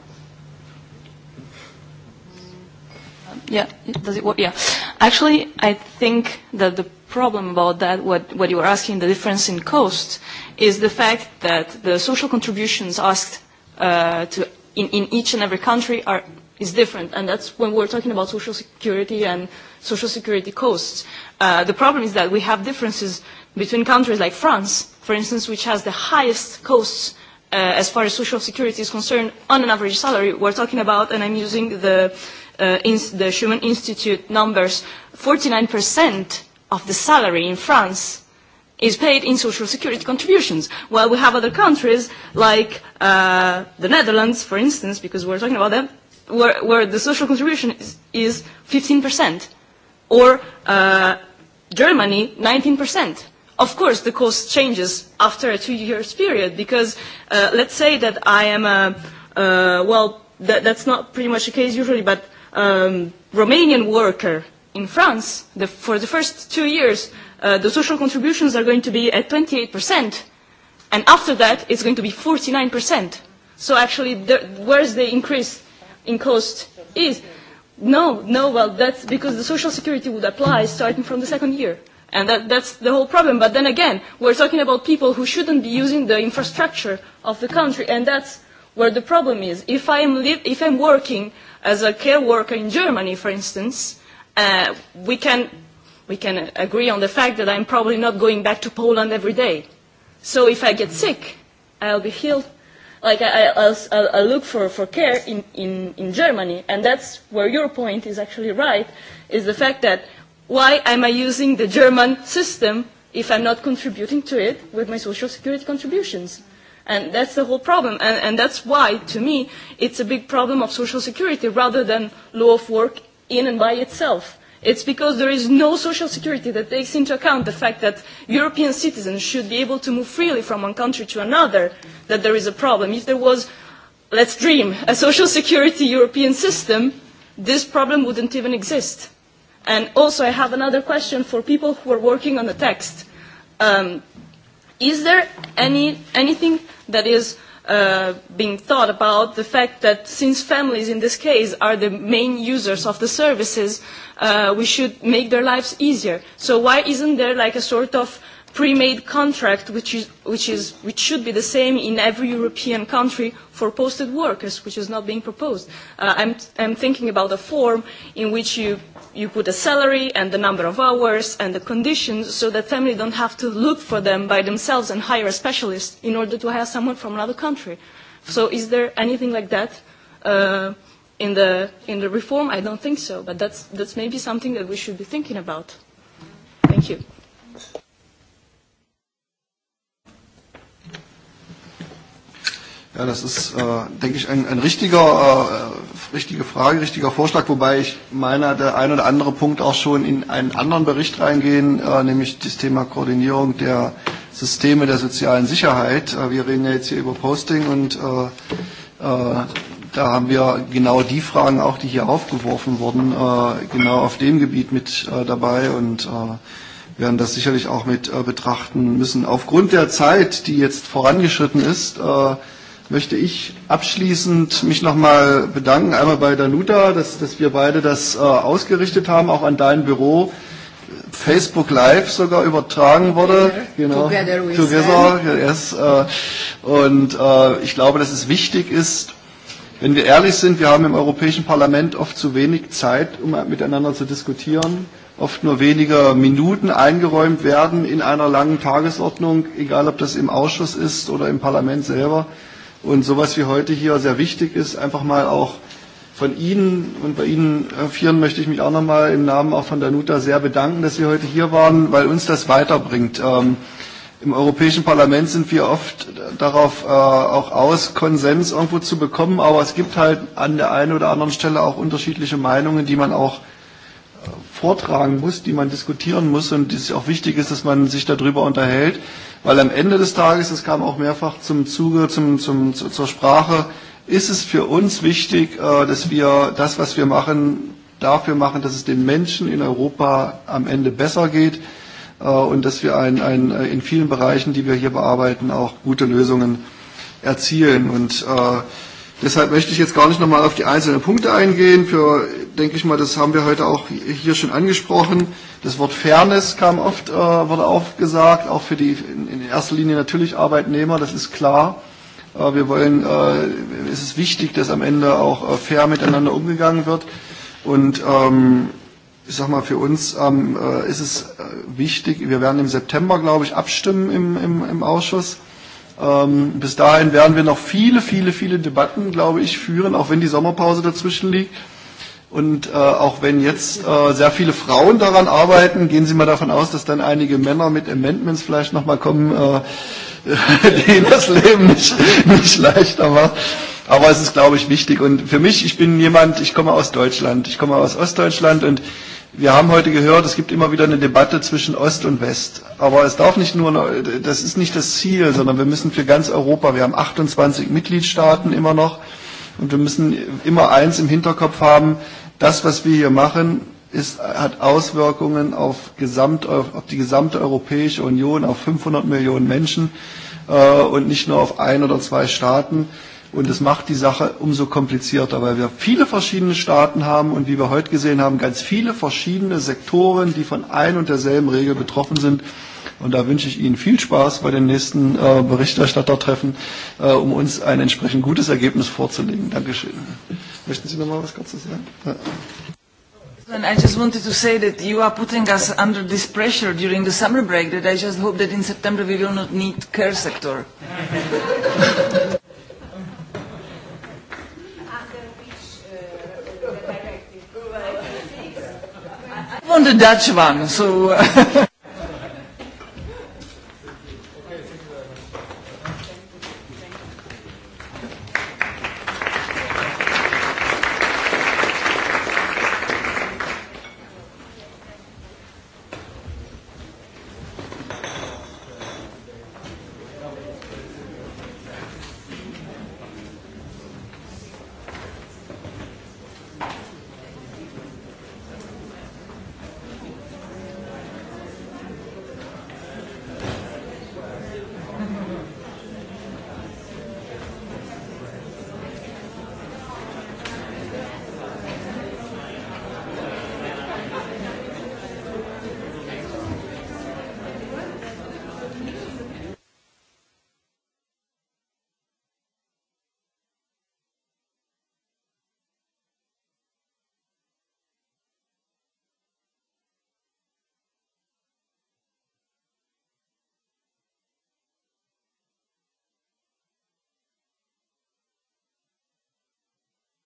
Yeah, does it work? Yeah. Actually, I think that the problem about that, what, what you were asking, the difference in cost, is the fact that the social contributions asked uh, to, in, in each and every country are, is different. And that's when we're talking about social security and social security costs the problem is that we have differences between countries like France, for instance, which has the highest costs uh, as far as social security is concerned on an average salary. We're talking about, and I'm using the, uh, the Schumann Institute numbers, 49% of the salary in France is paid in social security contributions. While we have other countries like uh, the Netherlands, for instance, because we're talking about them, where, where the social contribution is, is 15%. Or uh, Germany, 19%. Of course, the cost changes after a two years period because uh, let's say that I am a, uh, well, that, that's not pretty much the case usually, but um, Romanian worker in France, the, for the first two years, uh, the social contributions are going to be at 28%, and after that, it's going to be 49%. So actually, the, where's the increase in cost is? No, no, well, that's because the social security would apply starting from the second year. And that, that's the whole problem. But then again, we're talking about people who shouldn't be using the infrastructure of the country, and that's where the problem is. If I'm, li- if I'm working as a care worker in Germany, for instance, uh, we, can, we can agree on the fact that I'm probably not going back to Poland every day. So if I get sick, I'll be healed like I, I, I look for, for care in, in, in Germany, and that's where your point is actually right, is the fact that why am I using the German system if I'm not contributing to it with my social security contributions? And that's the whole problem. And, and that's why, to me, it's a big problem of social security rather than law of work in and by itself It's because there is no social security that takes into account the fact that European citizens should be able to move freely from one country to another that there is a problem. If there was, let's dream, a social security European system, this problem wouldn't even exist. And also I have another question for people who are working on the text. Um, is there any, anything that is uh, being thought about the fact that since families in this case are the main users of the services, uh, we should make their lives easier. So why isn't there like a sort of pre-made contract, which, is, which, is, which should be the same in every European country for posted workers, which is not being proposed. Uh, I'm, I'm thinking about a form in which you, you put a salary and the number of hours and the conditions so that family don't have to look for them by themselves and hire a specialist in order to hire someone from another country. So is there anything like that uh, in, the, in the reform? I don't think so, but that's, that's maybe something that we should be thinking about. Thank you. Ja, das ist, äh, denke ich, ein, ein richtiger, äh, richtige Frage, richtiger Vorschlag, wobei ich meine, der ein oder andere Punkt auch schon in einen anderen Bericht reingehen, äh, nämlich das Thema Koordinierung der Systeme der sozialen Sicherheit. Äh, wir reden ja jetzt hier über Posting und äh, äh, da haben wir genau die Fragen auch, die hier aufgeworfen wurden, äh, genau auf dem Gebiet mit äh, dabei und äh, werden das sicherlich auch mit äh, betrachten müssen. Aufgrund der Zeit, die jetzt vorangeschritten ist, äh, möchte ich abschließend mich nochmal bedanken, einmal bei Danuta, dass, dass wir beide das äh, ausgerichtet haben, auch an dein Büro. Facebook Live sogar übertragen wurde. Genau. Together, Together yes, Und äh, ich glaube, dass es wichtig ist, wenn wir ehrlich sind, wir haben im Europäischen Parlament oft zu wenig Zeit, um miteinander zu diskutieren. Oft nur wenige Minuten eingeräumt werden in einer langen Tagesordnung, egal ob das im Ausschuss ist oder im Parlament selber. Und sowas wie heute hier sehr wichtig ist, einfach mal auch von Ihnen und bei Ihnen, Herr Vieren, möchte ich mich auch nochmal im Namen auch von Danuta sehr bedanken, dass Sie heute hier waren, weil uns das weiterbringt. Ähm, Im Europäischen Parlament sind wir oft darauf äh, auch aus, Konsens irgendwo zu bekommen, aber es gibt halt an der einen oder anderen Stelle auch unterschiedliche Meinungen, die man auch vortragen muss, die man diskutieren muss und es auch wichtig ist, dass man sich darüber unterhält. Weil am Ende des Tages, das kam auch mehrfach zum Zuge, zum, zum, zur Sprache, ist es für uns wichtig, dass wir das, was wir machen, dafür machen, dass es den Menschen in Europa am Ende besser geht und dass wir ein, ein, in vielen Bereichen, die wir hier bearbeiten, auch gute Lösungen erzielen. Und äh, Deshalb möchte ich jetzt gar nicht nochmal auf die einzelnen Punkte eingehen. Für, denke ich mal, das haben wir heute auch hier schon angesprochen. Das Wort Fairness kam oft, äh, wurde oft gesagt, auch für die in, in erster Linie natürlich Arbeitnehmer, das ist klar. Äh, wir wollen, äh, es ist wichtig, dass am Ende auch äh, fair miteinander umgegangen wird. Und ähm, ich sag mal, für uns ähm, äh, ist es wichtig, wir werden im September, glaube ich, abstimmen im, im, im Ausschuss Ähm, bis dahin werden wir noch viele, viele, viele Debatten, glaube ich, führen, auch wenn die Sommerpause dazwischen liegt. Und äh, auch wenn jetzt äh, sehr viele Frauen daran arbeiten, gehen Sie mal davon aus, dass dann einige Männer mit Amendments vielleicht nochmal kommen, äh, denen das Leben nicht, nicht leichter macht. Aber es ist, glaube ich, wichtig. Und für mich, ich bin jemand, ich komme aus Deutschland. Ich komme aus Ostdeutschland und Wir haben heute gehört, es gibt immer wieder eine Debatte zwischen Ost und West. Aber es darf nicht nur, das ist nicht das Ziel, sondern wir müssen für ganz Europa, wir haben 28 Mitgliedstaaten immer noch und wir müssen immer eins im Hinterkopf haben, das, was wir hier machen, ist, hat Auswirkungen auf, gesamt, auf die gesamte Europäische Union, auf 500 Millionen Menschen äh, und nicht nur auf ein oder zwei Staaten. Und das macht die Sache umso komplizierter, weil wir viele verschiedene Staaten haben und wie wir heute gesehen haben, ganz viele verschiedene Sektoren, die von ein und derselben Regel betroffen sind. Und da wünsche ich Ihnen viel Spaß bei den nächsten äh, Berichterstattertreffen, äh, um uns ein entsprechend gutes Ergebnis vorzulegen. Dankeschön. Möchten Sie noch mal was Kurzes sagen? Ja. And I just wanted to say that you are putting us under this pressure during the summer break that I just hope that in September we will not need care sector. on the Dutch one, so.